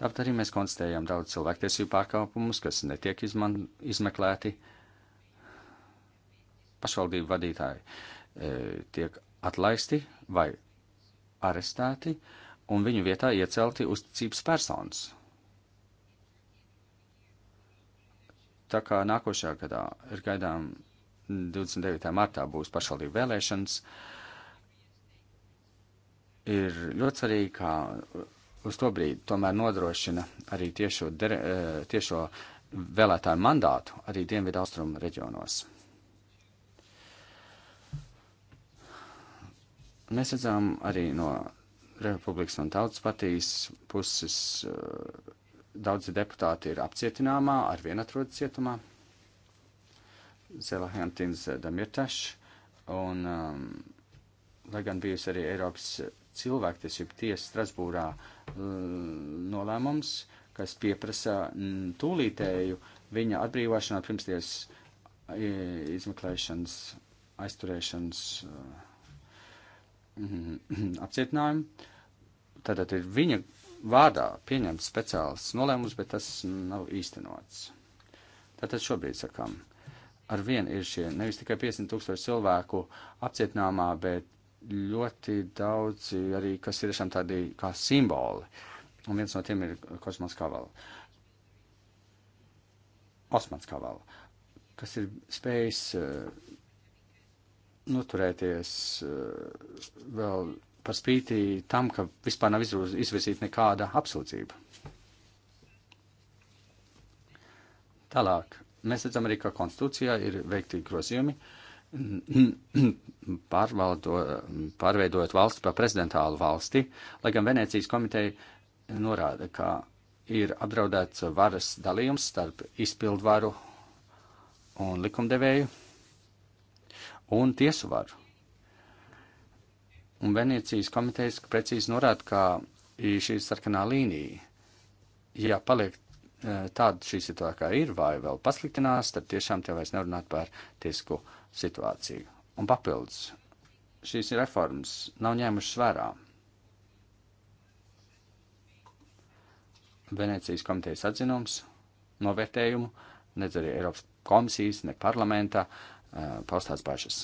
[SPEAKER 2] Tāpat arī mēs konstatējam daudz cilvēktiesību pārkāpumus, kas netiek izman, izmeklēti. Pašvaldību vadītāji e, tiek atlaisti vai arestēti, uh, un viņu vietā iecelti uzticības personas. Tā kā nākošajā gadā ir gaidām 29. martā būs pašvaldību vēlēšanas, ir ļoti svarīgi, ka uz to brīdi tomēr nodrošina arī tiešo, dere, e, tiešo vēlētāju mandātu arī Dienvidu austrumu reģionos. Mēs redzam arī no Republikas un Tautas partijas puses eh, daudzi deputāti ir apcietināmā, ar vienu atrodas cietumā. Zelahantins Damirtašs, un, um, lai gan bijusi arī Eiropas cilvēktiesību tiesa Strasbūrā nolēmums, kas pieprasa tūlītēju viņa atbrīvošanu no pirmsties e, izmeklēšanas, aizturēšanas. Uh, Mhm. [clears throat] apcietinājumu. Tātad ir viņa vārdā pieņemts speciāls nolēmums, bet tas nav īstenots. Tātad šobrīd sakām, ar vienu ir šie nevis tikai 500 tūkstoši cilvēku apcietināmā, bet ļoti daudzi arī, kas ir tiešām tādi kā simboli. Un viens no tiem ir Kosmans Kavala. Osmans Kavala, kas ir spējis uh, noturēties eh, vēl par spīti tam, ka vispār nav izvirzīta nekāda apsūdzība. Tālāk, mēs redzam arī, ka konstitūcijā ir veikti grozījumi, [clears throat] pārveidojot valsti par prezidentālu valsti, lai gan Venecijas komiteja norāda, ka ir apdraudēts varas dalījums starp izpildvaru un likumdevēju un tiesu varu. Un Venecijas komitejas precīzi norāda, ka šī sarkanā līnija, ja paliek e, tāda šī situācija, kā ir, vai vēl pasliktinās, tad tiešām te vairs nerunāt par tiesku situāciju. Un papildus, šīs reformas nav ņēmušas vērā. Venecijas komitejas atzinums, novērtējumu, nedz arī Eiropas komisijas, ne parlamenta uh, Eh, paust tās pašas.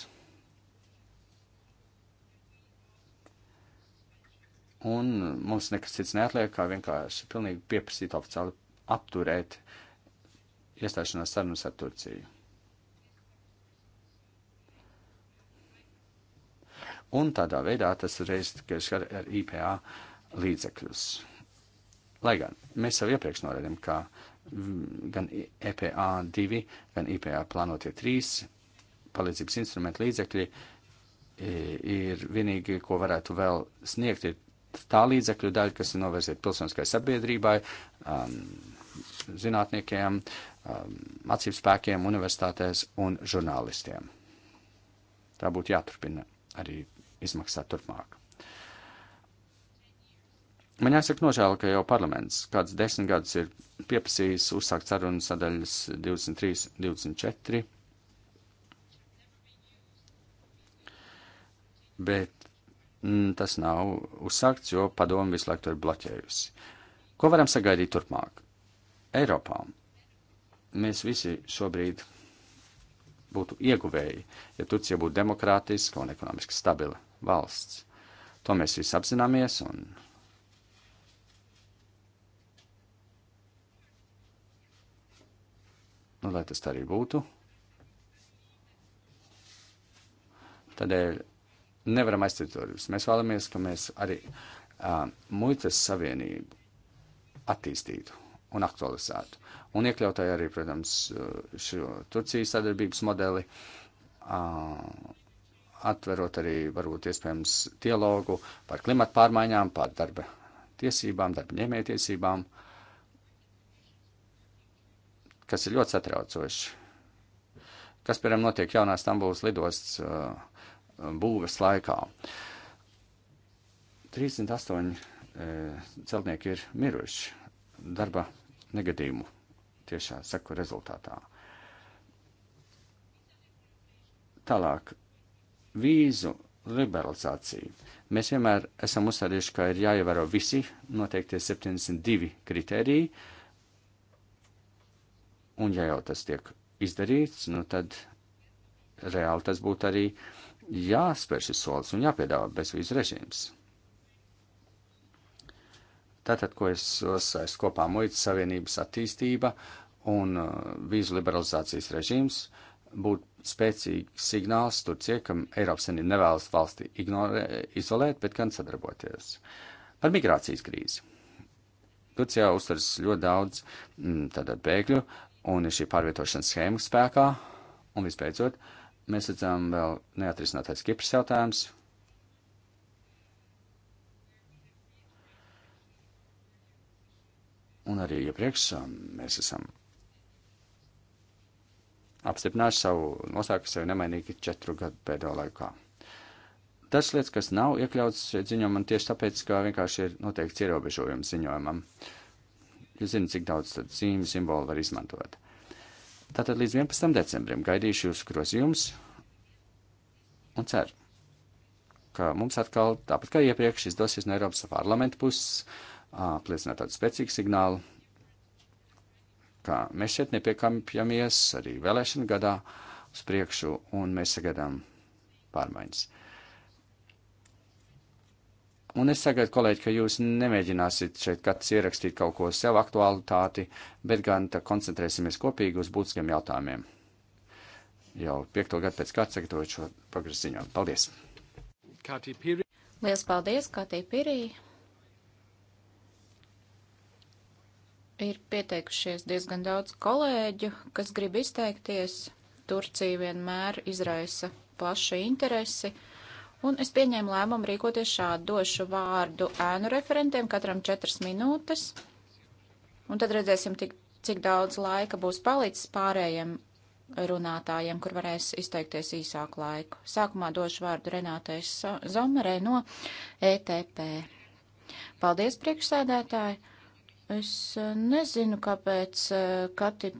[SPEAKER 2] Un mums nekas cits neatliek, kā vienkārši pilnīgi pieprasīt oficiāli apturēt iestāšanās sarunas ar Turciju. Un tādā veidā tas reiz, ka skar ar IPA līdzekļus. Lai gan mēs jau iepriekš norādījām, ka mm, gan EPA 2, gan IPA plānotie 3 palīdzības instrumentu līdzekļi e, ir vienīgi, ko varētu vēl sniegt, ir tā līdzekļu daļa, kas ir novirzīta pilsoniskai sabiedrībai, um, zinātniekiem, um, mācību spēkiem, universitātēs un žurnālistiem. Tā būtu jāturpina arī izmaksāt turpmāk. Man jāsaka nožēla, ka jau parlaments kāds desmit gadus ir pieprasījis uzsākt sarunas sadaļas 23, 24 bet mm, tas nav uzsākts, jo padomu visu laiku to ir bloķējusi. Ko varam sagaidīt turpmāk? Eiropā mēs visi šobrīd būtu ieguvēji, ja Turcija būtu demokrātiska un ekonomiski stabila valsts. To mēs visi apzināmies un. Nu, lai tas tā arī būtu. Tādēļ nevaram aizstāt turismu. Mēs vēlamies, ka mēs arī uh, muitas savienību attīstītu un aktualizētu. Un iekļautāji arī, protams, šo Turcijas sadarbības modeli, uh, atverot arī varbūt iespējams dialogu par klimatu pārmaiņām, par darba tiesībām, darba ņēmēja tiesībām, kas ir ļoti satraucoši. Kas, piemēram, notiek jaunā Stambulas lidosts? Uh, būves laikā. 38 e, celtnieki ir miruši darba negadījumu tiešā seku rezultātā. Tālāk, vīzu liberalizācija. Mēs vienmēr esam uzstādījuši, ka ir jāievēro visi noteikti 72 kritēriji, un ja jau tas tiek izdarīts, nu tad reāli tas būtu arī uh, jāspēr šis solis un jāpiedāvā bezvīzu režīms. Tātad, ko es sasaistu kopā muitas savienības attīstība un uh, vīzu liberalizācijas režīms, būtu spēcīgs signāls Turcijai, ka Eiropas Savienība nevēlas valsti ignorē, izolēt, bet gan sadarboties. Par migrācijas krīzi. Turcijā uztars ļoti daudz m, mm, bēgļu, un ir šī pārvietošanas schēma spēkā, un visbeidzot, uh, Mēs redzam vēl neatrisinātais Kipras jautājums. Un arī iepriekš um, mēs esam apstiprinājuši savu nostāju, sevi nemainīgi četru gadu pēdējo laikā. Tas lietas, kas nav iekļauts ziņojumam, tieši tāpēc, ka vienkārši ir noteikts ierobežojums ziņojumam. Jūs zināt, cik daudz zīmju simbolu var izmantot. Tātad līdz 11. decembrim gaidīšu jūsu grozījumus un ceru, ka mums atkal, tāpat kā iepriekš, izdosies no Eiropas parlamenta puses apliecināt tādu spēcīgu signālu, ka mēs šeit nepiekampjamies arī vēlēšana gadā uz priekšu un mēs sagaidām pārmaiņas. Un es sagaidu, kolēģi, ka jūs nemēģināsiet šeit katrs ierakstīt kaut ko sev aktualitāti, bet gan koncentrēsimies kopīgi uz būtiskiem jautājumiem. Jau piekto gadu pēc kārtas sagatavot šo progresu ziņojumu. Paldies!
[SPEAKER 3] Lielas paldies, Katī Pirī! Ir pieteikušies diezgan daudz kolēģu, kas grib izteikties. Turcija vienmēr izraisa plašu interesi. Un es pieņēmu lēmumu rīkoties šādi. Došu vārdu ēnu referentiem, katram četras minūtes. Un tad redzēsim, tik, cik daudz laika būs palicis pārējiem runātājiem, kur varēs izteikties īsāku laiku. Sākumā došu vārdu Renātei Zomerē no ETP. Paldies, priekšsēdētāji! Es eh, nezinu, kāpēc eh, Kati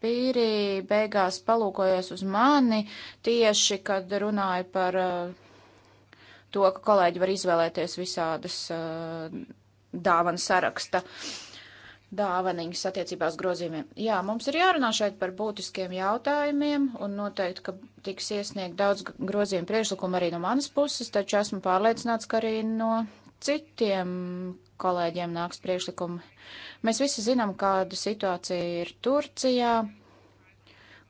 [SPEAKER 3] Pīrī beigās palūkojas uz mani tieši, kad runāja par uh, to, ka kolēģi var izvēlēties visādas uh, dāvanu saraksta dāvaniņas attiecībā uz grozījumiem. Jā, mums ir jārunā šeit par būtiskiem jautājumiem, un noteikti, ka tiks iesniegt daudz grozījumu priekšlikumu arī no manas puses, taču esmu pārliecināts, ka arī no citiem kolēģiem nāks priekšlikumi. Mēs visi zinām, kāda situācija ir Turcijā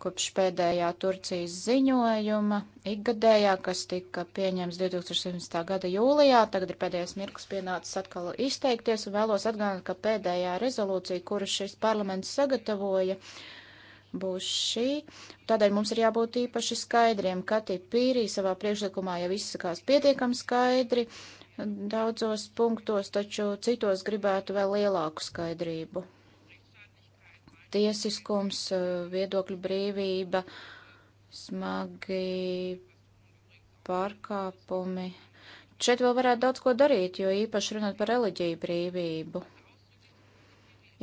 [SPEAKER 3] kopš pēdējā Turcijas ziņojuma ikgadējā, kas tika pieņems 2017. gada jūlijā. Tagad ir pēdējais mirklis pienācis atkal izteikties un vēlos atgādināt, ka pēdējā rezolūcija, kuru šis parlaments sagatavoja, būs šī. Tādēļ mums ir jābūt īpaši skaidriem. Kati Pīrī savā priekšlikumā jau izsakās pietiekam skaidri daudzos punktos, taču citos gribētu vēl lielāku skaidrību tiesiskums, eh, viedokļu brīvība, smagi pārkāpumi. Šeit vēl varētu daudz ko darīt, jo īpaši runāt par reliģiju brīvību.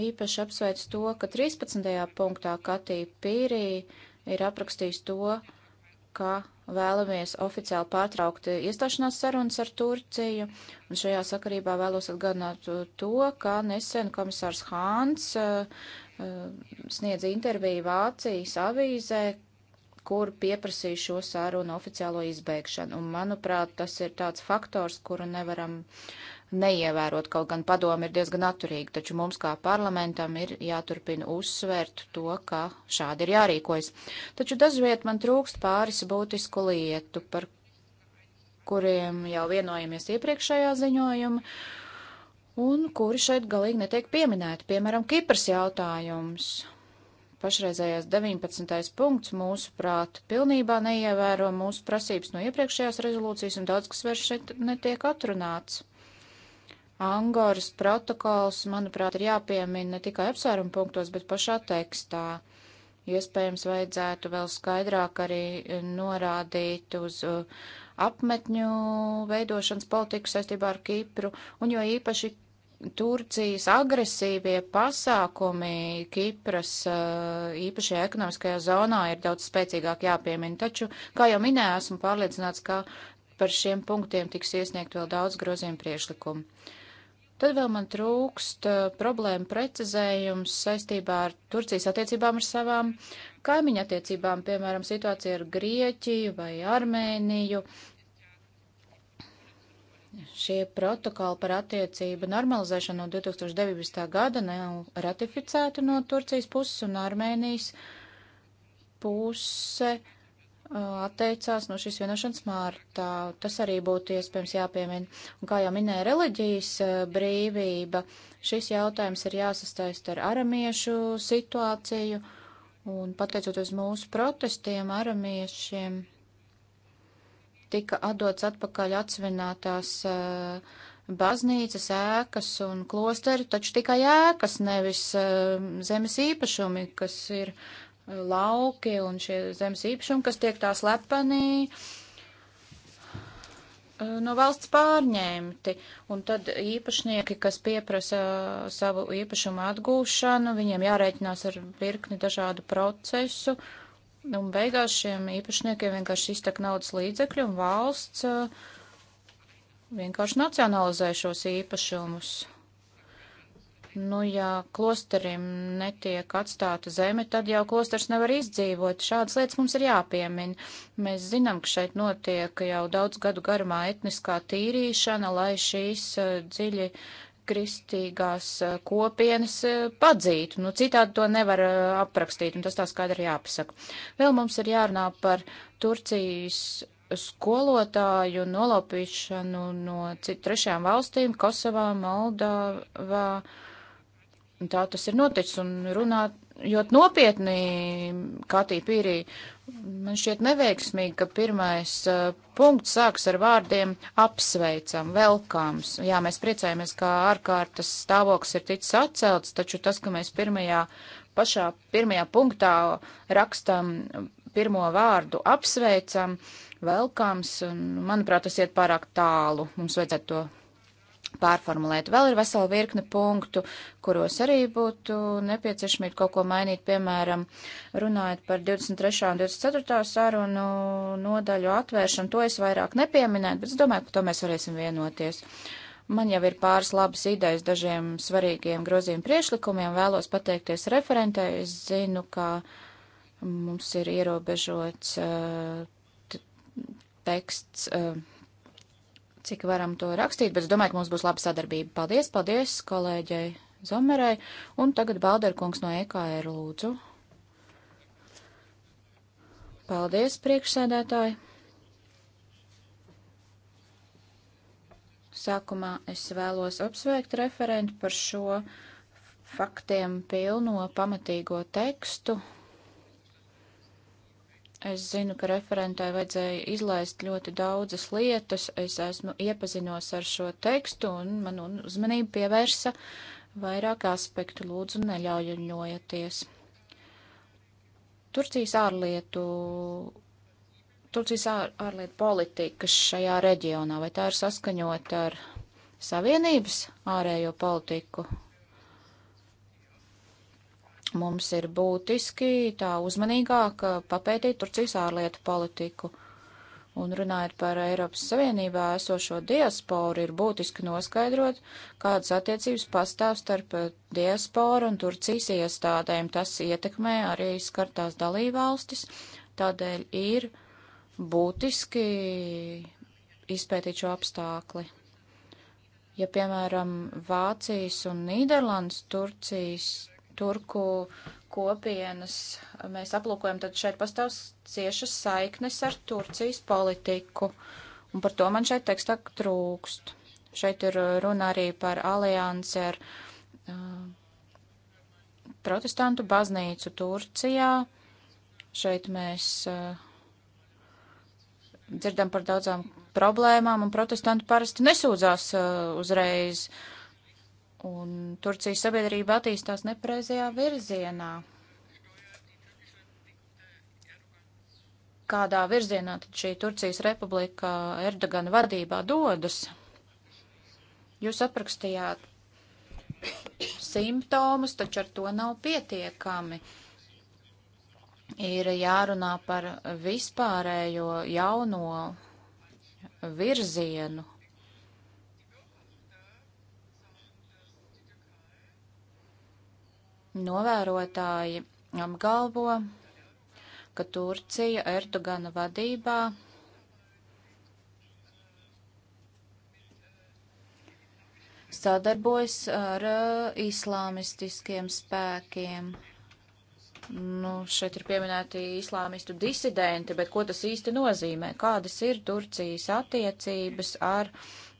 [SPEAKER 3] Īpaši apsveic to, ka 13. punktā Katī Pīrī ir aprakstījis to, ka vēlamies oficiāli pārtraukt iestāšanās sarunas ar Turciju. Un šajā sakarībā vēlos atgādināt to, ka nesen komisārs Hāns eh, eh, sniedz interviju Vācijas avīzē, kur pieprasīja šo sarunu oficiālo izbeigšanu. Un, manuprāt, tas ir tāds faktors, kuru nevaram uh, neievērot, kaut gan padomi ir diezgan atturīgi, taču mums kā parlamentam ir jāturpina uzsvērt to, ka šādi ir jārīkojas. Taču dažviet man trūkst pāris būtisku lietu, par kuriem jau vienojamies iepriekšējā ziņojuma, un kuri šeit galīgi netiek pieminēti, piemēram, Kipras jautājums. Pašreizējais 19. punkts mūsu prāt pilnībā neievēro mūsu prasības no iepriekšējās rezolūcijas, un daudz kas vairs šeit netiek atrunāts. Angoras protokols, manuprāt, ir jāpiemina ne tikai apsvērumu punktos, bet pašā tekstā. Iespējams, vajadzētu vēl skaidrāk arī norādīt uz uh, apmetņu veidošanas politiku saistībā ar Kipru, un jo īpaši Turcijas agresīvie pasākumi Kipras uh, īpašajā ekonomiskajā zonā ir daudz spēcīgāk jāpiemina. Taču, kā jau minēju, esmu pārliecināts, ka par šiem punktiem tiks iesniegt vēl daudz grozījumu priešlikumu. Tad vēl man trūkst eh, problēma precizējums saistībā ar Turcijas attiecībām ar savām kaimiņa attiecībām, piemēram, situācija ar Grieķiju vai Armēniju. Šie protokoli par attiecību normalizēšanu no 2019. gada nav ratificēti no Turcijas puses un Armēnijas puse. Uh, atteicās no šīs vienošanas mārtā. Tas arī būtu iespējams jāpiemina. Un kā jau minēja reliģijas eh, brīvība, šis jautājums ir jāsastaist ar aramiešu situāciju. Un pateicoties mūsu protestiem, aramiešiem tika atdots atpakaļ atsvinātās uh, baznīcas ēkas un klosteri, taču tikai ēkas, nevis uh, zemes īpašumi, kas ir uh, lauki un šie zemes īpašumi, kas tiek tā slepenī eh, no valsts pārņemti. Un tad īpašnieki, kas pieprasa savu īpašumu atgūšanu, viņiem jārēķinās ar virkni dažādu procesu. Un beigās šiem īpašniekiem vienkārši iztek naudas līdzekļi un valsts eh, vienkārši nacionalizē šos īpašumus. Nu, ja klosterim netiek atstāta zeme, tad jau klosters nevar izdzīvot. Šādas lietas mums ir jāpiemina. Mēs zinām, ka šeit notiek jau daudz gadu garumā etniskā tīrīšana, lai šīs eh, dziļi kristīgās eh, kopienas eh, padzītu. Nu, citādi to nevar aprakstīt, un tas tā skaidri jāpasaka. Vēl mums ir jārunā par Turcijas skolotāju nolaupīšanu no trešajām valstīm - Kosovā, Moldavā Tā tas ir noticis un runājot nopietni, Katī Pīrī, man šķiet neveiksmīgi, ka pirmais uh, punkts sāks ar vārdiem apsveicam, velkāms. Jā, mēs priecājamies, ka ārkārtas stāvoklis ir ticis atcelts, taču tas, ka mēs pirmajā, pašā pirmajā punktā rakstam pirmo vārdu apsveicam, velkāms, manuprāt, tas iet pārāk tālu. Mums vajadzētu to pārformulēt. Vēl ir vesela virkne punktu, kuros arī būtu nepieciešamība kaut ko mainīt, piemēram, runājot par 23. un 24. sarunu nodaļu atvēršanu. To es vairāk nepieminētu, bet es domāju, ka to mēs varēsim vienoties. Man jau ir pāris labas idejas dažiem svarīgiem grozījumu priešlikumiem, vēlos pateikties referentē. Es zinu, ka mums ir ierobežots uh, teksts. Uh, cik varam to rakstīt, bet es domāju, ka mums būs laba sadarbība. Paldies, paldies kolēģei Zomerai, un tagad Balderkungs no EKR lūdzu. Paldies, priekšsēdētāji. Sākumā es vēlos apsveikt referentu par šo faktiem pilno pamatīgo tekstu, Es zinu, ka referentai vajadzēja izlaist ļoti daudzas lietas. Es esmu iepazinos ar šo tekstu un man uzmanību pievērsa vairāk aspektu. Lūdzu, neļaujuņojieties. Turcijas ārlietu. Turcijas ār, ārlietu politika šajā reģionā, vai tā ir saskaņota ar Savienības ārējo politiku Mums ir būtiski tā uzmanīgāk uh, papētīt Turcijas ārlietu politiku. Un runājot par Eiropas Savienībā esošo diasporu, ir būtiski noskaidrot, kādas attiecības pastāv starp uh, diasporu un Turcijas iestādēm. Tas ietekmē arī skartās dalībvalstis, tādēļ ir būtiski izpētīt šo apstākli. Ja, piemēram, Vācijas un Nīderlandes Turcijas turku kopienas mēs aplūkojam, tad šeit pastāv ciešas saiknes ar Turcijas politiku. Un par to man šeit tekstā trūkst. Šeit ir runa arī par aliansi ar uh, protestantu baznīcu Turcijā. Šeit mēs uh, dzirdam par daudzām problēmām, un protestanti parasti nesūdzās uh, uzreiz. Uh, un Turcijas sabiedrība attīstās nepareizajā virzienā. Kādā virzienā tad šī Turcijas republika Erdogana vadībā dodas? Jūs aprakstījāt simptomus, taču ar to nav pietiekami. Ir jārunā par vispārējo jauno virzienu, Novērotāji apgalvo, ka Turcija Erdogana vadībā sadarbojas ar uh, islāmistiskiem spēkiem. Nu, šeit ir pieminēti islāmistu disidenti, bet ko tas īsti nozīmē? Kādas ir Turcijas attiecības ar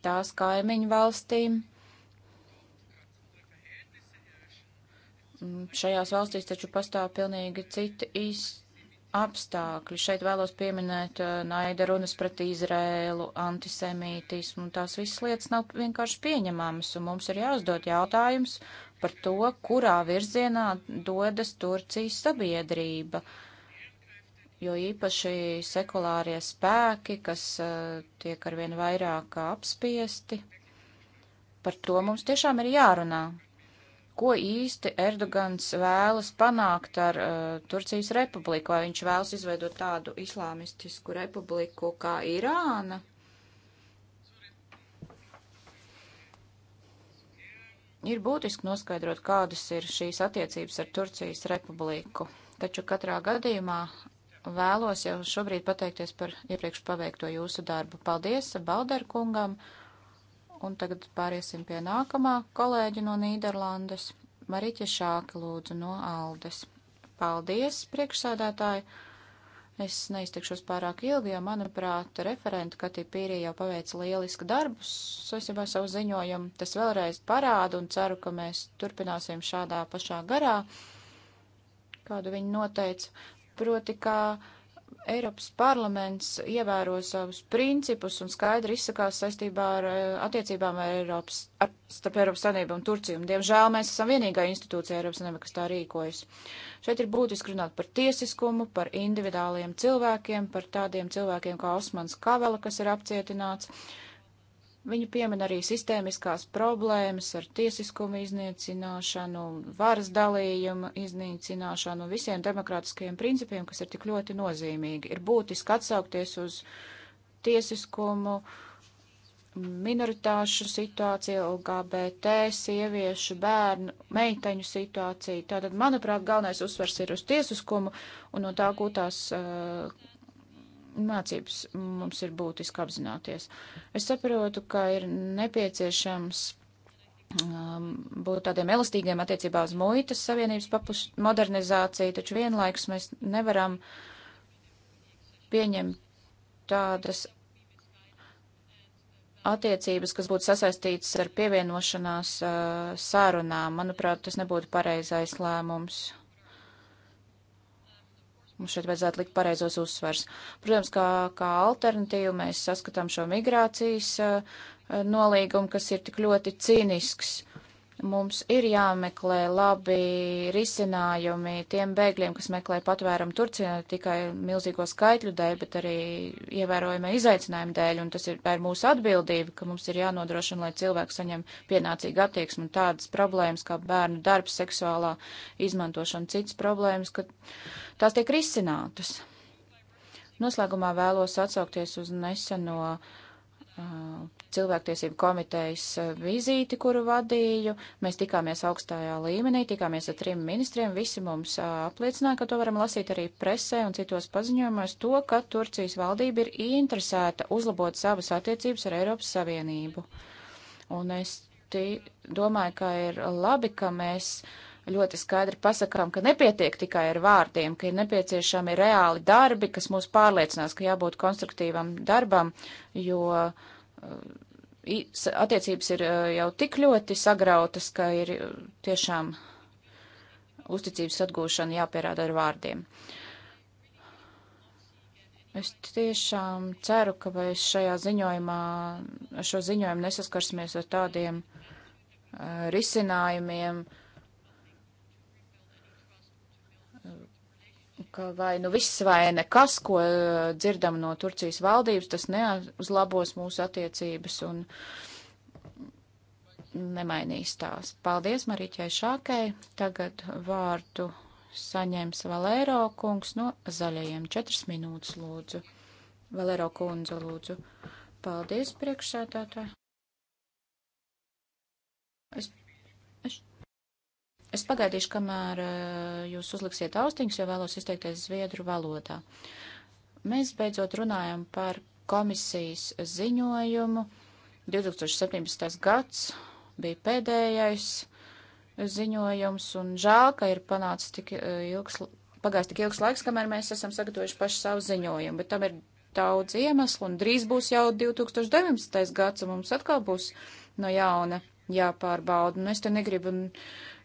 [SPEAKER 3] tās kaimiņu valstīm? Mm, šajās valstīs taču pastāv pilnīgi citi īsti apstākļi. Šeit vēlos pieminēt uh, naida runas pret Izrēlu, antisemītismu. Tās visas lietas nav vienkārši pieņemamas, un mums ir jāuzdod jautājums par to, kurā virzienā dodas Turcijas sabiedrība. Jo īpaši sekulārie spēki, kas uh, tiek arvien vairāk apspiesti, par to mums tiešām ir jārunā ko īsti Erdogans vēlas panākt ar uh, Turcijas republiku, vai viņš vēlas izveidot tādu islāmistisku republiku kā Irāna? Ir būtiski noskaidrot, kādas ir šīs attiecības ar Turcijas republiku, taču katrā gadījumā vēlos jau šobrīd pateikties par iepriekš paveikto jūsu darbu. Paldies Balderkungam! kungam! Un tagad pāriesim pie nākamā kolēģa no Nīderlandes, Mariķa Šāka lūdzu no Aldes. Paldies, priekšsādātāji! Es neiztikšos pārāk ilgi, jo, manuprāt, referenta Katī Pīrī jau paveica lielisku darbu saistībā savu ziņojumu. Tas vēlreiz parāda un ceru, ka mēs turpināsim šādā pašā garā, kādu viņi noteica. Proti, kā ka Eiropas parlaments ievēro savus principus un skaidri izsakās saistībā ar eh, attiecībām ar Eiropas, ar, starp Eiropas Savienību un Turciju. Un, diemžēl mēs esam vienīgā institūcija Eiropas Savienībā, kas tā rīkojas. Šeit ir būtiski runāt par tiesiskumu, par individuāliem cilvēkiem, par tādiem cilvēkiem kā Osmans Kavela, kas ir apcietināts. Uh, Viņa piemin arī sistēmiskās problēmas ar tiesiskumu iznīcināšanu, varas dalījumu iznīcināšanu, visiem demokrātiskajiem principiem, kas ir tik ļoti nozīmīgi. Ir būtiski atsaukties uz tiesiskumu, minoritāšu situāciju, LGBT, sieviešu, bērnu, meiteņu situāciju. Tātad, manuprāt, galvenais uzsvers ir uz tiesiskumu un no tā gūtās uh, mācības mums ir būtiski apzināties. Es saprotu, ka ir nepieciešams um, būt tādiem elastīgiem attiecībā uz muitas savienības papus modernizāciju, taču vienlaikus mēs nevaram pieņemt tādas attiecības, kas būtu sasaistītas ar pievienošanās uh, sārunām. Manuprāt, tas nebūtu pareizais lēmums. Mums šeit vajadzētu likt pareizos uzsvars. Protams, kā, kā alternatīvu mēs saskatām šo migrācijas eh, nolīgumu, kas ir tik ļoti cīnisks. Mums ir jāmeklē labi risinājumi tiem bēgļiem, kas meklē patvērumu Turcijā ne tikai milzīgo skaitļu dēļ, bet arī ievērojama izaicinājuma dēļ, un tas ir, ir mūsu atbildība, ka mums ir jānodrošina, lai cilvēki saņem pienācīgu attieksmi un tādas problēmas kā bērnu darbs, seksuālā izmantošana, citas problēmas, ka tās tiek risinātas. Noslēgumā vēlos atsaukties uz neseno. Uh, cilvēktiesību komitejas eh, vizīti, kuru vadīju. Mēs tikāmies augstajā līmenī, tikāmies ar trim ministriem. Visi mums eh, apliecināja, ka to varam lasīt arī presē un citos paziņojumos, to, ka Turcijas valdība ir interesēta uzlabot savas attiecības ar Eiropas Savienību. Un es domāju, ka ir labi, ka mēs ļoti skaidri pasakām, ka nepietiek tikai ar vārdiem, ka ir nepieciešami reāli darbi, kas mūs pārliecinās, ka jābūt konstruktīvam darbam, jo uh, attiecības ir eh, jau tik ļoti sagrautas, ka ir eh, tiešām uzticības atgūšana jāpierāda ar vārdiem. Es tiešām ceru, ka mēs šajā ziņojumā, ar šo ziņojumu nesaskarsimies ar tādiem uh, risinājumiem, uh, ka vai nu viss vai nekas, ko uh, dzirdam no Turcijas valdības, tas neuzlabos mūsu attiecības un nemainīs tās. Paldies Marīķai Šākai. Tagad vārdu saņems Valēro kungs no zaļajiem. Četras minūtes lūdzu. Valēro kundze lūdzu. Paldies priekšsētātāji. Es Es pagaidīšu, kamēr eh, jūs uzliksiet austiņus, jo vēlos izteikties zviedru valodā. Mēs beidzot runājam par komisijas ziņojumu. 2017. gads bija pēdējais ziņojums, un žēl, ka ir panācis tik eh, ilgs, pagājis tik ilgs laiks, kamēr mēs esam sagatavojuši pašu savu ziņojumu, bet tam ir daudz iemeslu, un drīz būs jau 2019. gads, un mums atkal būs no jauna jāpārbauda. Un nu, es te negribu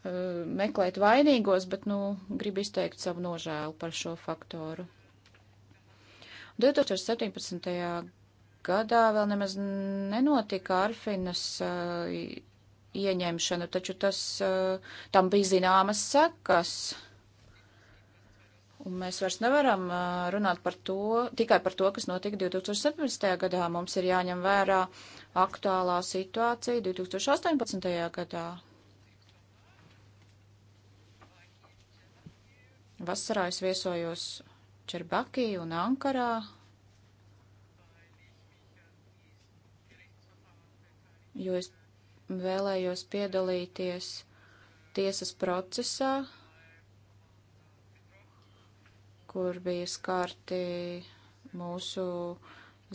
[SPEAKER 3] Eh, meklēt vainīgos, bet, nu, gribu izteikt savu nožēlu par šo faktoru. 2017. gadā vēl nemaz nenotika Arfinas uh, ieņemšana, taču tas, uh, tam bija zināmas sekas. Un mēs vairs nevaram uh, runāt par to, tikai par to, kas notika 2017. gadā. Mums ir jāņem vērā aktuālā situācija 2018. gadā. Vasarā es viesojos Čerbakī un Ankarā, jo es vēlējos piedalīties tiesas procesā, kur bija skarti mūsu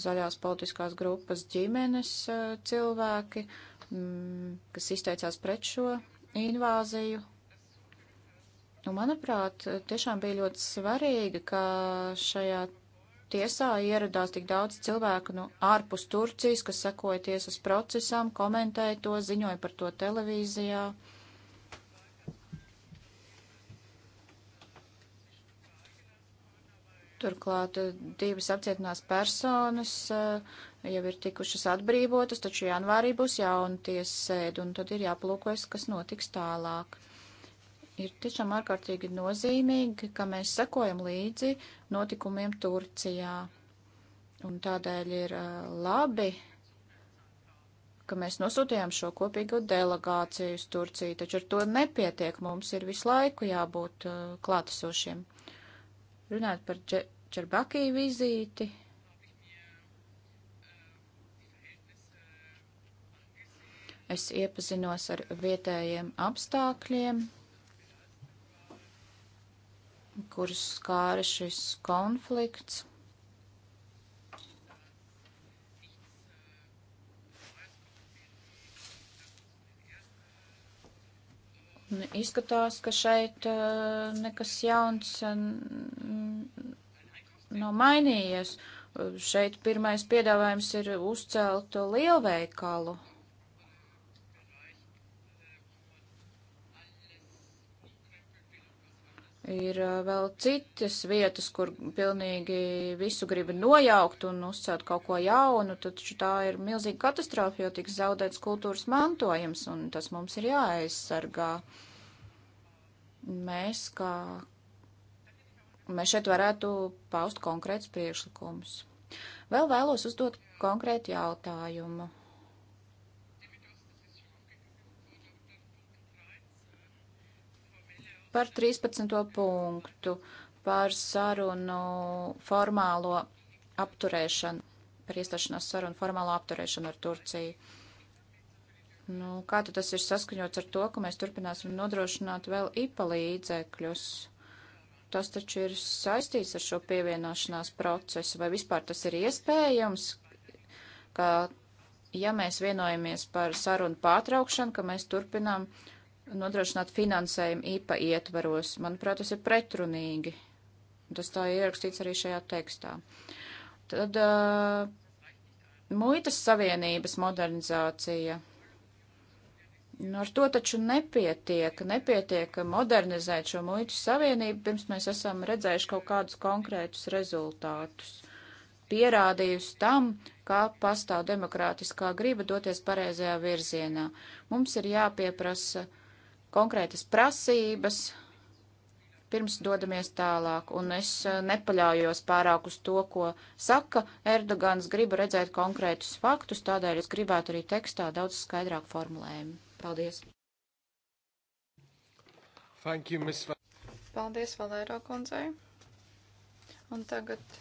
[SPEAKER 3] zaļās politiskās grupas ģimenes eh, cilvēki, mm, kas izteicās pret šo invāziju. Nu, manuprāt, tiešām bija ļoti svarīgi, ka šajā tiesā ieradās tik daudz cilvēku no nu, ārpus Turcijas, kas sekoja tiesas procesam, komentēja to, ziņoja par to televīzijā. Turklāt eh, divas apcietinās personas eh, jau ir tikušas atbrīvotas, taču janvārī būs jauna tiesas sēde, un tad ir jāplūkojas, kas notiks tālāk ir tiešām ārkārtīgi nozīmīgi, ka mēs sekojam līdzi notikumiem Turcijā. Un tādēļ ir labi, ka mēs nosūtījām šo kopīgo delegāciju uz Turciju, taču ar to nepietiek, mums ir visu laiku jābūt klātesošiem. Runāt par Čerbakī vizīti. Es iepazinos ar vietējiem apstākļiem kurus skāra šis konflikts. Un nu, izskatās, ka šeit uh, nekas jauns uh, nav mainījies. Uh, šeit pirmais piedāvājums ir uzcelt lielveikalu. Ir vēl citas vietas, kur pilnīgi visu grib nojaukt un uzcelt kaut ko jaunu, taču tā ir milzīga katastrofa, jo tiks zaudēts kultūras mantojums, un tas mums ir jāaizsargā. Mēs kā. Mēs šeit varētu paust konkrēts priekšlikums. Vēl vēlos uzdot konkrētu jautājumu. Par 13. punktu, par sarunu formālo apturēšanu, par iestāšanās sarunu formālo apturēšanu ar Turciju. Nu, kā tad tas ir saskaņots ar to, ka mēs turpināsim nodrošināt vēl IPA līdzekļus? Tas taču ir saistīts ar šo pievienošanās procesu, vai vispār tas ir iespējams, ka, ja mēs vienojamies par sarunu pārtraukšanu, ka mēs turpinām uh, nodrošināt finansējumu IPA ietvaros. Manuprāt, tas ir pretrunīgi. Tas tā ir ierakstīts arī šajā tekstā. Tad uh, muitas savienības modernizācija. Nu, ar to taču nepietiek, nepietiek modernizēt šo muitu savienību, pirms mēs esam redzējuši kaut kādus konkrētus rezultātus. Pierādījusi tam, kā pastāv demokrātiskā griba doties pareizajā virzienā. Mums ir jāpieprasa uh, konkrētas prasības, pirms dodamies tālāk, un es eh, nepaļaujos pārāk uz to, ko saka Erdogans, gribu redzēt konkrētus faktus, tādēļ es gribētu arī tekstā daudz skaidrāk formulējumu. Paldies!
[SPEAKER 1] Thank you, Miss...
[SPEAKER 4] Paldies, Valēro kundzei! Un tagad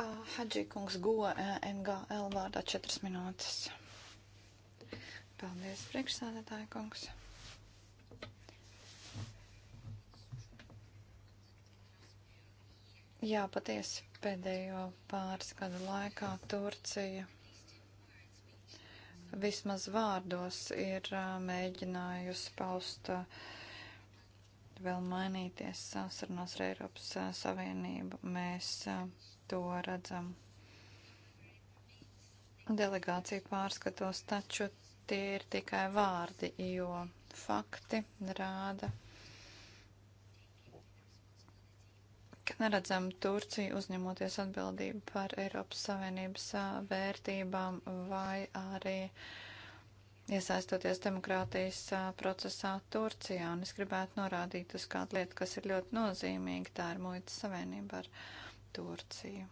[SPEAKER 4] uh, Hadži kungs goja NGL vārdā 4 minūtes. Paldies, priekšsādātāja kungs. Jā, patiesi pēdējo pāris gadu laikā Turcija vismaz vārdos ir mēģinājusi paust vēl mainīties sarunās ar Eiropas Savienību. Mēs to redzam delegāciju pārskatos, taču tie ir tikai vārdi, jo fakti rāda, ka neredzam Turciju uzņemoties atbildību par Eiropas Savienības vērtībām vai arī iesaistoties demokrātijas procesā Turcijā. Un es gribētu norādīt uz kādu lietu, kas ir ļoti nozīmīga, tā ir muitas savienība ar Turciju.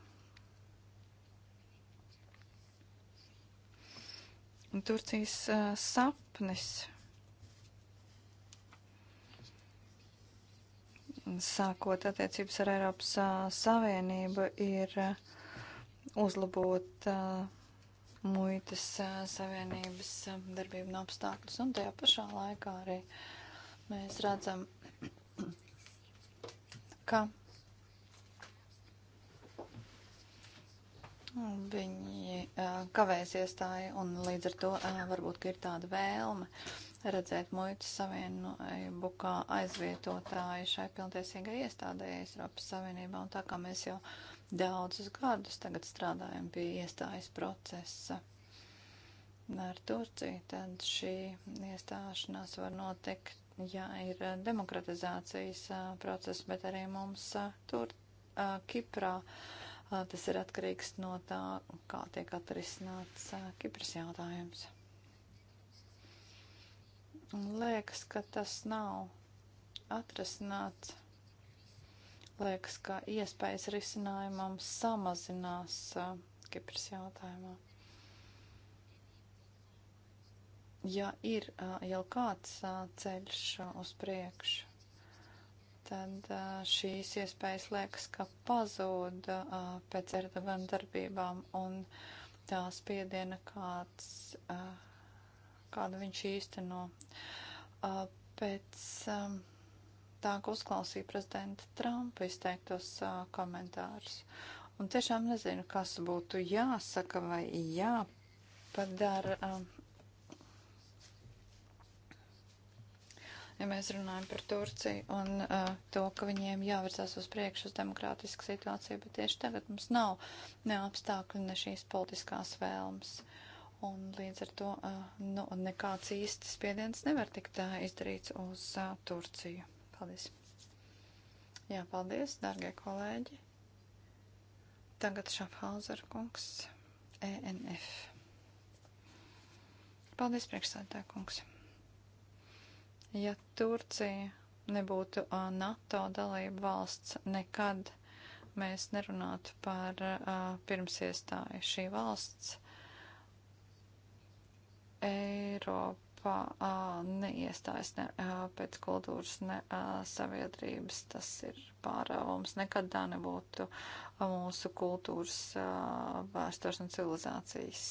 [SPEAKER 4] Turcijas eh, sapnis. Sākot attiecības ar Eiropas eh, Savienību ir eh, uzlabot muitas savienības darbību no apstākļus, un tajā pašā laikā arī mēs redzam, [clears throat] ka Viņi kavēsies tā, un līdz ar to varbūt ir tāda vēlme redzēt muitas savienību kā aizvietotāju šai pilntiesīgai iestādēji Eiropas Savienībā. Un tā kā mēs jau daudzus gadus tagad strādājam pie iestājas procesa ar Turciju, tad šī iestāšanās var notikt, ja ir demokratizācijas process, bet arī mums tur, Kiprā. Uh, Tas ir atkarīgs no tā, kā tiek atrisināts Kipras jautājums. Liekas, ka tas nav atrasināts. Liekas, ka iespējas risinājumam samazinās Kipras jautājumā. Ja ir jau kāds ceļš uz priekšu, tad šīs iespējas liekas, ka pazūda pēc Erdogan darbībām un tā spiediena, kāds, kādu viņš īsteno. Pēc tā, ka uzklausīja prezidenta Trumpa izteiktos komentārus. Un tiešām nezinu, kas būtu jāsaka vai jāpadara. Um, ja mēs runājam par Turciju un uh, to, ka viņiem jāvirzās uz priekšu uz demokrātisku situāciju, bet tieši tagad mums nav ne apstākļu, ne šīs politiskās vēlmes. Un līdz ar to uh, nu, nekāds īsts spiediens nevar tikt uh, izdarīts uz uh, Turciju. Paldies! Jā, paldies, dārgie kolēģi! Tagad Šafhauser kungs, ENF. Paldies, priekšsēdētāj kungs! Ja Turcija nebūtu NATO dalība valsts, nekad mēs nerunātu par pirmsiestāju šī valsts Eiropu Eiropā neiestājas ne pēc kultūras, ne sabiedrības. Tas ir pārāvums. Nekad tā nebūtu mūsu kultūras, vēstures un civilizācijas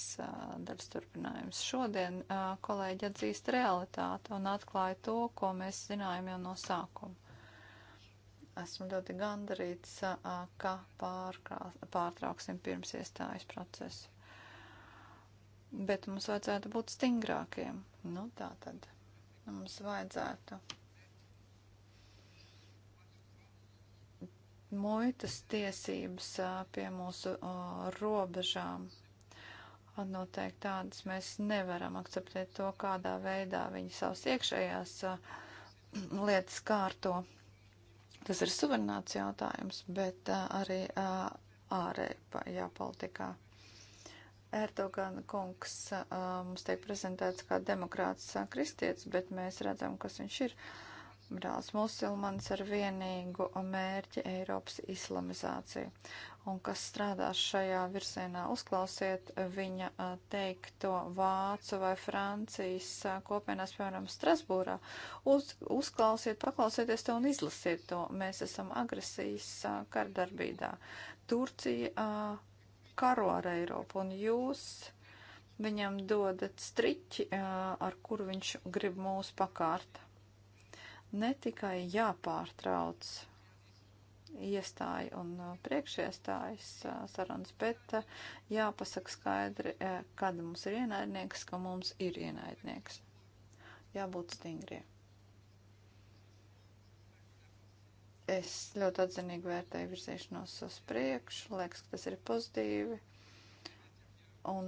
[SPEAKER 4] daļas turpinājums. Šodien kolēģi atzīst realitāti un atklāja to, ko mēs zinājām jau no sākuma esmu ļoti gandarīts, ka pārtrauksim pirms iestājas procesu bet mums vajadzētu būt stingrākiem. Nu, tā tad nu, mums vajadzētu muitas tiesības pie mūsu robežām. Noteikti tādas mēs nevaram akceptēt to, kādā veidā viņi savas iekšējās lietas kārto. Tas ir suverināts jautājums, bet arī ārēja politikā. Erdogana kungs mums tiek prezentēts kā demokrāts kristietis, bet mēs redzam, kas viņš ir. Brālis musulmanis ar vienīgu mērķi Eiropas islamizāciju. Un kas strādās šajā virzienā, uzklausiet viņa teikto Vācu vai Francijas kopienās, piemēram, Strasbūrā. Uz, uzklausiet, paklausieties to un izlasiet to. Mēs esam agresijas kardarbībā. Turcija karo ar Eiropu, un jūs viņam dodat striķi, ar kuru viņš grib mūs pakārt. Ne tikai jāpārtrauc iestāja un priekšiestājas sarunas, bet jāpasaka skaidri, kad mums ir ienaidnieks, ka mums ir ienaidnieks. Jābūt stingriem. Es ļoti atzinīgi vērtēju virzīšanos uz priekšu, liekas, ka tas ir pozitīvi. Un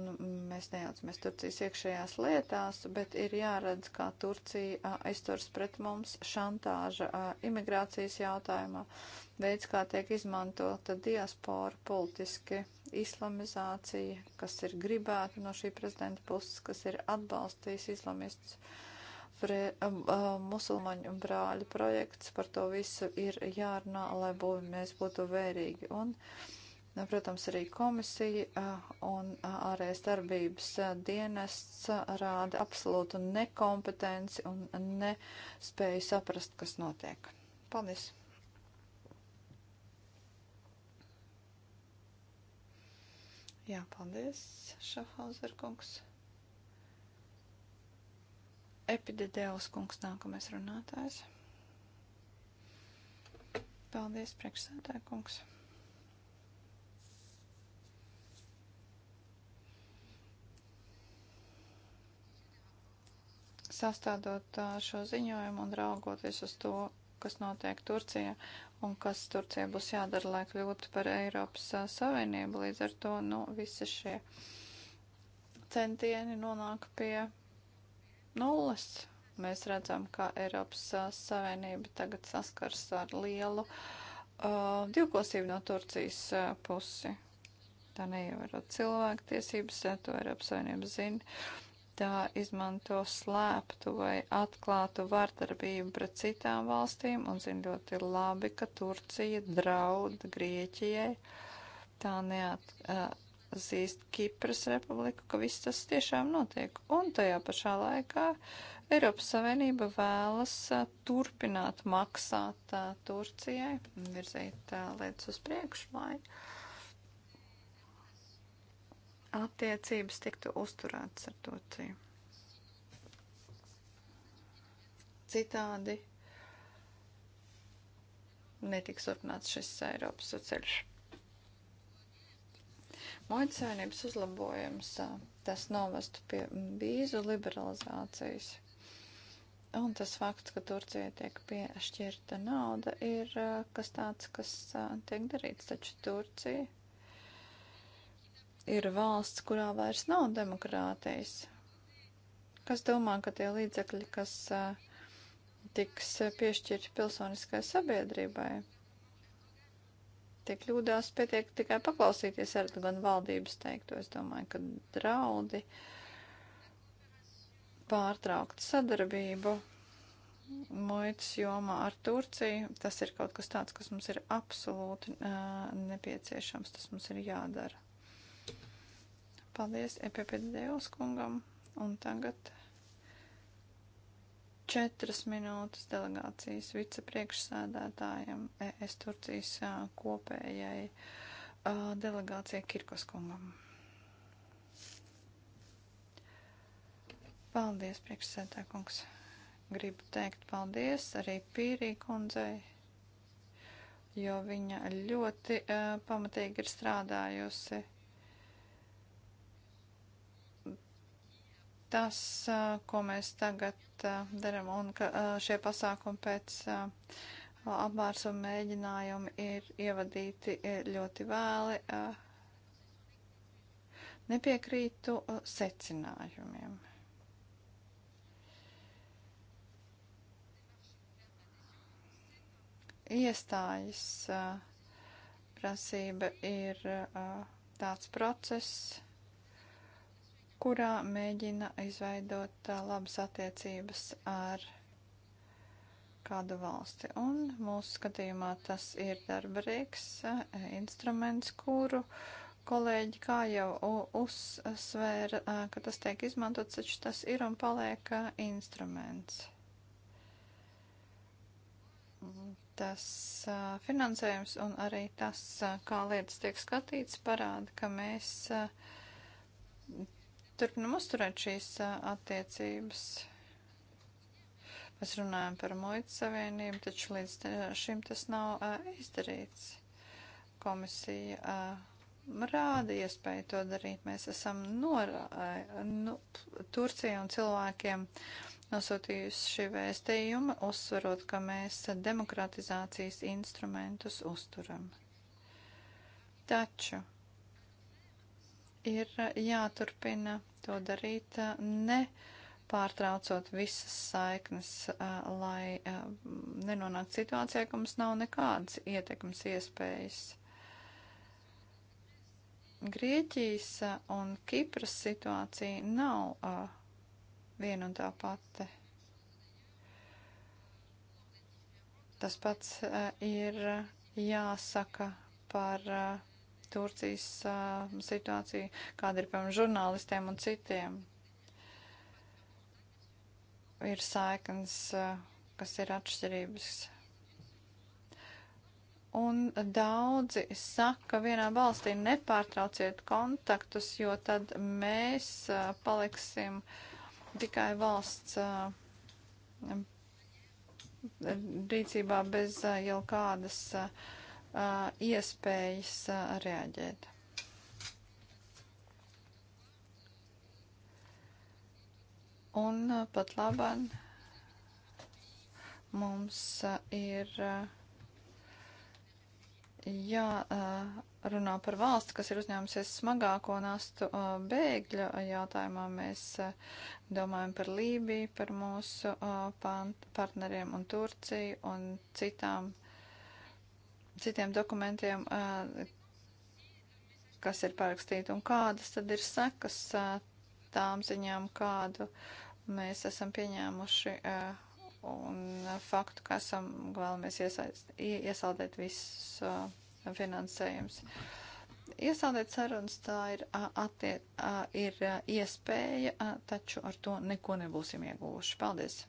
[SPEAKER 4] mēs nejaucamies Turcijas iekšējās lietās, bet ir jāredz, kā Turcija aizturs pret mums šantāža a, imigrācijas jautājumā, veids, kā tiek izmantota diaspora politiski islamizācija, kas ir gribēta no šī prezidenta puses, kas ir atbalstījis islamists. Uh, pre, uh, musulmaņu brāļu projekts. Par to visu ir jārunā, lai bū, mēs būtu vērīgi. Un, nu, protams, arī komisija uh, un uh, ārējais darbības uh, dienests uh, rāda absolūtu nekompetenci un nespēju saprast, kas notiek. Paldies! Jā, paldies, Šafhauser kungs. Epidēdēls kungs nākamais runātājs. Paldies, priekšsēdētāj kungs. Sastādot šo ziņojumu un raugoties uz to, kas notiek Turcijā un kas Turcijai būs jādara, lai kļūtu par Eiropas Savienību. Līdz ar to nu, visi šie centieni nonāk pie nulles. Mēs redzam, ka Eiropas uh, Savienība tagad saskars ar lielu uh, divkosību no Turcijas uh, pusi. Tā neievērot cilvēktiesības, uh, to Eiropas Savienība zina. Tā izmanto slēptu vai atklātu vardarbību pret citām valstīm un zina ļoti labi, ka Turcija draud Grieķijai. Tā neat, uh, jāzīst Kipras republiku, ka viss tas tiešām notiek. Un tajā pašā laikā Eiropas Savienība vēlas turpināt maksāt Turcijai, virzīt lietas uz priekšu, lai attiecības tiktu uzturētas ar Turciju. Citādi netiks turpināts šis Eiropas ceļš. Maitsainības uzlabojums, tas novestu pie vīzu liberalizācijas. Un tas fakts, ka Turcija tiek piešķirta nauda, ir kas tāds, kas tiek darīts. Taču Turcija ir valsts, kurā vairs nav demokrātijas. Kas domā, ka tie līdzekļi, kas tiks piešķirti pilsoniskai sabiedrībai, parasti kļūdās, pietiek tikai paklausīties Erdogan valdības teikto. Es domāju, ka draudi pārtraukt sadarbību muitas jomā ar Turciju, tas ir kaut kas tāds, kas mums ir absolūti uh, nepieciešams, tas mums ir jādara. Paldies Epipedēvs kungam, un tagad četras minūtes delegācijas vicepriekšsēdētājam e, ES Turcijas kopējai delegācijai Kirkos kungam. Paldies, priekšsēdētāj kungs. Gribu teikt paldies arī Pīrī kundzei, jo viņa ļoti uh, pamatīgi ir strādājusi tas, ko mēs tagad darām, un ka šie pasākumi pēc apvērsuma mēģinājumi ir ievadīti ļoti vēli. Nepiekrītu secinājumiem. Iestājas prasība ir tāds process, kurā mēģina izveidot labas attiecības ar kādu valsti. Un mūsu skatījumā tas ir darbarīgs instruments, kuru kolēģi kā jau uzsvēra, ka tas tiek izmantots, taču tas ir un paliek instruments. Tas finansējums un arī tas, kā lietas tiek skatīts, parāda, ka mēs turpinam uzturēt šīs attiecības. Mēs runājam par muitas savienību, taču līdz šim tas nav uh, izdarīts. Komisija uh, rāda iespēju to darīt. Mēs esam norā, nu, Turcija un cilvēkiem nosūtījusi šī vēstījuma, uzsverot, ka mēs demokratizācijas instrumentus uzturam. Taču ir eh, jāturpina to darīt, eh, ne pārtraucot visas saiknes, eh, lai nenonāktu situācijā, ka mums nav nekādas ietekmes iespējas. Grieķijas un Kipras situācija nav viena un tā pati. Tas pats ir jāsaka par Turcijas uh, situāciju, kāda ir, piemēram, žurnālistiem un citiem. Ir saiknes, uh, kas ir atšķirības. Un daudzi saka vienā valstī nepārtrauciet kontaktus, jo tad mēs uh, paliksim tikai valsts uh, rīcībā bez uh, jau kādas. Uh, iespējas reaģēt. Un pat labāk mums ir jārunā par valsti, kas ir uzņēmusies smagāko nastu bēgļa jautājumā. Mēs domājam par Lībiju, par mūsu partneriem un Turciju un citām uh, citiem dokumentiem, kas ir parakstīti, un kādas tad ir sekas tām ziņām, kādu mēs esam pieņēmuši un faktu, ka esam vēlamies iesaist, iesaldēt visus finansējums. Iesaldēt sarunas tā ir, attiet, ir iespēja, taču ar to neko nebūsim iegūši. Paldies!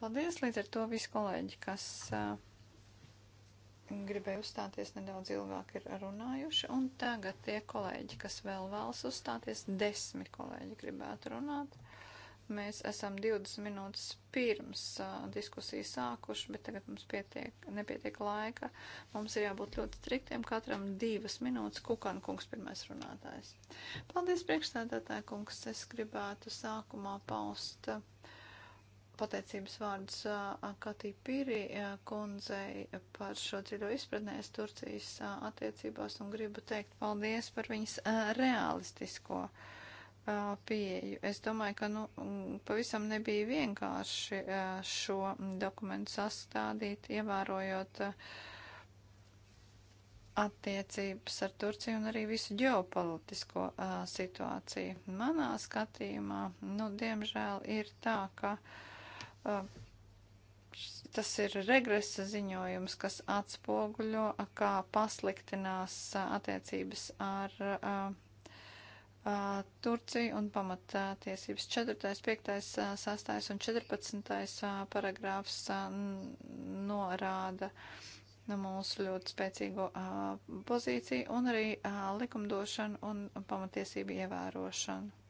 [SPEAKER 4] Paldies līdz ar to visu kolēģi, kas uh, gribēju uzstāties nedaudz ilgāk, ir runājuši. Un tagad tie kolēģi, kas vēl vēlas uzstāties, desmit kolēģi gribētu runāt. Mēs esam 20 minūtes pirms uh, diskusiju sākuši, bet tagad mums pietiek, nepietiek laika. Mums ir jābūt ļoti striktiem, katram divas minūtes. Kukan kungs pirmais runātājs. Paldies, priekšstādātāja kungs. Es gribētu sākumā paust. Uh, pateicības vārdus Katī Pīrī kundzei par šo dziļo izpratnēs Turcijas attiecībās un gribu teikt paldies par viņas realistisko pieeju. Es domāju, ka nu, pavisam nebija vienkārši šo dokumentu sastādīt, ievērojot attiecības ar Turciju un arī visu ģeopolitisko situāciju. Manā skatījumā, nu, diemžēl ir tā, ka uh, tas ir regresa ziņojums, kas atspoguļo, kā pasliktinās attiecības ar a, a, Turciju un pamatiesības 4., 5., 6. un 14. paragrāfs norāda no mūsu ļoti spēcīgo a, pozīciju un arī likumdošanu un pamatiesību ievērošanu.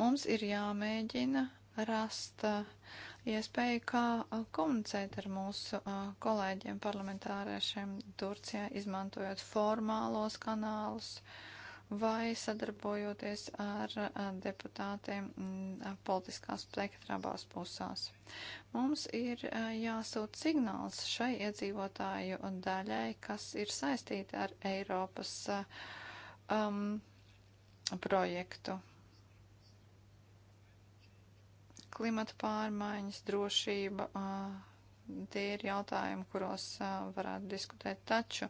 [SPEAKER 4] Mums ir jāmēģina rast uh, iespēju, kā uh, komunicēt ar mūsu uh, kolēģiem parlamentāriešiem Turcijā, izmantojot formālos kanālus vai sadarbojoties ar deputātiem mm, politiskā spektra abās pusās. Mums ir jāsūt signāls šai iedzīvotāju daļai, kas ir saistīta ar Eiropas um, projektu klimata pārmaiņas, drošība, tie ir jautājumi, kuros varētu diskutēt. Taču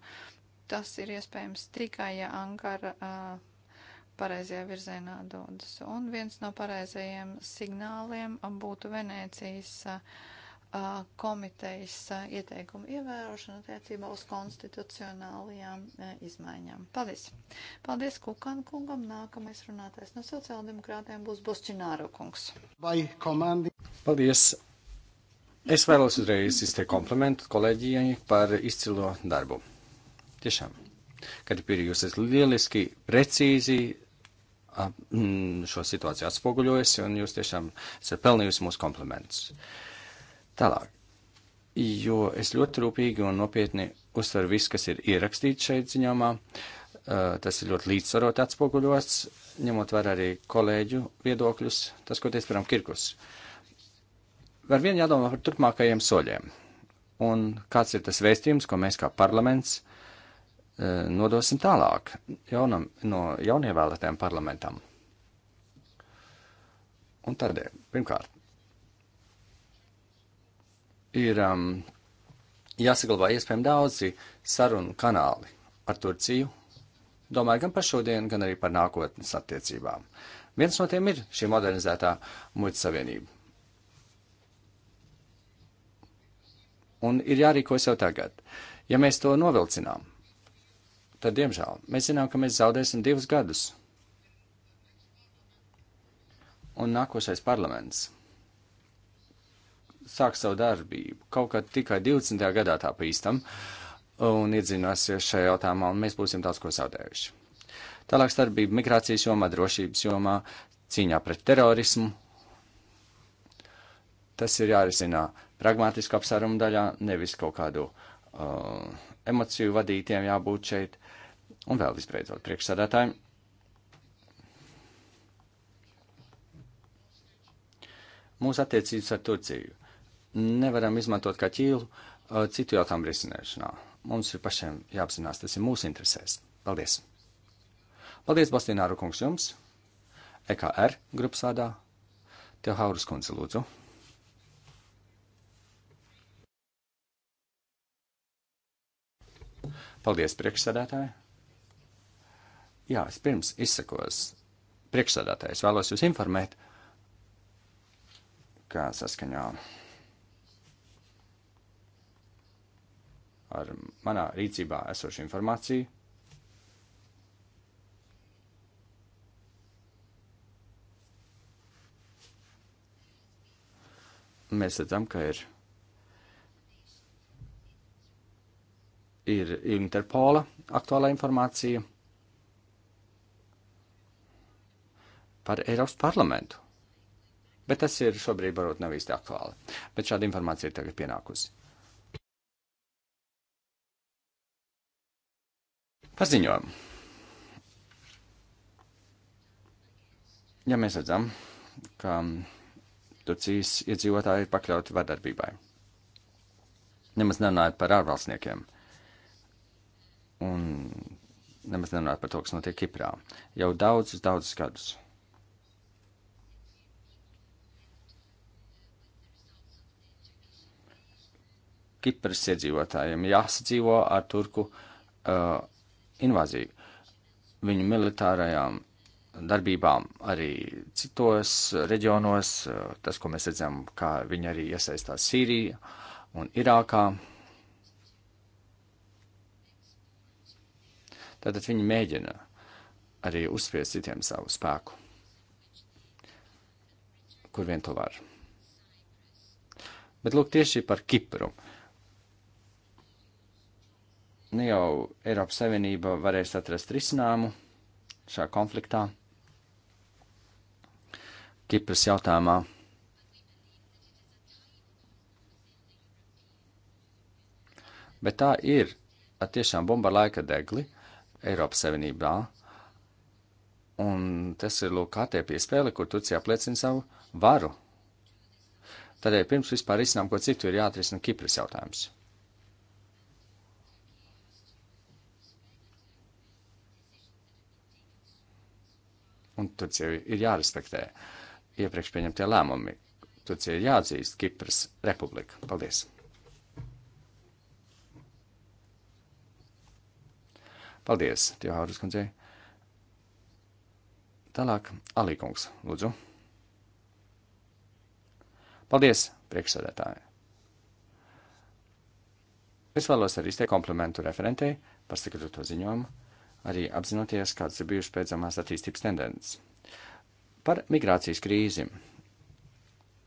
[SPEAKER 4] tas ir iespējams tikai, ja Ankara pareizajā virzienā dodas. Un viens no pareizajiem signāliem būtu Venēcijas. A, komitejas ieteikumu ievērošanu attiecībā uz konstitucionālajām izmaiņām. Paldies! Paldies Kukan kungam. Nākamais runātais no sociāldemokrātiem būs Bosčināro kungs.
[SPEAKER 2] Vai komandi? Paldies! Es vēlos uzreiz izteikt komplimentu kolēģijai par izcilo darbu. Tiešām, kad ir jūs esat lieliski, precīzi šo situāciju atspoguļojusi, un jūs tiešām esat pelnījusi mūsu komplimentus. Mm. Tālāk, jo es ļoti rūpīgi un nopietni uzsveru visu, kas ir ierakstīts šeit ziņāmā, uh, tas ir ļoti līdzsvarot atspoguļots, ņemot vērā arī kolēģu viedokļus, tas, ko teica param Kirkus. Var vien jādomā par turpmākajiem soļiem. Un kāds ir tas vēstījums, ko mēs kā parlaments uh, nodosim tālāk jaunam, no jaunievēlētajam parlamentam? Un tādēļ, pirmkārt, ir um, jāsaglabā iespējami daudzi sarunu kanāli ar Turciju, domāju gan par šodien, gan arī par nākotnes attiecībām. Viens no tiem ir šī modernizētā muitas savienība. Un ir jārīkojas jau tagad. Ja mēs to novilcinām, tad, diemžēl, mēs zinām, ka mēs zaudēsim divus gadus. Un nākošais parlaments sāk savu darbību. Kaut kā tikai 20. gadā tā pīstam un iedzināsies šajā jautājumā, un mēs būsim daudz ko zaudējuši. Tālāk starpība migrācijas jomā, drošības jomā, cīņā pret terorismu. Tas ir jārisina pragmātisku apsvērumu daļā, nevis kaut kādu uh, emociju vadītiem jābūt šeit. Un vēl visbeidzot, priekšsādātājiem. Mūsu attiecības ar Turciju nevaram izmantot kā ķīlu uh, citu jautājumu risināšanā. Mums ir pašiem jāapzinās, tas ir mūsu interesēs. Paldies! Paldies, Bastīnāru kungs, jums! EKR grupas vārdā Tev Haurus kundze, lūdzu! Paldies, priekšsēdētāji! Jā, es pirms izsakos priekšsēdētājs vēlos jūs informēt, kā saskaņā ar manā rīcībā esošu informāciju. Mēs redzam, ka ir, ir Interpola aktuālā informācija par Eiropas parlamentu. Bet tas ir šobrīd varbūt nav īsti aktuāli. Bet šāda informācija ir tagad pienākusi. paziņojumu. Ja mēs redzam, ka Turcijas iedzīvotāji ir pakļauti vardarbībai, nemaz nerunājot par ārvalstniekiem, un nemaz nerunājot par to, kas notiek Kiprā, jau daudzus, daudzus gadus. Kipras iedzīvotājiem jāsadzīvo ar turku uh, invāziju, viņu militārajām darbībām arī citos reģionos, tas, ko mēs redzam, kā viņi arī iesaistās Sīrijā un Irākā. Tātad viņi mēģina arī uzspiest citiem savu spēku, kur vien to var. Bet lūk, tieši par Kipru. Uh, nu jau Eiropas Savienība varēs atrast risinājumu šā konfliktā. Kipras jautājumā. Bet tā ir tiešām bomba laika degli Eiropas Savienībā. Un tas ir lūk kā tie piespēle, kur Turcija apliecina savu varu. Tādēļ pirms vispār risinām ko citu, ir jāatrisina Kipras jautājums. un Turcija ir jārespektē iepriekš pieņemtie lēmumi. Turcija ir jāatzīst Kipras republika. Paldies! Paldies, Tihārus kundzei. Tālāk, Alīkungs, lūdzu. Paldies, priekšsēdētāji. Es vēlos arī izteikt komplimentu referentei par sekretu to ziņojumu arī apzinoties, kādas ir bijušas pēcamās attīstības tendences. Par migrācijas krīzi.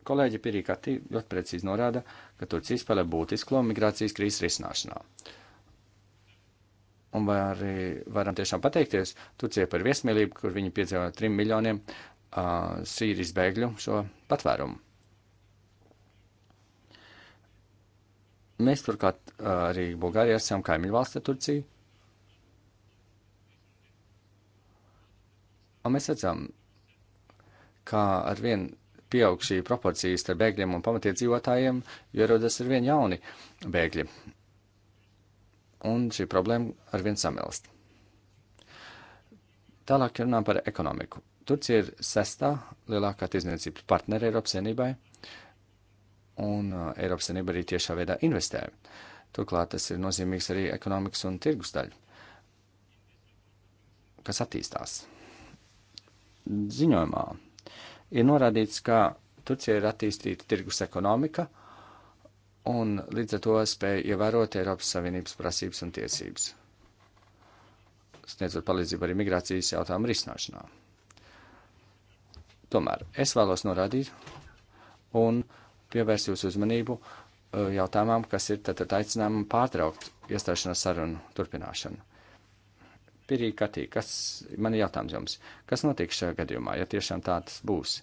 [SPEAKER 2] Kolēģi Pirīkati ļoti precīzi norāda, ka Turcija spēlē būtisku lomu migrācijas krīzes risināšanā. Un var arī varam tiešām pateikties Turcijai par viesmīlību, kur viņi piedzīvoja trim miljoniem uh, sīrijas bēgļu šo patvērumu. Mēs turklāt uh, arī Bulgārijā esam kaimiņu valsts Turciju, Un mēs redzam, kā ar vien pieaug šī proporcija starp bēgļiem un pamatiedzīvotājiem, jo ierodas ar vien jauni bēgļi. Un šī problēma ar vien samilst. Tālāk runām par ekonomiku. Turcija ir sestā lielākā tirzniecības partnera Eiropas Savienībai, un uh, Eiropas Savienība arī tiešā veidā investē. Turklāt tas ir nozīmīgs arī ekonomikas un tirgus daļa, kas attīstās ziņojumā ir norādīts, ka Turcija ir attīstīta tirgus ekonomika un līdz ar to spēja ievērot Eiropas Savienības prasības un tiesības, sniedzot palīdzību arī migrācijas jautājumu risināšanā. Tomēr es vēlos norādīt un pievērst jūsu uzmanību uh, jautājumam, kas ir tad, tad aicinājumam pārtraukt iestāšanās sarunu turpināšanu. Pirīgi, Katī, kas man ir jautājums jums? Kas notiks šajā gadījumā, ja tiešām tāds būs?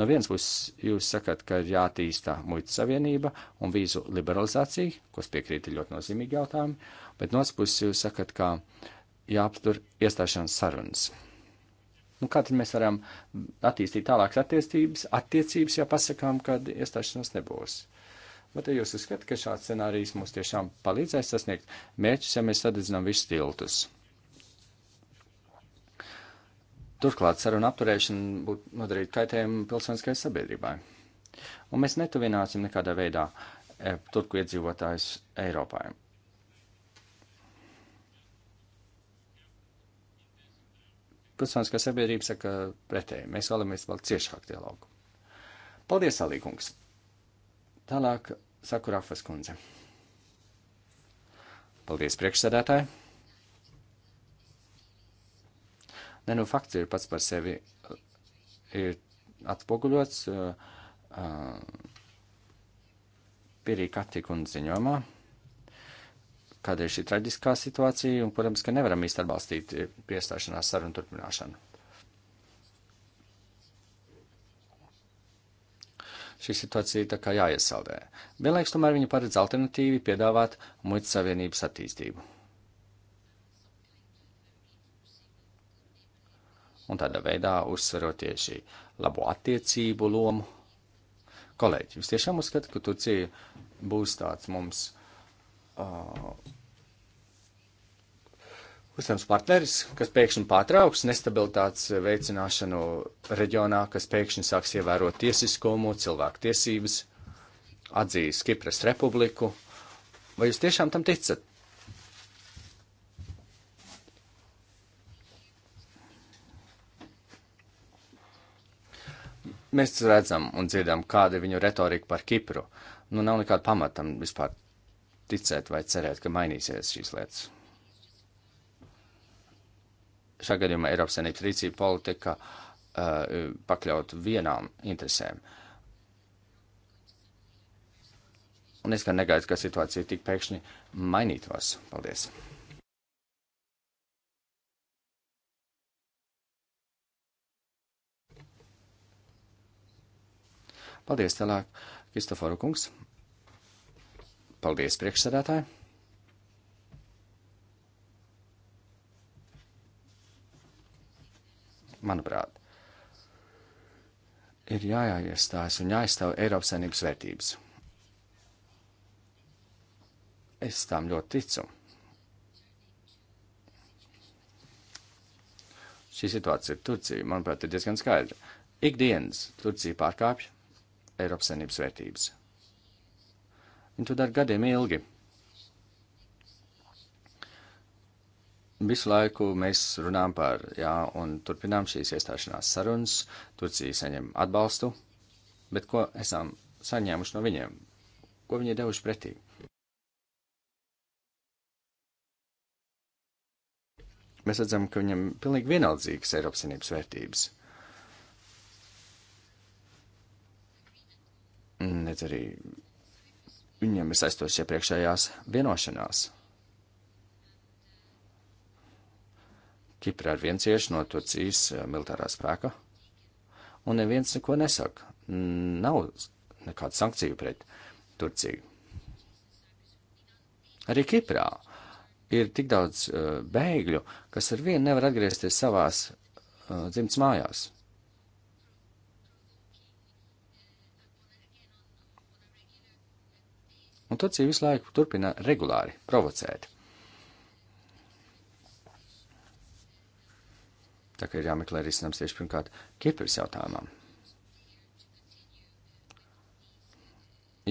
[SPEAKER 2] No vienas puses, jūs sakat, ka ir jātīstā muitas savienība un vīzu liberalizācija, kas piekrīt ir ļoti nozīmīgi jautājumi, bet no otras puses, jūs sakat, ka jāaptur iestāšanās sarunas. Nu, kā tad mēs varam attīstīt tālākas attiecības, attiecības, ja pasakām, ka iestāšanās nebūs? Bet ja jūs uzskatāt, ka šāds scenārijs mums tiešām palīdzēs sasniegt mērķus, ja mēs sadedzinām visus tiltus. Turklāt saruna apturēšana būtu nodarīta kaitējumu pilsoniskajai sabiedrībai. Un mēs netuvināsim nekādā veidā e, turku iedzīvotājus Eiropai. Pilsoniskā sabiedrība saka pretēji. Mēs vēlamies vēl ciešāku dialogu. Paldies, Alīkungs! Tālāk saku Rafas kundze. Paldies, priekšsēdētāji! Ne, nu, fakts ir pats par sevi eh, ir atspoguļots uh, eh, uh, eh, Pirīka Atikuna ziņojumā, kāda ir šī traģiskā situācija, un, protams, ka nevaram īsti atbalstīt piestāšanās sarunu turpināšanu. Šī situācija tā kā jāiesaldē. Vienlaiks tomēr viņi paredz alternatīvi piedāvāt muitas savienības attīstību. un tādā veidā uzsverot tieši labo attiecību lomu. Kolēģi, es tiešām uzskatu, ka Turcija būs tāds mums uh, uzņems partneris, kas pēkšņi pārtrauks nestabilitātes veicināšanu reģionā, kas pēkšņi sāks ievērot tiesiskumu, cilvēku tiesības, atzīs Kipras republiku. Vai jūs tiešām tam ticat? Mēs redzam un dzirdam, kāda ir viņu retorika par Kipru. Nu, nav nekāda pamatam vispār ticēt vai cerēt, ka mainīsies šīs lietas. Šā gadījumā Eiropas Savienības rīcība politika uh, pakļaut vienām interesēm. Un es gan negaidu, ka situācija tik pēkšņi mainītos. Paldies! Paldies, tālāk, Kristoforu kungs. Paldies, priekšsēdētāji. Manuprāt, ir jāiestājas un jāizstāv Eiropas saimnības vērtības. Es tām ļoti ticu. Šī situācija ir Turcija, manuprāt, ir diezgan skaidra. Ikdienas Turcija pārkāpj Eiropas Savienības vērtības. Viņi to dara gadiem ilgi. Visu laiku mēs runājam par, jā, un turpinām šīs iestāšanās sarunas, Turcija saņem atbalstu, bet ko esam saņēmuši no viņiem? Ko viņi ir devuši pretī? Mēs redzam, ka viņam pilnīgi vienaldzīgas Eiropas Savienības vērtības. nedz arī viņiem ir saistošas iepriekšējās vienošanās. Kipra ar vien cieši no Turcijas eh, militārā spēka, un neviens neko nesaka. Nav nekādu sankciju pret Turciju. Arī Kiprā ir tik daudz uh, bēgļu, kas ar vienu nevar atgriezties savās uh, eh, dzimts mājās. Un Turcija visu laiku turpina regulāri provocēt. Tā kā ir jāmeklē risinājums tieši pirmkārt Kipras jautājumam.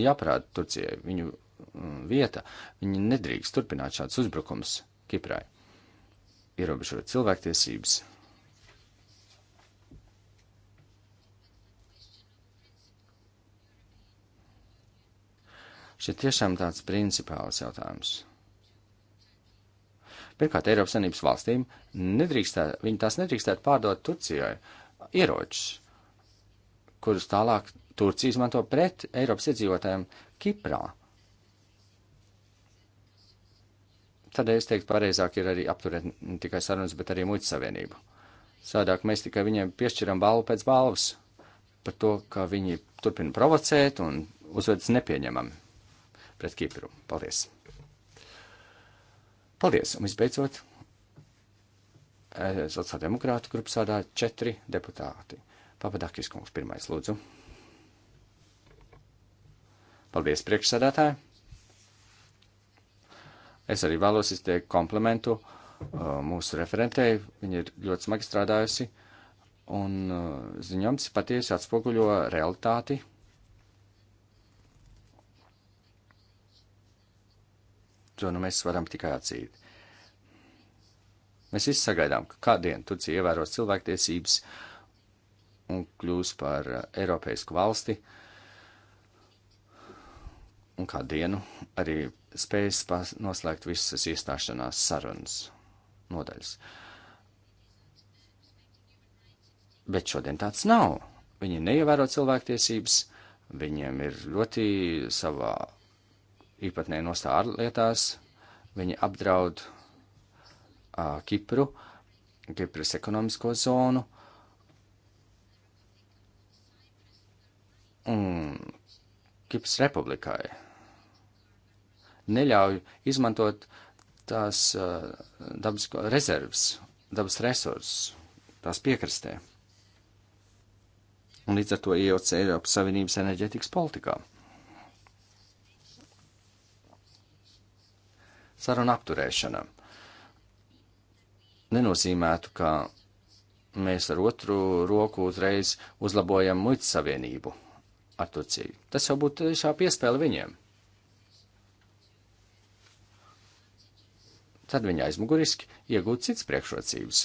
[SPEAKER 2] Jāparāda Turcijai viņu mm, vieta. Viņi nedrīkst turpināt šādus uzbrukums Kiprai. Ierobežot cilvēktiesības, Šie tiešām tāds principāls jautājums. Pirmkārt, Eiropas Savienības valstīm nedrīkstē, viņi tās nedrīkstētu pārdot Turcijai ieročus, kurus tālāk Turcija izmanto pret Eiropas iedzīvotājiem Kiprā. Tādēļ es teiktu, pareizāk ir arī apturēt ne tikai sarunas, bet arī muitas savienību. Sādāk mēs tikai viņiem piešķiram balvu pēc balvas par to, ka viņi turpina provocēt un uzvedas nepieņemami pret Kipru. Paldies! Paldies! Un visbeidzot, eh, sociāldemokrātu grupas sādā četri deputāti. Papadakis kungs pirmais lūdzu. Paldies priekšsādātāji! Es arī vēlos izteikt komplementu eh, mūsu referentei. Viņa ir ļoti smagi strādājusi, un eh, ziņojums patiesi atspoguļo realitāti to nu mēs varam tikai atzīt. Mēs visi sagaidām, ka kādien Turcija ievēros cilvēktiesības un kļūs par uh, Eiropeisku valsti, un kādienu arī spējas noslēgt visas iestāšanās sarunas nodaļas. Bet šodien tāds nav. Viņi neievēro cilvēktiesības, viņiem ir ļoti savā īpatnē nostāja ārlietās, viņi apdraud uh, Kipru, Kipras ekonomisko zonu. Un Kipras republikai neļauj izmantot tās uh, dabas rezerves, dabas resursus, tās piekrastē. Un līdz ar to iejauc Eiropas Savienības enerģētikas politikā. Uh, saruna apturēšana nenozīmētu, ka mēs ar otru roku uzreiz uzlabojam muitas savienību ar Turciju. Tas jau būtu tiešā piespēle viņiem. Tad viņi aizmuguriski iegūtu cits priekšrocības.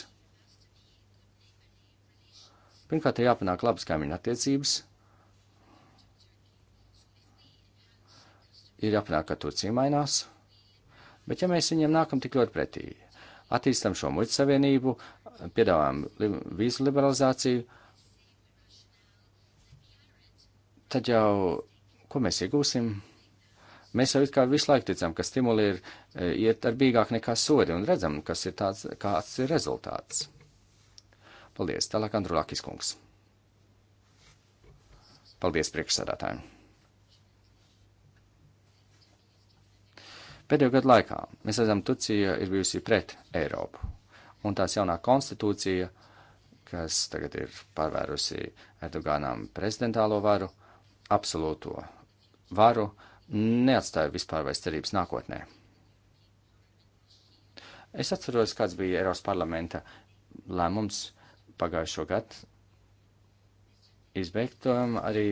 [SPEAKER 2] Pirmkārt, ir jāpanāk labas kaimiņu attiecības. Ir jāpanāk, ka Turcija mainās. Bet ja mēs viņiem nākam tik ļoti pretī, attīstam šo muitas savienību, piedāvājam li vīzu liberalizāciju, tad jau ko mēs iegūsim? Mēs jau it kā visu laiku ticam, ka stimuli ir eh, iet ar bīgāk nekā sodi un redzam, kas ir tāds, kāds ir rezultāts. Paldies, tālāk Andrulakis kungs. Paldies priekšsādātājiem. Pēdējo gadu laikā mēs redzam, Turcija ir bijusi pret Eiropu, un tās jaunā konstitūcija, kas tagad ir pārvērusi Erdoganam prezidentālo varu, absolūto varu, neatstāja vispār vai cerības nākotnē. Es atceros, kāds bija Eiropas parlamenta lēmums pagājušo gadu izbeigt um, arī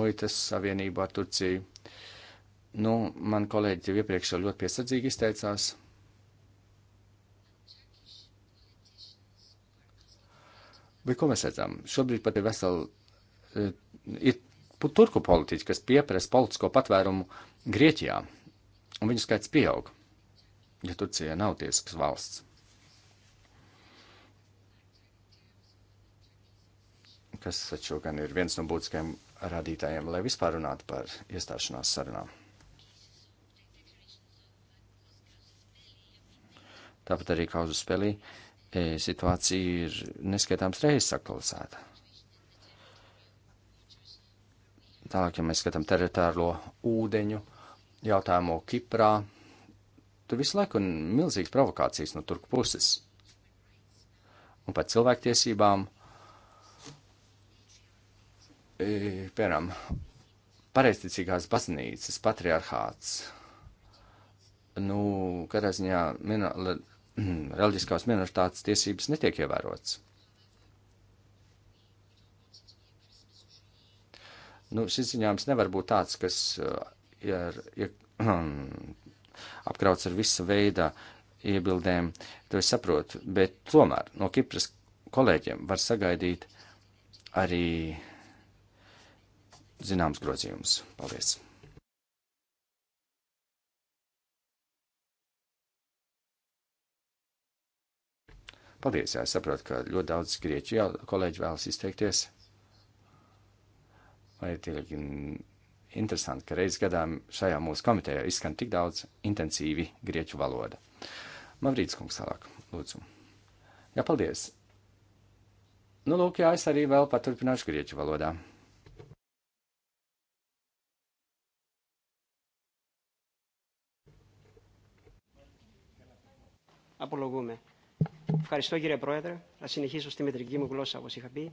[SPEAKER 2] muitas savienību ar Turciju. Nu, man kolēģi jau iepriekš jau ļoti piesardzīgi izteicās. Bet ko mēs redzam? Šobrīd pat ir veseli, eh, ir turku politiķi, kas pieprasa politisko patvērumu Grieķijā, un viņu skaits pieaug, ja Turcija nav tiesisks valsts. Kas taču gan ir viens no būtiskajiem rādītājiem, lai vispār runātu par iestāšanās sarunām. Tāpat arī kauzu spēlī e, situācija ir neskaitāms reizes aktualizēta. Tālāk, ja mēs skatām teritoriālo ūdeņu jautājumu Kiprā, tur visu laiku ir milzīgas provokācijas no turku puses. Un par cilvēktiesībām, e, piemēram, pareizticīgās baznīcas patriarchāts. Nu, katrā ziņā Mm, reliģiskās minoritātes tiesības netiek ievērotas. Nu, šis ziņojums nevar būt tāds, kas uh, ir, ir [clears throat] apkrauts ar visu veidu iebildēm, to es saprotu, bet tomēr no Kipras kolēģiem var sagaidīt arī zināms grozījums. Paldies! Paldies, jā, es saprotu, ka ļoti daudz grieķu jā, kolēģi vēlas izteikties. Vai ir interesanti, ka reiz gadā šajā mūsu komitejā izskan tik daudz intensīvi grieķu valoda. Mavrīts kungs tālāk, lūdzu. Jā, paldies. Nu, lūk, jā, es arī vēl paturpināšu grieķu valodā.
[SPEAKER 5] Apologume. Ευχαριστώ κύριε Πρόεδρε. Θα συνεχίσω στη μετρική μου γλώσσα όπως είχα πει.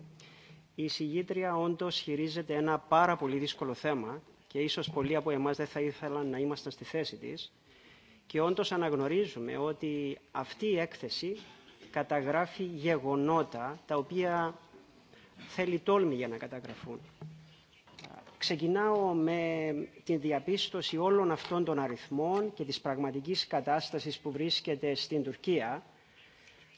[SPEAKER 5] Η συγγήτρια όντως χειρίζεται ένα πάρα πολύ δύσκολο θέμα και ίσως πολλοί από εμάς δεν θα ήθελαν να ήμασταν στη θέση της. Και όντως αναγνωρίζουμε ότι αυτή η έκθεση καταγράφει γεγονότα τα οποία θέλει τόλμη για να καταγραφούν. Ξεκινάω με την διαπίστωση όλων αυτών των αριθμών και της πραγματικής κατάστασης που βρίσκεται στην Τουρκία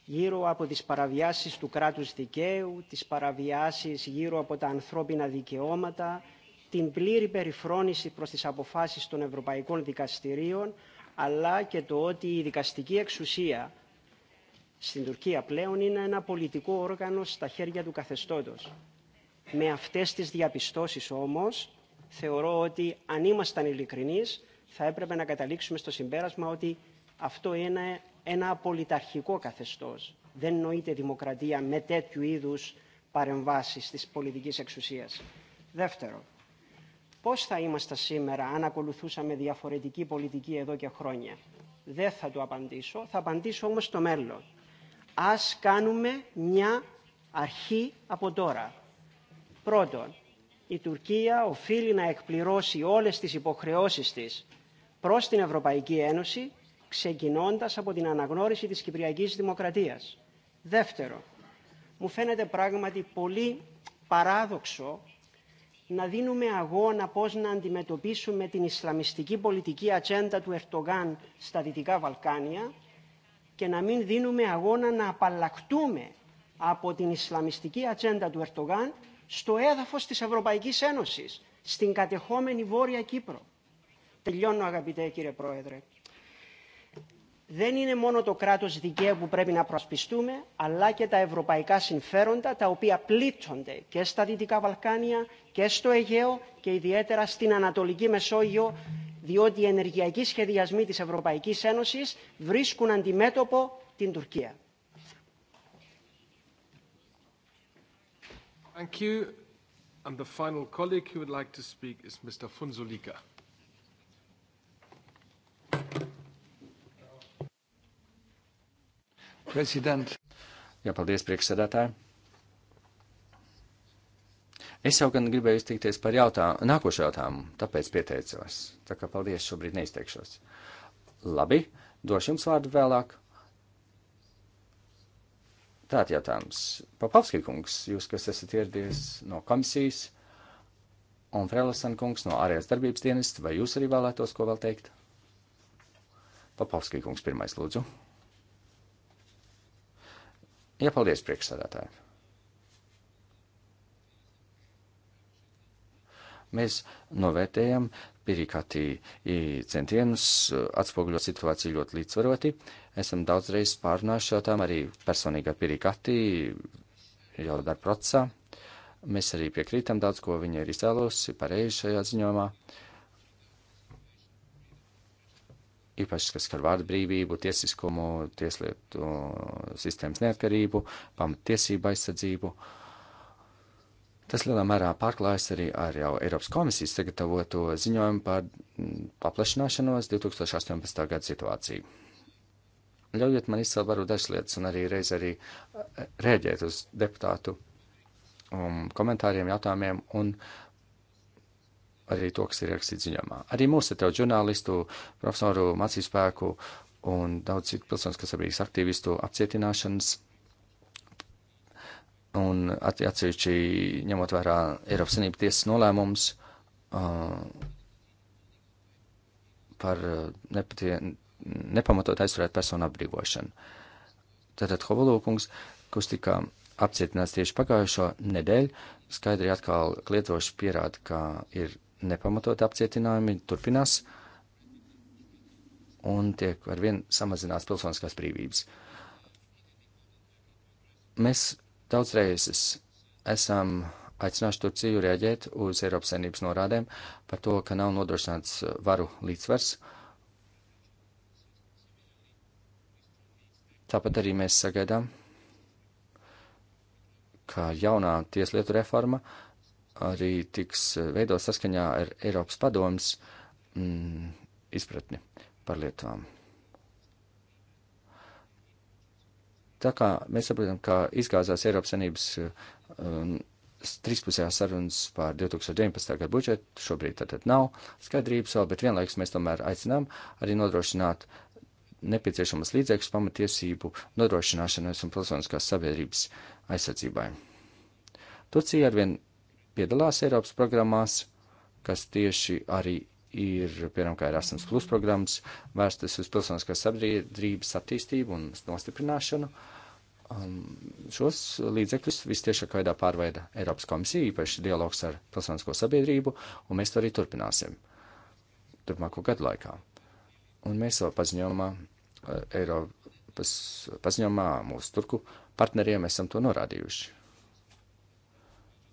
[SPEAKER 5] γύρω από τις παραβιάσεις του κράτους δικαίου, τις παραβιάσεις γύρω από τα ανθρώπινα δικαιώματα, την πλήρη περιφρόνηση προς τις αποφάσεις των ευρωπαϊκών δικαστηρίων, αλλά και το ότι η δικαστική εξουσία στην Τουρκία πλέον είναι ένα πολιτικό όργανο στα χέρια του καθεστώτος. Με αυτές τις διαπιστώσεις όμως, θεωρώ ότι αν ήμασταν ειλικρινείς, θα έπρεπε να καταλήξουμε στο συμπέρασμα ότι αυτό είναι ένα απολυταρχικό καθεστώς. Δεν νοείται δημοκρατία με τέτοιου είδους παρεμβάσεις της πολιτικής εξουσίας. Δεύτερο, πώς θα ήμασταν σήμερα αν ακολουθούσαμε διαφορετική πολιτική εδώ και χρόνια. Δεν θα το απαντήσω, θα απαντήσω όμως στο μέλλον. Ας κάνουμε μια αρχή από τώρα. Πρώτον, η Τουρκία οφείλει να εκπληρώσει όλες τις υποχρεώσεις της προς την Ευρωπαϊκή Ένωση ξεκινώντας από την αναγνώριση της Κυπριακής Δημοκρατίας. Δεύτερο, μου φαίνεται πράγματι πολύ παράδοξο να δίνουμε αγώνα πώς να αντιμετωπίσουμε την Ισλαμιστική πολιτική ατζέντα του Ερτογάν στα Δυτικά Βαλκάνια και να μην δίνουμε αγώνα να απαλλακτούμε από την Ισλαμιστική ατζέντα του Ερτογάν στο έδαφος της Ευρωπαϊκής Ένωσης, στην κατεχόμενη Βόρεια Κύπρο. Τελειώνω αγαπητέ κύριε Πρόεδρε δεν είναι μόνο το κράτος δικαίου που πρέπει να προσπιστούμε, αλλά και τα ευρωπαϊκά συμφέροντα, τα οποία πλήττονται και στα Δυτικά Βαλκάνια και στο Αιγαίο και ιδιαίτερα στην Ανατολική Μεσόγειο, διότι οι ενεργειακοί σχεδιασμοί της Ευρωπαϊκής Ένωσης βρίσκουν αντιμέτωπο την Τουρκία.
[SPEAKER 1] Thank you. And the final colleague who would like to speak is Mr. Funzulika.
[SPEAKER 2] President. Jā, paldies, priekšsēdētāji. Es jau gan gribēju izteikties par jautājumu, nākošu jautājumu, tāpēc pieteicos. Tā kā paldies, šobrīd neizteikšos. Labi, došu jums vārdu vēlāk. Tātad jautājums. Papavski kungs, jūs, kas esat ieradies no komisijas, un Frelasan kungs no ārējās darbības dienestas, vai jūs arī vēlētos ko vēl teikt? Papavski kungs pirmais, lūdzu. Iepaldies, priekšsādātāji! Mēs novērtējam Pirikatī centienus atspoguļot situāciju ļoti līdzsvaroti. Esam daudzreiz pārunājuši jau tām arī personīgi ar Pirikatī jau darba procesā. Mēs arī piekrītam daudz, ko viņa ir izcēlusi pareizi šajā ziņojumā. Uh, īpaši, kas skar vārdu brīvību, tiesiskumu, tieslietu uh, sistēmas neatkarību, pamatiesību aizsardzību. Tas lielā mērā pārklājas arī ar jau Eiropas komisijas sagatavoto ziņojumu par mm, paplašināšanos 2018. gada situāciju. Ļaujiet man izcelt varu dažas lietas un arī reiz arī uh, rēģēt uz deputātu um, komentāriem, jautājumiem un uh, arī to, kas ir ierakstīts ziņojumā. Arī mūsu tev žurnālistu, profesoru, mācību spēku un daudz citu pilsoniskas sabiedrības aktīvistu apcietināšanas un atsevišķi ņemot vērā Eiropas Sanības tiesas nolēmums uh, par nepatie, nepamatot aizturēt personu apbrīvošanu. Tātad Hovolūkungs, kurš tika apcietināts tieši pagājušo nedēļu, skaidri atkal klietoši pierāda, ka ir nepamatot apcietinājumi turpinās un tiek arvien samazināts pilsoniskās brīvības. Mēs daudz reizes esam aicināšu Turciju reaģēt uz Eiropas saimnības norādēm par to, ka nav nodrošināts varu līdzsvars. Tāpat arī mēs sagaidām, ka jaunā tieslietu reforma arī tiks eh, veidot saskaņā ar Eiropas padomas mm, izpratni par lietām. Tā kā mēs saprotam, ka izgāzās Eiropas Sanības um, trīspusējā sarunas par 2019. gadu budžetu, šobrīd tātad nav skaidrības vēl, bet vienlaiks mēs tomēr aicinām arī nodrošināt nepieciešamas līdzekļus pamatiesību nodrošināšanas un pilsoniskās sabiedrības aizsardzībai. Turcija arvien piedalās Eiropas programmās, kas tieši arī ir, piemēram, kā Erasmus Plus programmas, vērstas uz pilsoniskās sabiedrības attīstību un nostiprināšanu. Um, šos līdzekļus vistiešāk veidā pārveida Eiropas komisija, īpaši dialogs ar pilsonisko sabiedrību, un mēs to arī turpināsim turpmāko gadu laikā. Un mēs savā paziņojumā, uh, Eiropas paziņojumā mūsu turku partneriem esam to norādījuši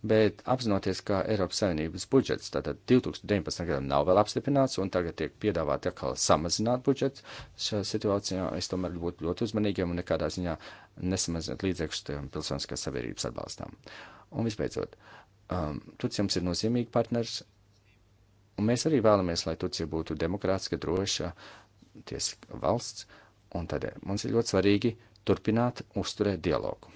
[SPEAKER 2] bet apzinoties, ka Eiropas Savienības budžets tātad 2019. gadam nav vēl apstiprināts un tagad tiek piedāvāt atkal samazināt budžetu, šajā situācijā es tomēr būtu ļoti uzmanīgiem un nekādā ziņā nesamazināt līdzekļus pilsoniskās sabiedrības atbalstām. Un visbeidzot, um, Turcija mums ir nozīmīgi partners, un mēs arī vēlamies, lai Turcija būtu demokrātiska, droša tiesa valsts, un tādēļ mums ir ļoti svarīgi turpināt uzturēt dialogu.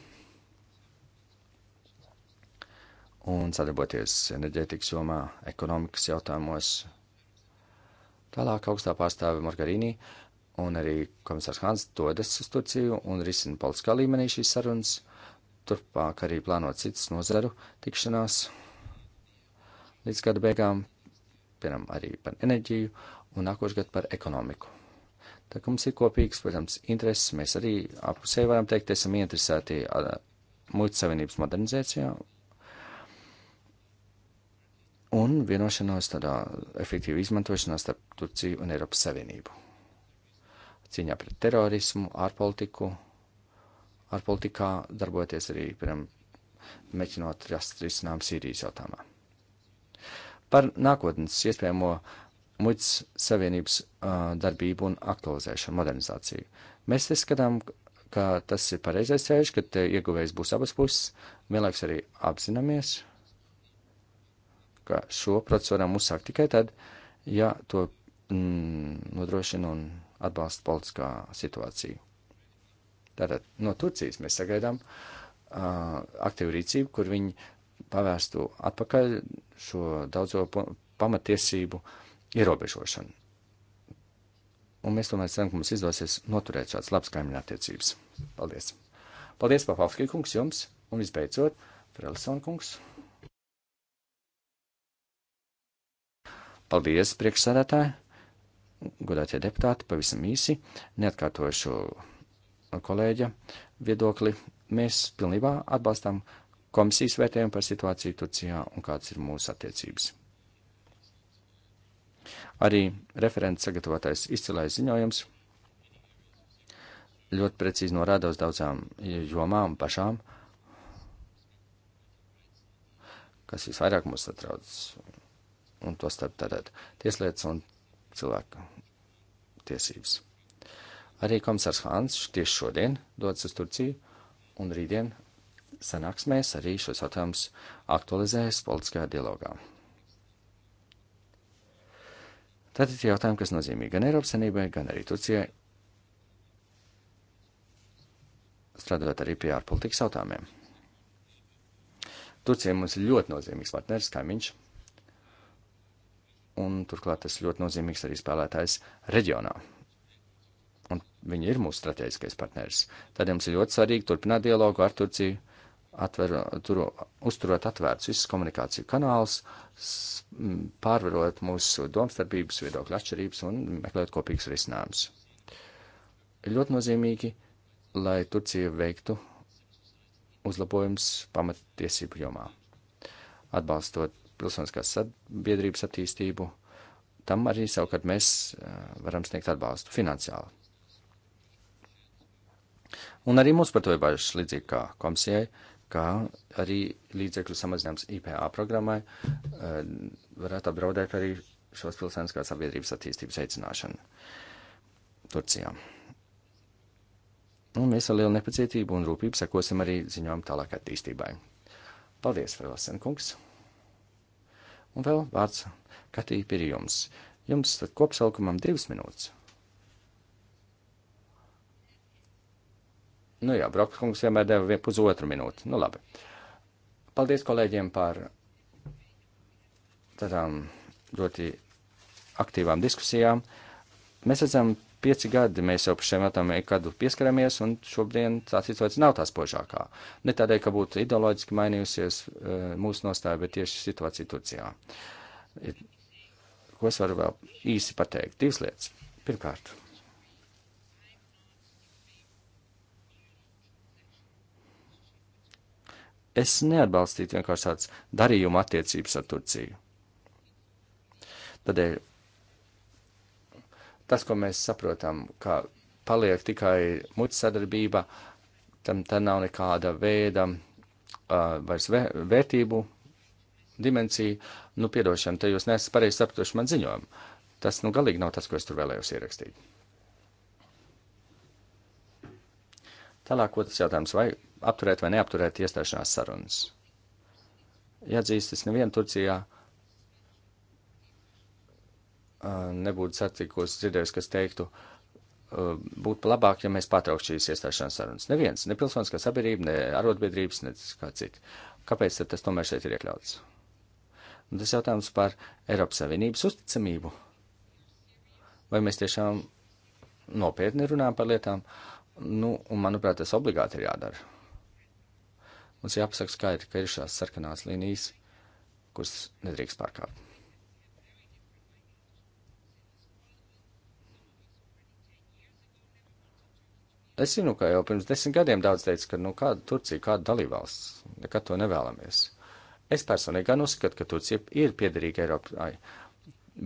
[SPEAKER 2] un sadarboties enerģētikas jomā, ekonomikas jautājumos. Tālāk augstā pārstāve Morgarīnī un arī komisārs Hans dodas uz Turciju un risina politiskā līmenī šīs sarunas. Turpmāk arī plānot citas nozaru tikšanās līdz gada beigām, piemēram, arī par enerģiju un nākošu gadu par ekonomiku. Tā kā mums ir kopīgs, protams, intereses, mēs arī apusēji varam teikt, esam interesēti muitas savienības modernizācijā un vienošanos tādā efektīvu izmantošanā starp Turciju un Eiropas Savienību. Cīņā pret terorismu, ārpolitiku, ārpolitikā darboties arī, piemēram, mēģinot rast risinājumu Sīrijas jautājumā. Par nākotnes iespējamo muitas savienības uh, darbību un aktualizēšanu, modernizāciju. Mēs skatām, ka tas ir pareizais ceļš, ka ieguvējs būs abas puses, vienlaiks arī apzināmies, ka šo procesu varam uzsākt tikai tad, ja to mm, nodrošina un atbalsta politiskā situācija. Tātad no Turcijas mēs sagaidām uh, aktīvu rīcību, kur viņi pavērstu atpakaļ šo daudzo pamatiesību ierobežošanu. Un mēs tomēr ceram, ka mums izdosies noturēt šāds labs kaimiņattiecības. Paldies! Paldies, Papavski kungs, jums! Un visbeidzot, Frelsona kungs! Paldies, priekšsēdētāji! Godātie deputāti, pavisam īsi, neatkārtošu kolēģa viedokli. Mēs pilnībā atbalstām komisijas vērtējumu par situāciju Turcijā un kādas ir mūsu attiecības. Arī referents sagatavotais izcilais ziņojums ļoti precīzi norāda uz daudzām jomām pašām, kas visvairāk mūs satrauc un to starp tātad tieslietas un cilvēka tiesības. Arī komisārs Hāns tieši šodien dodas uz Turciju, un rītdien sanāksmēs arī šos jautājumus aktualizēs politiskajā dialogā. Tātad jautājumi, kas nozīmīgi gan Eiropas Savienībai, gan arī Turcijai, strādājot arī pie ārpolitikas jautājumiem. Turcija mums ir ļoti nozīmīgs partneris, kaimiņš, un turklāt tas ļoti nozīmīgs arī spēlētājs reģionā. Un viņi ir mūsu strateģiskais partneris. Tad jums ir ļoti svarīgi turpināt dialogu ar Turciju, atver, tur, uzturot atvērts visas komunikāciju kanāls, pārvarot mūsu domstarpības, viedokļu atšķirības un meklēt kopīgus risinājumus. Ir ļoti nozīmīgi, lai Turcija veiktu uzlabojums pamatiesību jomā, atbalstot pilsoniskās sabiedrības attīstību, tam arī savukārt mēs eh, varam sniegt atbalstu finansiāli. Un arī mums par to ir bažas līdzīgi kā komisijai, kā arī līdzekļu samazinājums IPA programmai eh, varētu apdraudēt arī šos pilsētiskās sabiedrības attīstības veicināšanu Turcijā. Un mēs ar lielu nepacietību un rūpību sekosim arī ziņojumu tālāk attīstībai. Paldies, Fravasen kungs! Un vēl vārds Katī ir jums. Jums tad kopsalkumam divas minūtes. Nu jā, Brokas kungs vienmēr deva pusotru minūti. Nu labi. Paldies kolēģiem par tādām ļoti aktīvām diskusijām. Mēs redzam, pieci gadi mēs jau par šiem jautājumiem kādu pieskaramies, un šobrīd tā situācija nav tā spožākā. Ne tādēļ, ka būtu ideoloģiski mainījusies e, mūsu nostāja, bet tieši situācija Turcijā. Ko es varu vēl īsi pateikt? Divas lietas. Pirmkārt. Es neatbalstītu vienkārši tādas darījuma attiecības ar Turciju. Tādēļ tas, ko mēs saprotam, ka paliek tikai muļķa sadarbība, tam tā nav nekāda veida uh, vairs vē, vērtību dimensija. Nu, piedošana, te jūs nesat pareizi sapratuši man ziņojumu. Tas, nu, galīgi nav tas, ko es tur vēlējos ierakstīt. Tālāk otrs jautājums, vai apturēt vai neapturēt iestāšanās sarunas. Jāatzīst, es nevienu Turcijā nebūtu satikos dzirdējis, kas teiktu, būtu labāk, ja mēs pārtrauktu šīs iestāšanās sarunas. Neviens, ne pilsoniskā sabiedrība, ne arotbiedrības, ne kā citi. Kāpēc tad tas tomēr šeit ir iekļauts? Un tas jautājums par Eiropas Savienības uzticamību. Vai mēs tiešām nopietni runājam par lietām? Nu, un manuprāt, tas obligāti ir jādara. Mums jāpasaka skaidri, ka ir šās sarkanās līnijas, kuras nedrīkst pārkāpt. Es zinu, ka jau pirms desmit gadiem daudz teica, ka nu, kāda Turcija, kāda dalībvalsts, nekad to nevēlamies. Es personīgi gan uzskatu, ka Turcija ir piederīga Eiropai,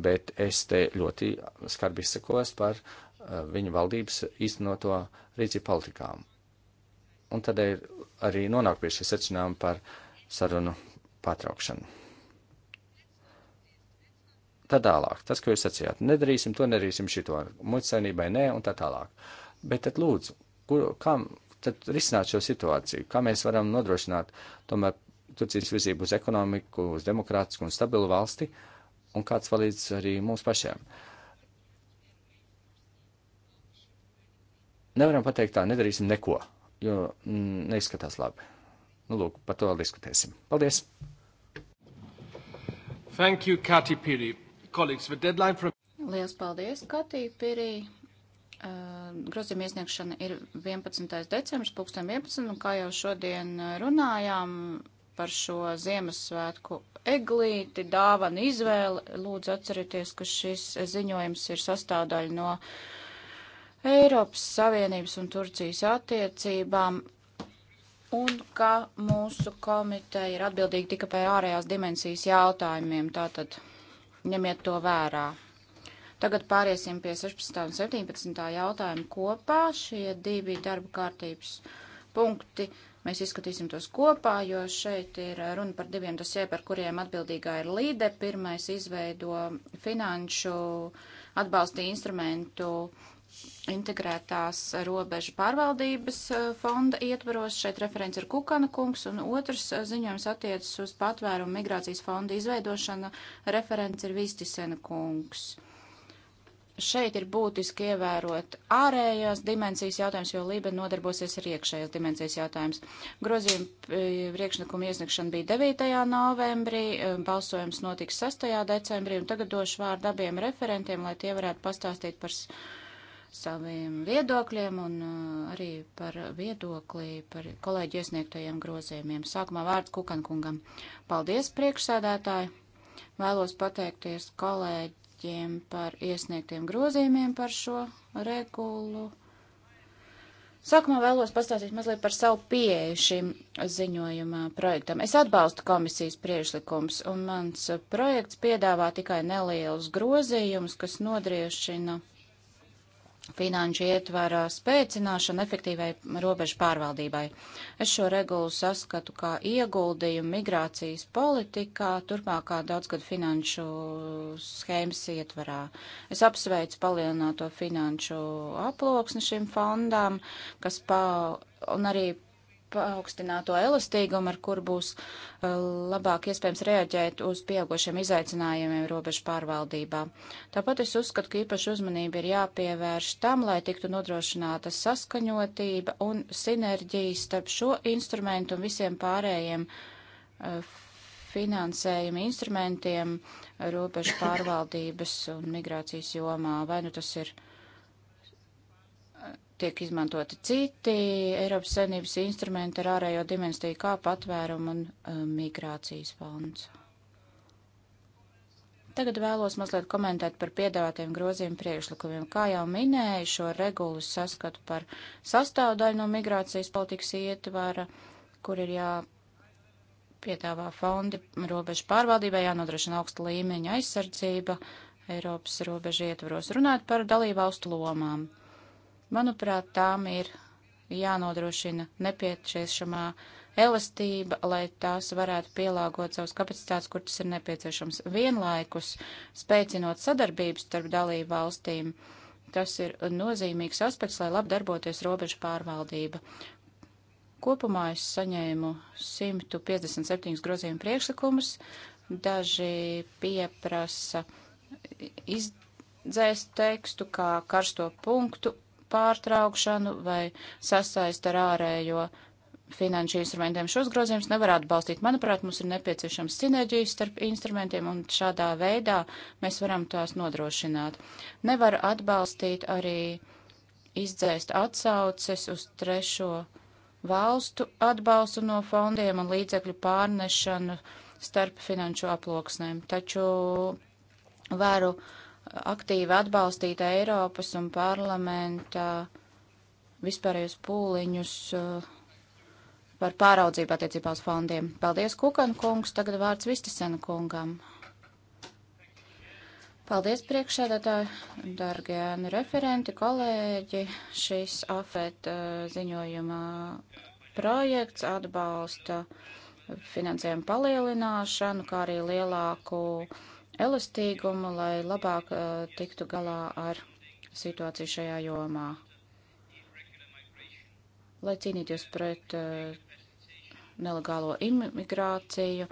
[SPEAKER 2] bet es te ļoti skarbi izsakos par uh, viņu valdības īstenoto rīcību politikām. Un tad ir arī nonāk pie šī secinājuma par sarunu pārtraukšanu. Tad tālāk, tas, ko jūs sacījāt, nedarīsim to, nedarīsim šito, muļcainībai nē un tā tālāk. Uh, Bet tad lūdzu, kur, kam tad risināt šo situāciju? Kā mēs varam nodrošināt tomēr Turcijas virzību uz ekonomiku, uz demokrātisku un stabilu valsti, un kāds palīdz arī mums pašiem? Nevaram pateikt tā, nedarīsim neko, jo mm, neizskatās labi. Nu, lūk, par to vēl diskutēsim. Paldies!
[SPEAKER 1] Thank you, Kati Piri. Colleagues, the deadline from...
[SPEAKER 3] Liels paldies, Kati Piri grozījuma iesniegšana ir 11. decembris, 2011, un kā jau šodien runājām par šo Ziemassvētku eglīti, dāvanu izvēli, lūdzu atcerieties, ka šis ziņojums ir sastāvdaļa no Eiropas Savienības un Turcijas attiecībām, un ka mūsu komiteja ir atbildīga tikai par ārējās dimensijas jautājumiem, tātad ņemiet to vērā. Tagad pāriesim pie 16. un 17. jautājuma kopā. Šie divi darba kārtības punkti mēs izskatīsim tos kopā, jo šeit ir runa par diviem dosie, par kuriem atbildīgā ir līde. Pirmais izveido finanšu atbalsta instrumentu integrētās robežu pārvaldības eh, fonda ietvaros. Šeit referents ir Kukana kungs, un otrs ziņojums attiecas uz patvērumu migrācijas fonda izveidošanu. Referents ir Vistisena kungs šeit ir būtiski ievērot ārējās dimensijas jautājums, jo Lība nodarbosies ar iekšējās dimensijas jautājums. Grozījuma e, priekšlikuma iesniegšana bija 9. novembrī, e, balsojums notiks 6. decembrī, un tagad došu vārdu abiem referentiem, lai tie varētu pastāstīt par saviem viedokļiem un e, arī par viedoklī, par kolēģi iesniegtajiem grozījumiem. Sākumā vārds Kukankungam. Paldies, priekšsēdētāji! Vēlos pateikties kolēģi kolēģiem par iesniegtiem grozījumiem par šo regulu. Sākumā vēlos pastāstīt mazliet par savu pieeju šim ziņojumā projektam. Es atbalstu komisijas priešlikums, un mans projekts piedāvā tikai nelielus grozījumus, kas nodriešina finanšu ietvara spēcināšana efektīvai robežu pārvaldībai. Es šo regulu saskatu kā ieguldījumu migrācijas politikā turpmākā daudzgadu finanšu schēmas ietvarā. Es apsveicu palielināto finanšu aploksni šim fondam, kas pa, un arī paaugstināto elastīgumu, ar kur būs uh, labāk iespējams reaģēt uz pieaugušiem izaicinājumiem robežu pārvaldībā. Tāpat es uzskatu, ka īpaši uzmanība ir jāpievērš tam, lai tiktu nodrošināta saskaņotība un sinerģija starp šo instrumentu un visiem pārējiem uh, finansējuma instrumentiem robežu pārvaldības un migrācijas jomā. Vai nu tas ir tiek izmantoti citi Eiropas saimnības instrumenti ar ārējo dimensiju, kā patvērumu un um, migrācijas fonds. Tagad vēlos mazliet komentēt par piedāvātiem grozījumu priekšlikumiem. Kā jau minēju, šo regulu saskatu par sastāvdaļu no migrācijas politikas ietvara, kur ir jāpiedāvā fondi robežu pārvaldībai, jānodrošina augsta līmeņa aizsardzība Eiropas robežu ietvaros, runāt par dalībvalstu lomām. Manuprāt, tām ir jānodrošina nepieciešamā elastība, lai tās varētu pielāgot savus kapacitātes, kur tas ir nepieciešams, vienlaikus spēcinot sadarbības starp dalību valstīm. Tas ir nozīmīgs aspekts, lai labi darboties robežu pārvaldība. Kopumā es saņēmu 157 grozījumu priekšlikumus, daži pieprasa izdzēst tekstu kā karsto punktu pārtraukšanu vai sasaist ar ārējo finanšu instrumentiem šos grozījumus nevar atbalstīt. Manuprāt, mums ir nepieciešams sinerģijas starp instrumentiem, un šādā veidā mēs varam tās nodrošināt. Nevar atbalstīt arī izdzēst atsauces uz trešo valstu atbalstu no fondiem un līdzekļu pārnešanu starp finanšu aploksnēm. Taču varu uh, aktīvi atbalstīt Eiropas un parlamenta vispārējos pūliņus eh, par pāraudzību attiecībā uz fondiem. Paldies, Kukan kungs, tagad vārds Vistisena kungam. Paldies, priekšsēdētāji, dargie referenti, kolēģi. Šis afet eh, ziņojuma projekts atbalsta finansējumu palielināšanu, kā arī lielāku uh, elastīgumu, lai labāk uh, tiktu galā ar situāciju šajā jomā, lai cīnītos pret uh, nelegālo imigrāciju,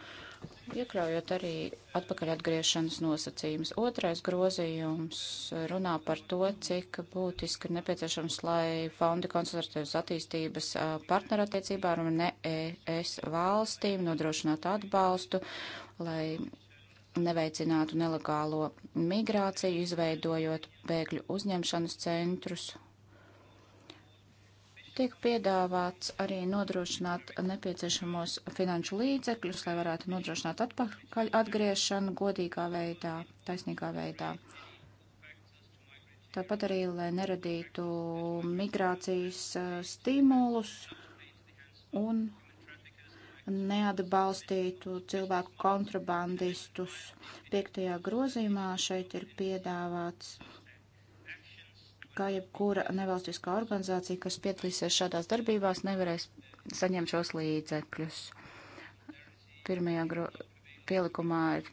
[SPEAKER 3] iekļaujot arī atpakaļ atgriešanas nosacījumus. Otrais grozījums runā par to, cik būtiski ir nepieciešams, lai fondi konsultatīvas attīstības uh, partnerattiecībām ar ne ES valstīm nodrošinātu atbalstu, lai neveicinātu nelegālo migrāciju, izveidojot bēgļu uzņemšanas centrus. Tiek piedāvāts arī nodrošināt nepieciešamos finanšu līdzekļus, lai varētu nodrošināt atpakaļ atgriešanu godīgā veidā, taisnīgā veidā. Tāpat arī, lai neradītu migrācijas eh, stimulus un neatbalstītu cilvēku kontrabandistus. Piektajā grozījumā šeit ir piedāvāts, ka jebkura nevalstiskā organizācija, kas piedalīsies šādās darbībās, nevarēs saņemt šos līdzekļus. Pirmajā gro... pielikumā ir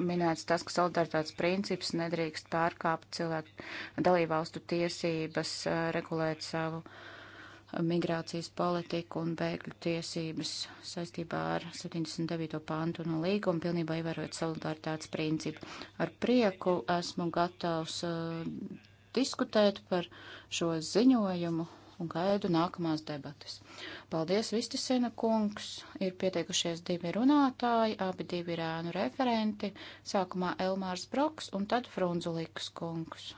[SPEAKER 3] minēts tas, ka solidaritātes princips nedrīkst pārkāpt cilvēku dalībvalstu tiesības eh, regulēt savu uh, migrācijas politiku un bēgļu tiesības saistībā ar 79. pāntu no līguma, pilnībā ievērojot solidaritātes principu. Ar prieku esmu gatavs uh, diskutēt par šo ziņojumu un gaidu nākamās debatas. Paldies, Vistisena kungs! Ir pieteikušies divi runātāji, abi divi ir ēnu referenti, sākumā Elmārs Broks un tad Frunzulikas kungs.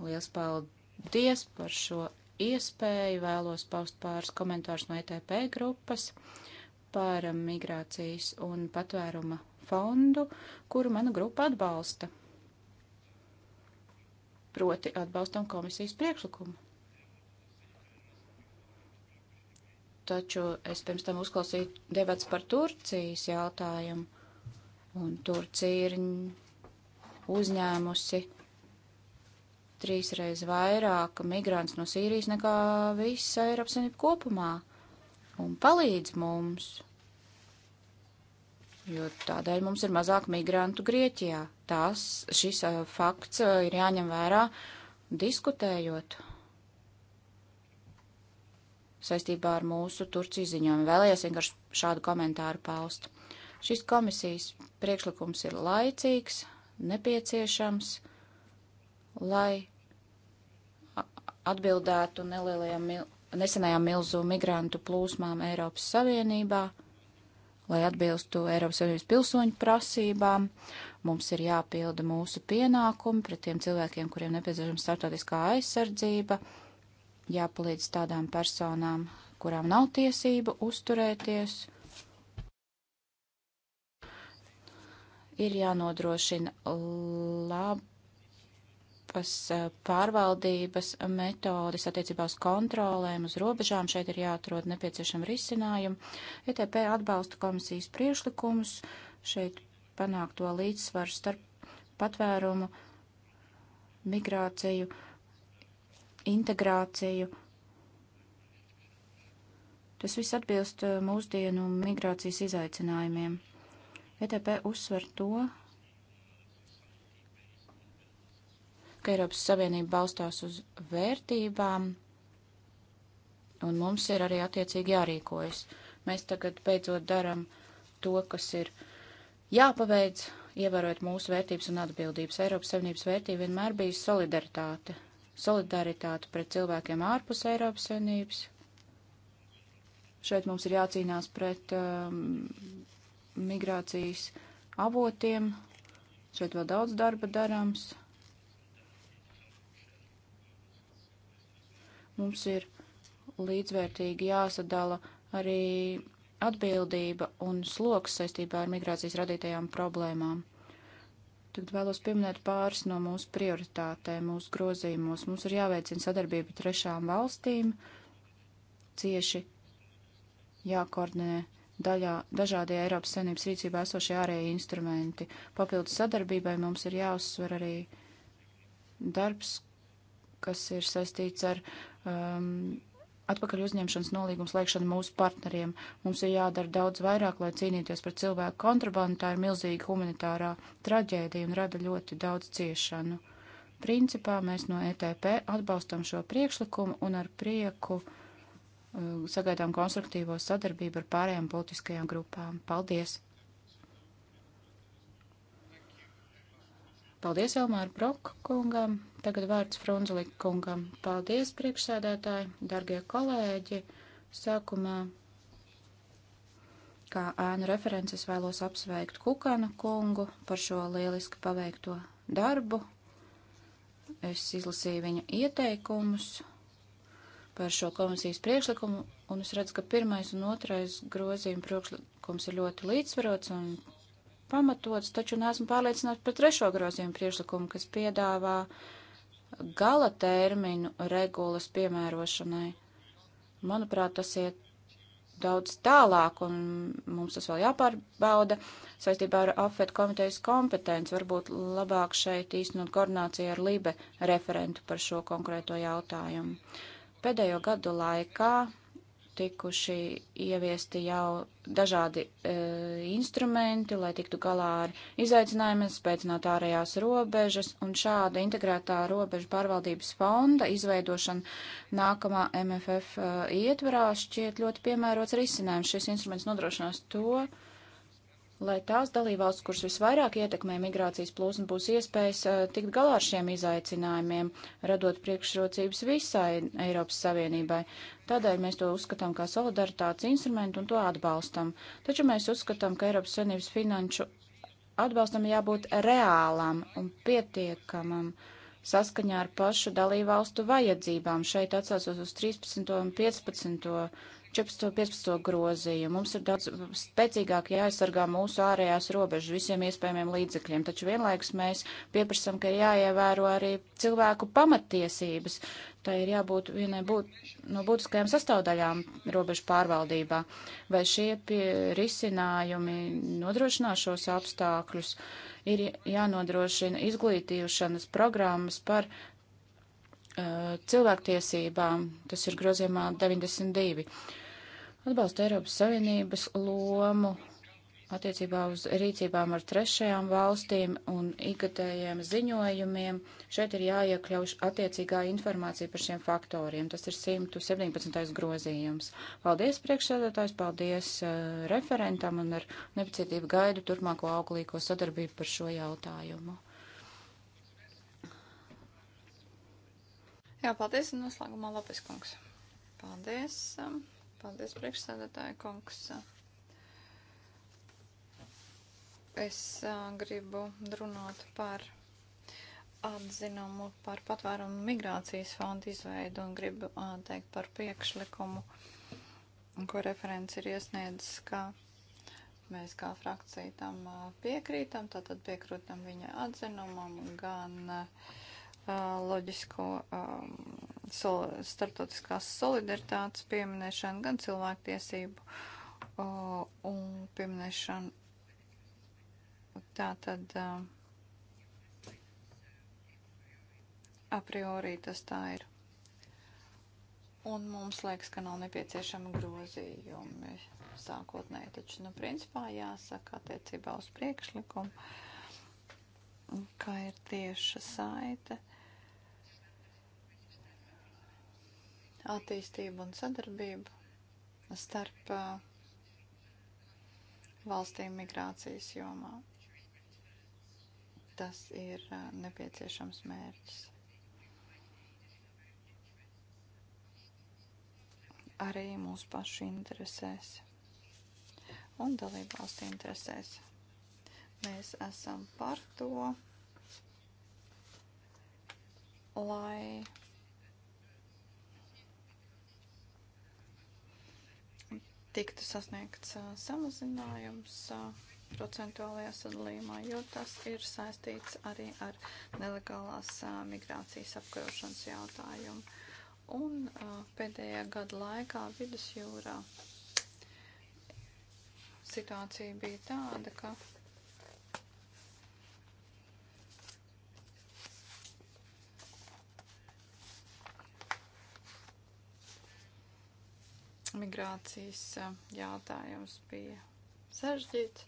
[SPEAKER 3] Liels paldies! Paldies par šo iespēju. Vēlos paust pāris komentārus no ETP grupas par migrācijas un patvēruma fondu, kuru mana grupa atbalsta. Proti atbalstam komisijas priekšlikumu. Taču es pirms tam uzklausīju debats par Turcijas jautājumu. Un Turcija ir uzņēmusi trīsreiz vairāk migrants no Sīrijas nekā visa Eiropas Savienība kopumā un palīdz mums, jo tādēļ mums ir mazāk migrantu Grieķijā. Tas, šis uh, fakts uh, ir jāņem vērā diskutējot saistībā ar mūsu Turciju ziņojumu. Vēlējos vienkārši šādu komentāru paust. Šis komisijas priekšlikums ir laicīgs, nepieciešams, lai atbildētu nelielajām mil nesenajām milzu migrantu plūsmām Eiropas Savienībā, lai atbilstu Eiropas Savienības pilsoņu prasībām. Mums ir jāpilda mūsu pienākumi pret tiem cilvēkiem, kuriem nepieciešama startautiskā aizsardzība, jāpalīdz tādām personām, kurām nav tiesība uzturēties. Ir jānodrošina laba Eiropas eh, pārvaldības metodes attiecībā uz kontrolēm, uz robežām. Šeit ir jāatrod nepieciešama risinājuma. ETP atbalsta komisijas priešlikumus, šeit panākt to līdzsvaru starp patvērumu, migrāciju, integrāciju. Tas viss atbilst eh, mūsdienu migrācijas izaicinājumiem. ETP uzsver to, ka Eiropas Savienība balstās uz vērtībām, un mums ir arī attiecīgi jārīkojas. Mēs tagad beidzot daram to, kas ir jāpaveic, ievērojot mūsu vērtības un atbildības. Eiropas Savienības vērtība vienmēr bijusi solidaritāte. Solidaritāte pret cilvēkiem ārpus Eiropas Savienības. Šeit mums ir jācīnās pret um, migrācijas avotiem. Šeit vēl daudz darba darāms. Mums ir līdzvērtīgi jāsadala arī atbildība un sloks saistībā ar migrācijas radītajām problēmām. Tagad vēlos pieminēt pāris no mūsu prioritātēm, mūsu grozījumos. Mums ir jāveicina sadarbība trešām valstīm, cieši jākoordinē daļā, dažādie Eiropas Savienības rīcībā esošie ārēji instrumenti. Papildus sadarbībai mums ir jāuzsver arī darbs, kas ir saistīts ar um, atpakaļ uzņemšanas nolīgums lēkšana mūsu partneriem. Mums ir jādara daudz vairāk, lai cīnīties par cilvēku kontrabandu. Tā ir milzīga humanitārā traģēdija un rada ļoti daudz ciešanu. Principā mēs no ETP atbalstam šo priekšlikumu un ar prieku uh, sagaidām konstruktīvo sadarbību ar pārējām politiskajām grupām. Paldies! Paldies Elmāra Broka kungam, tagad vārds Frunzulika kungam. Paldies priekšsēdētāji, dargie kolēģi. Sākumā, kā ēnu references, vēlos apsveikt Kukana kungu par šo lieliski paveikto darbu. Es izlasīju viņa ieteikumus par šo komisijas priekšlikumu, un es redzu, ka pirmais un otrais grozījuma priekšlikums ir ļoti līdzsvarots, un pamatots, taču neesmu pārliecināts par trešo grozījumu priekšlikumu, kas piedāvā gala terminu regulas piemērošanai. Manuprāt, tas iet daudz tālāk, un mums tas vēl jāpārbauda saistībā ar AFET komitejas kompetenci. Varbūt labāk šeit īstenot koordināciju ar LIBE referentu par šo konkrēto jautājumu. Pēdējo gadu laikā tikuši ieviesti jau dažādi e, instrumenti, lai tiktu galā ar izaicinājumiem, spēcināt ārējās robežas, un šāda integrētā robežu pārvaldības fonda izveidošana nākamā MFF e, ietverā šķiet ļoti piemērots risinājums. Šis instruments nodrošinās to, e, lai tās dalībvalsts, kuras visvairāk ietekmē migrācijas plūsmu, būs iespējas uh, tikt galā ar šiem izaicinājumiem, radot priekšrocības visai Eiropas Savienībai. Tādēļ mēs to uzskatām kā solidaritātes instrumentu un to atbalstam. Taču mēs uzskatām, ka Eiropas Savienības finanšu atbalstam jābūt reālam un pietiekamam saskaņā ar pašu dalībvalstu vajadzībām. Šeit atsāsos uz 13. un 15 14. un 15. grozījumu. Mums ir daudz spēcīgāk jāaizsargā mūsu ārējās robežas visiem iespējamiem līdzekļiem, taču vienlaikus mēs pieprasam, ka jāievēro arī cilvēku pamatiesības. Tā ir jābūt vienai būt, no būtiskajām sastāvdaļām robežu pārvaldībā. Vai šie risinājumi nodrošinās šos apstākļus? ir jānodrošina izglītīšanas programmas par Eh, cilvēktiesībām, tas ir grozījumā 92. Atbalsta Eiropas Savienības lomu attiecībā uz rīcībām ar trešajām valstīm un ikgadējiem ziņojumiem. Šeit ir jāiekļauj attiecīgā informācija par šiem faktoriem. Tas ir 117. grozījums. Paldies priekšsēdētājs, paldies uh, referentam un ar nepacietību gaidu turpmāko auglīgo sadarbību par šo jautājumu.
[SPEAKER 4] Jā, paldies. Un noslēgumā Lapis kungs. Paldies. Um, paldies, priekšsēdētāja kungs. Es uh, gribu runāt par atzinumu par patvērumu migrācijas fondu izveidu un gribu uh, teikt par priekšlikumu, ko referents ir iesniedzis, ka mēs kā frakcija tam uh, piekrītam, tātad piekrītam viņa atzinumam gan uh, loģisko um, sol, startautiskās solidaritātes pieminēšanu, gan cilvēktiesību uh, un pieminēšanu. Tā tad uh, a priori tas tā ir. Un mums liekas, ka nav nepieciešama grozījumi sākotnēji, taču, nu, principā jāsaka attiecībā uz priekšlikumu, ka ir tieša saite attīstību un sadarbību starp uh, valstīm migrācijas jomā. Tas ir uh, nepieciešams mērķis. Arī mūsu pašu interesēs un dalību valstu interesēs. Mēs esam par to, lai tiktu sasniegts samazinājums procentuālajā sadalījumā, jo tas ir saistīts arī ar nelegālās migrācijas apkarošanas jautājumu. Un pēdējā gada laikā vidusjūrā situācija bija tāda, ka migrācijas eh, jautājums bija sarežģīts.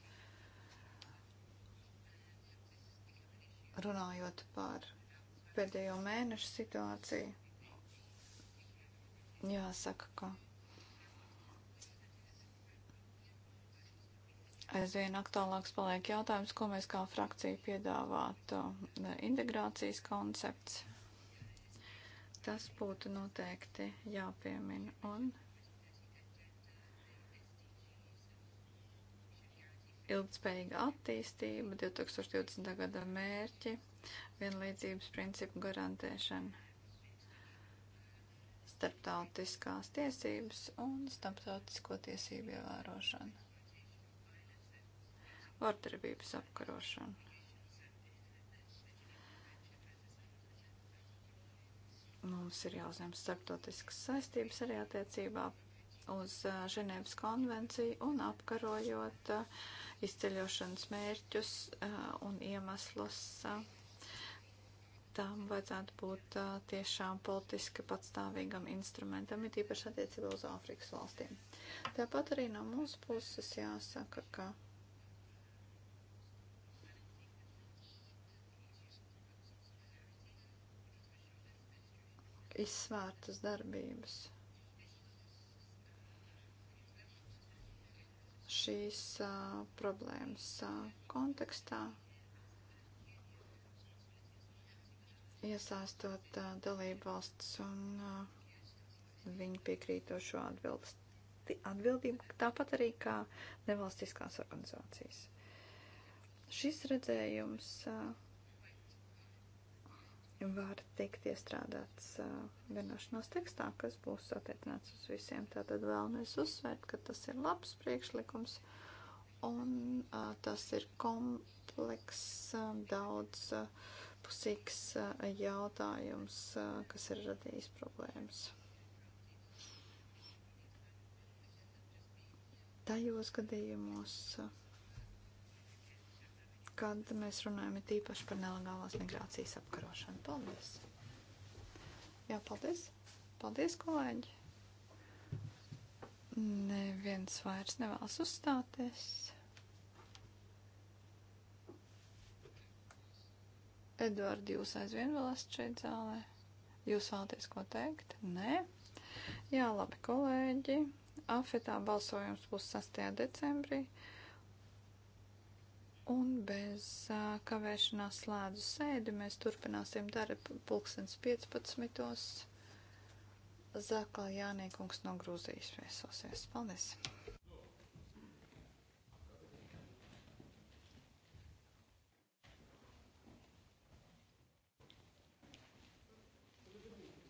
[SPEAKER 4] Runājot par pēdējo mēnešu situāciju, jāsaka, ka aizvien aktuālāks paliek jautājums, ko mēs kā frakcija piedāvātu eh, integrācijas koncepts. Tas būtu noteikti jāpiemina. Un ilgspējīga attīstība, 2020. gada mērķi, vienlīdzības principu garantēšana, starptautiskās tiesības un starptautisko tiesību ievērošana, vardarbības apkarošana. Mums ir jāuzņem starptautiskas saistības arī attiecībā uz Ženēvas konvenciju un apkarojot izceļošanas mērķus un iemeslus. Tam vajadzētu būt tiešām politiski patstāvīgam instrumentam, ir tīpaši attiecībā uz Āfrikas valstīm. Tāpat arī no mūsu puses jāsaka, ka izsvērtas darbības. šīs uh, problēmas uh, kontekstā, iesaistot uh, dalību valsts un uh, viņu piekrītošo atbildi, atbildību, tāpat arī kā nevalstiskās organizācijas. Šis redzējums uh, var tikt iestrādāts vienošanās tekstā, kas būs attiecināts uz visiem. Tātad vēlamies uzsvērt, ka tas ir labs priekšlikums un a, tas ir kompleks, a, daudz a, pusīgs a, jautājums, a, kas ir radījis problēmas. Tajos gadījumos. A, kad mēs runājam tīpaši par nelegālās migrācijas apkarošanu. Paldies! Jā, paldies! Paldies, kolēģi! Neviens vairs nevēlas uzstāties. Eduard, jūs aizvien vēl esat šeit zālē. Jūs vēlaties ko teikt? Nē. Jā, labi, kolēģi. Afetā balsojums būs 6. decembrī. Un bez kavēšanās slēdzu sēdi mēs turpināsim darbu pulkstens 15. Zakal Jānīkungs no Grūzijas viesosies. Paldies!